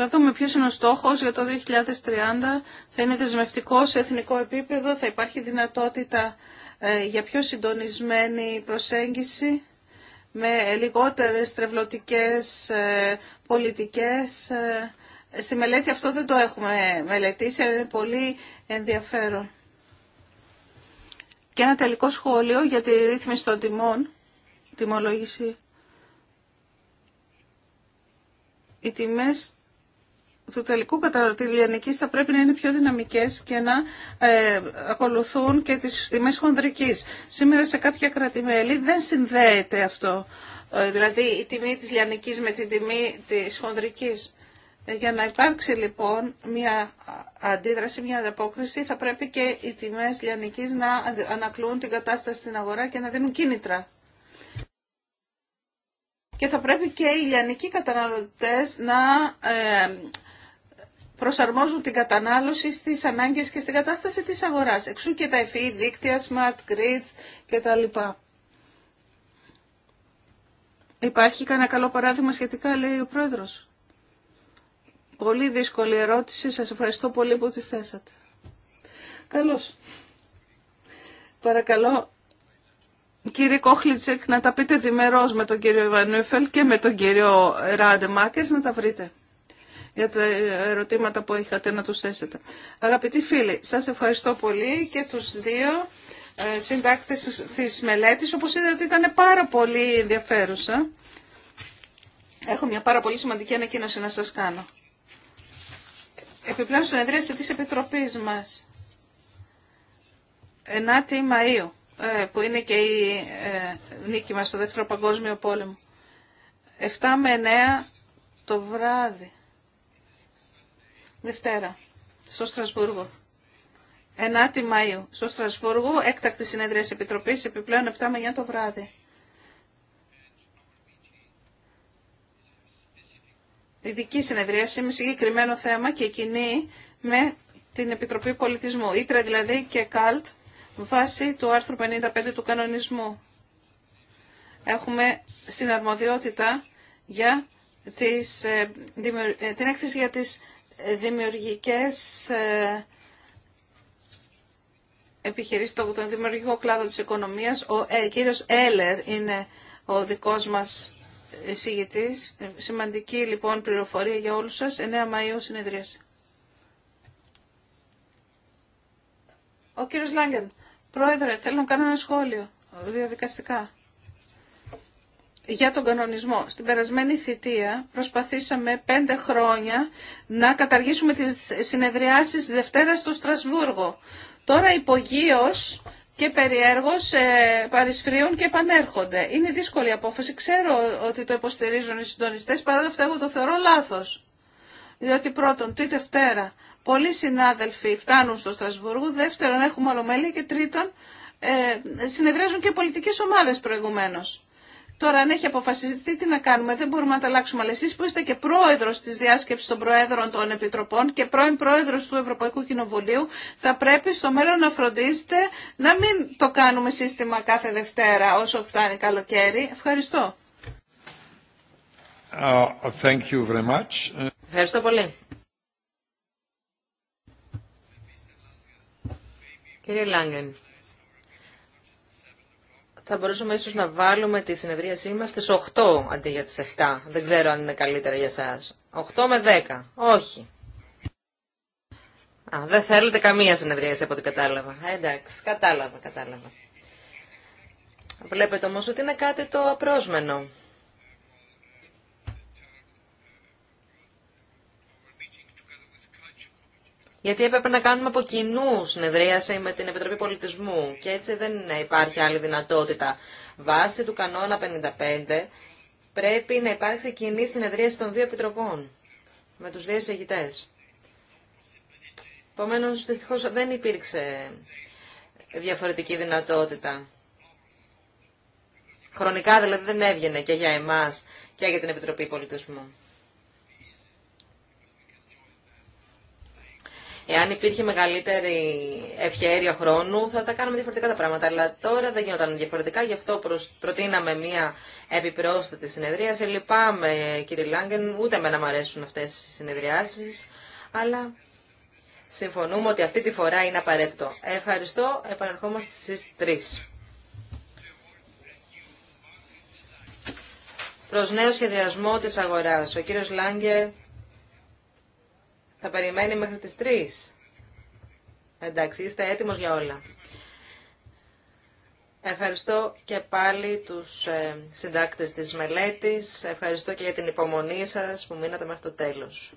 Θα δούμε ποιος είναι ο στόχος για το 2030. Θα είναι δεσμευτικό σε εθνικό επίπεδο, θα υπάρχει δυνατότητα ε, για πιο συντονισμένη προσέγγιση με λιγότερες τρευλωτικές ε, πολιτικές. Ε. Στη μελέτη αυτό δεν το έχουμε μελετήσει, αλλά είναι πολύ ενδιαφέρον. Και ένα τελικό σχόλιο για τη ρύθμιση των τιμών, τιμολόγηση. Οι τιμές του τελικού καταναλωτή λιανικής θα πρέπει να είναι πιο δυναμικές και να ε, ακολουθούν και τις τιμές χονδρικής. Σήμερα σε κάποια κρατημέλη δεν συνδέεται αυτό, ε, δηλαδή η τιμή της λιανικής με την τιμή της χονδρικής. Ε, για να υπάρξει λοιπόν μια αντίδραση, μια ανταπόκριση, θα πρέπει και οι τιμές λιανικής να ανακλούν την κατάσταση στην αγορά και να δίνουν κίνητρα. Και θα πρέπει και οι λιανικοί καταναλωτές να προσαρμόζουν την κατανάλωση στις ανάγκες και στην κατάσταση της αγοράς. Εξού και τα εφή e, δίκτυα, smart grids κτλ. Υπάρχει κανένα καλό παράδειγμα σχετικά, λέει ο Πρόεδρος. Πολύ δύσκολη ερώτηση. Σας ευχαριστώ πολύ που τη θέσατε. Καλώς. Παρακαλώ, κύριε Κόχλιτσεκ, να τα πείτε διμερώς με τον κύριο Ιβανούφελ και με τον κύριο Ράντε Μάκερς να τα βρείτε για τα ερωτήματα που είχατε να τους θέσετε. Αγαπητοί φίλοι, σας ευχαριστώ πολύ και τους δύο ε, συντάκτες της μελέτης. Όπως είδατε ήταν πάρα πολύ ενδιαφέρουσα. Έχω μια πάρα πολύ σημαντική ανακοίνωση να σας κάνω. Επιπλέον συνεδρίαση της Επιτροπής μας. 9η Μαΐου, ε, που είναι και η ε, νίκη μας στο Δεύτερο Παγκόσμιο Πόλεμο. 7 με 9 το βράδυ. Δευτέρα, στο Στρασβούργο. 9η Μαΐου, στο Στρασβούργο, έκτακτη συνέδρια της Επιτροπής, επιπλέον 7 με το βράδυ. Ειδική συνεδρία. με συγκεκριμένο θέμα και κοινή με την Επιτροπή Πολιτισμού, Ήτρα δηλαδή και ΚΑΛΤ, βάσει του άρθρου 55 του κανονισμού. Έχουμε συναρμοδιότητα για τις, ε, ε, την έκθεση για τις δημιουργικές ε, επιχειρήσεις, το δημιουργικό κλάδο της οικονομίας. Ο ε, κύριος Έλερ είναι ο δικός μας εισηγητής. Σημαντική λοιπόν πληροφορία για όλους σας. 9 Μαΐου συνεδρίαση. Ο κύριος Λάγκεν, πρόεδρε, θέλω να κάνω ένα σχόλιο διαδικαστικά για τον κανονισμό. Στην περασμένη θητεία προσπαθήσαμε πέντε χρόνια να καταργήσουμε τις συνεδριάσεις Δευτέρα στο Στρασβούργο. Τώρα υπογείως και περιέργως ε, παρισφρίουν και επανέρχονται. Είναι δύσκολη απόφαση. Ξέρω ότι το υποστηρίζουν οι συντονιστές, παρόλα αυτά εγώ το θεωρώ λάθος. Διότι πρώτον, τη Δευτέρα, πολλοί συνάδελφοι φτάνουν στο Στρασβούργο, δεύτερον έχουμε ολομέλεια και τρίτον, ε, συνεδριάζουν και πολιτικές ομάδες προηγουμένως. Τώρα αν έχει αποφασιστεί τι να κάνουμε, δεν μπορούμε να τα αλλάξουμε. Αλλά εσείς που είστε και πρόεδρος της διάσκεψης των προέδρων των επιτροπών και πρώην πρόεδρος του Ευρωπαϊκού Κοινοβουλίου, θα πρέπει στο μέλλον να φροντίσετε να μην το κάνουμε σύστημα κάθε Δευτέρα όσο φτάνει καλοκαίρι. Ευχαριστώ. Uh, thank you very much. Ευχαριστώ πολύ. Κύριε Λάγκεν θα μπορούσαμε ίσως να βάλουμε τη συνεδρίασή μας στις 8 αντί για τις 7. Δεν ξέρω αν είναι καλύτερα για σας. 8 με 10. Όχι. Α, δεν θέλετε καμία συνεδρίαση από ό,τι κατάλαβα. εντάξει, κατάλαβα, κατάλαβα. Βλέπετε όμως ότι είναι κάτι το απρόσμενο. γιατί έπρεπε να κάνουμε από κοινού συνεδρίαση με την Επιτροπή Πολιτισμού και έτσι δεν υπάρχει άλλη δυνατότητα. Βάσει του κανόνα 55 πρέπει να υπάρξει κοινή συνεδρίαση των δύο επιτροπών με τους δύο εισηγητές. Επομένω, δυστυχώ δεν υπήρξε διαφορετική δυνατότητα. Χρονικά δηλαδή δεν έβγαινε και για εμάς και για την Επιτροπή Πολιτισμού. Εάν υπήρχε μεγαλύτερη ευχαίρεια χρόνου, θα τα κάναμε διαφορετικά τα πράγματα. Αλλά τώρα δεν γινόταν διαφορετικά, γι' αυτό προτείναμε μία επιπρόσθετη συνεδρίαση. Λυπάμαι, κύριε Λάγκεν, ούτε εμένα μ' αρέσουν αυτέ οι συνεδριάσει, αλλά συμφωνούμε ότι αυτή τη φορά είναι απαραίτητο. Ευχαριστώ. Επαναρχόμαστε στι 3. Προς νέο σχεδιασμό της αγοράς. Ο κύριος Λάγκε θα περιμένει μέχρι τις 3. Εντάξει, είστε έτοιμος για όλα. Ευχαριστώ και πάλι τους ε, συντάκτες της μελέτης. Ευχαριστώ και για την υπομονή σας που μείνατε μέχρι το τέλος.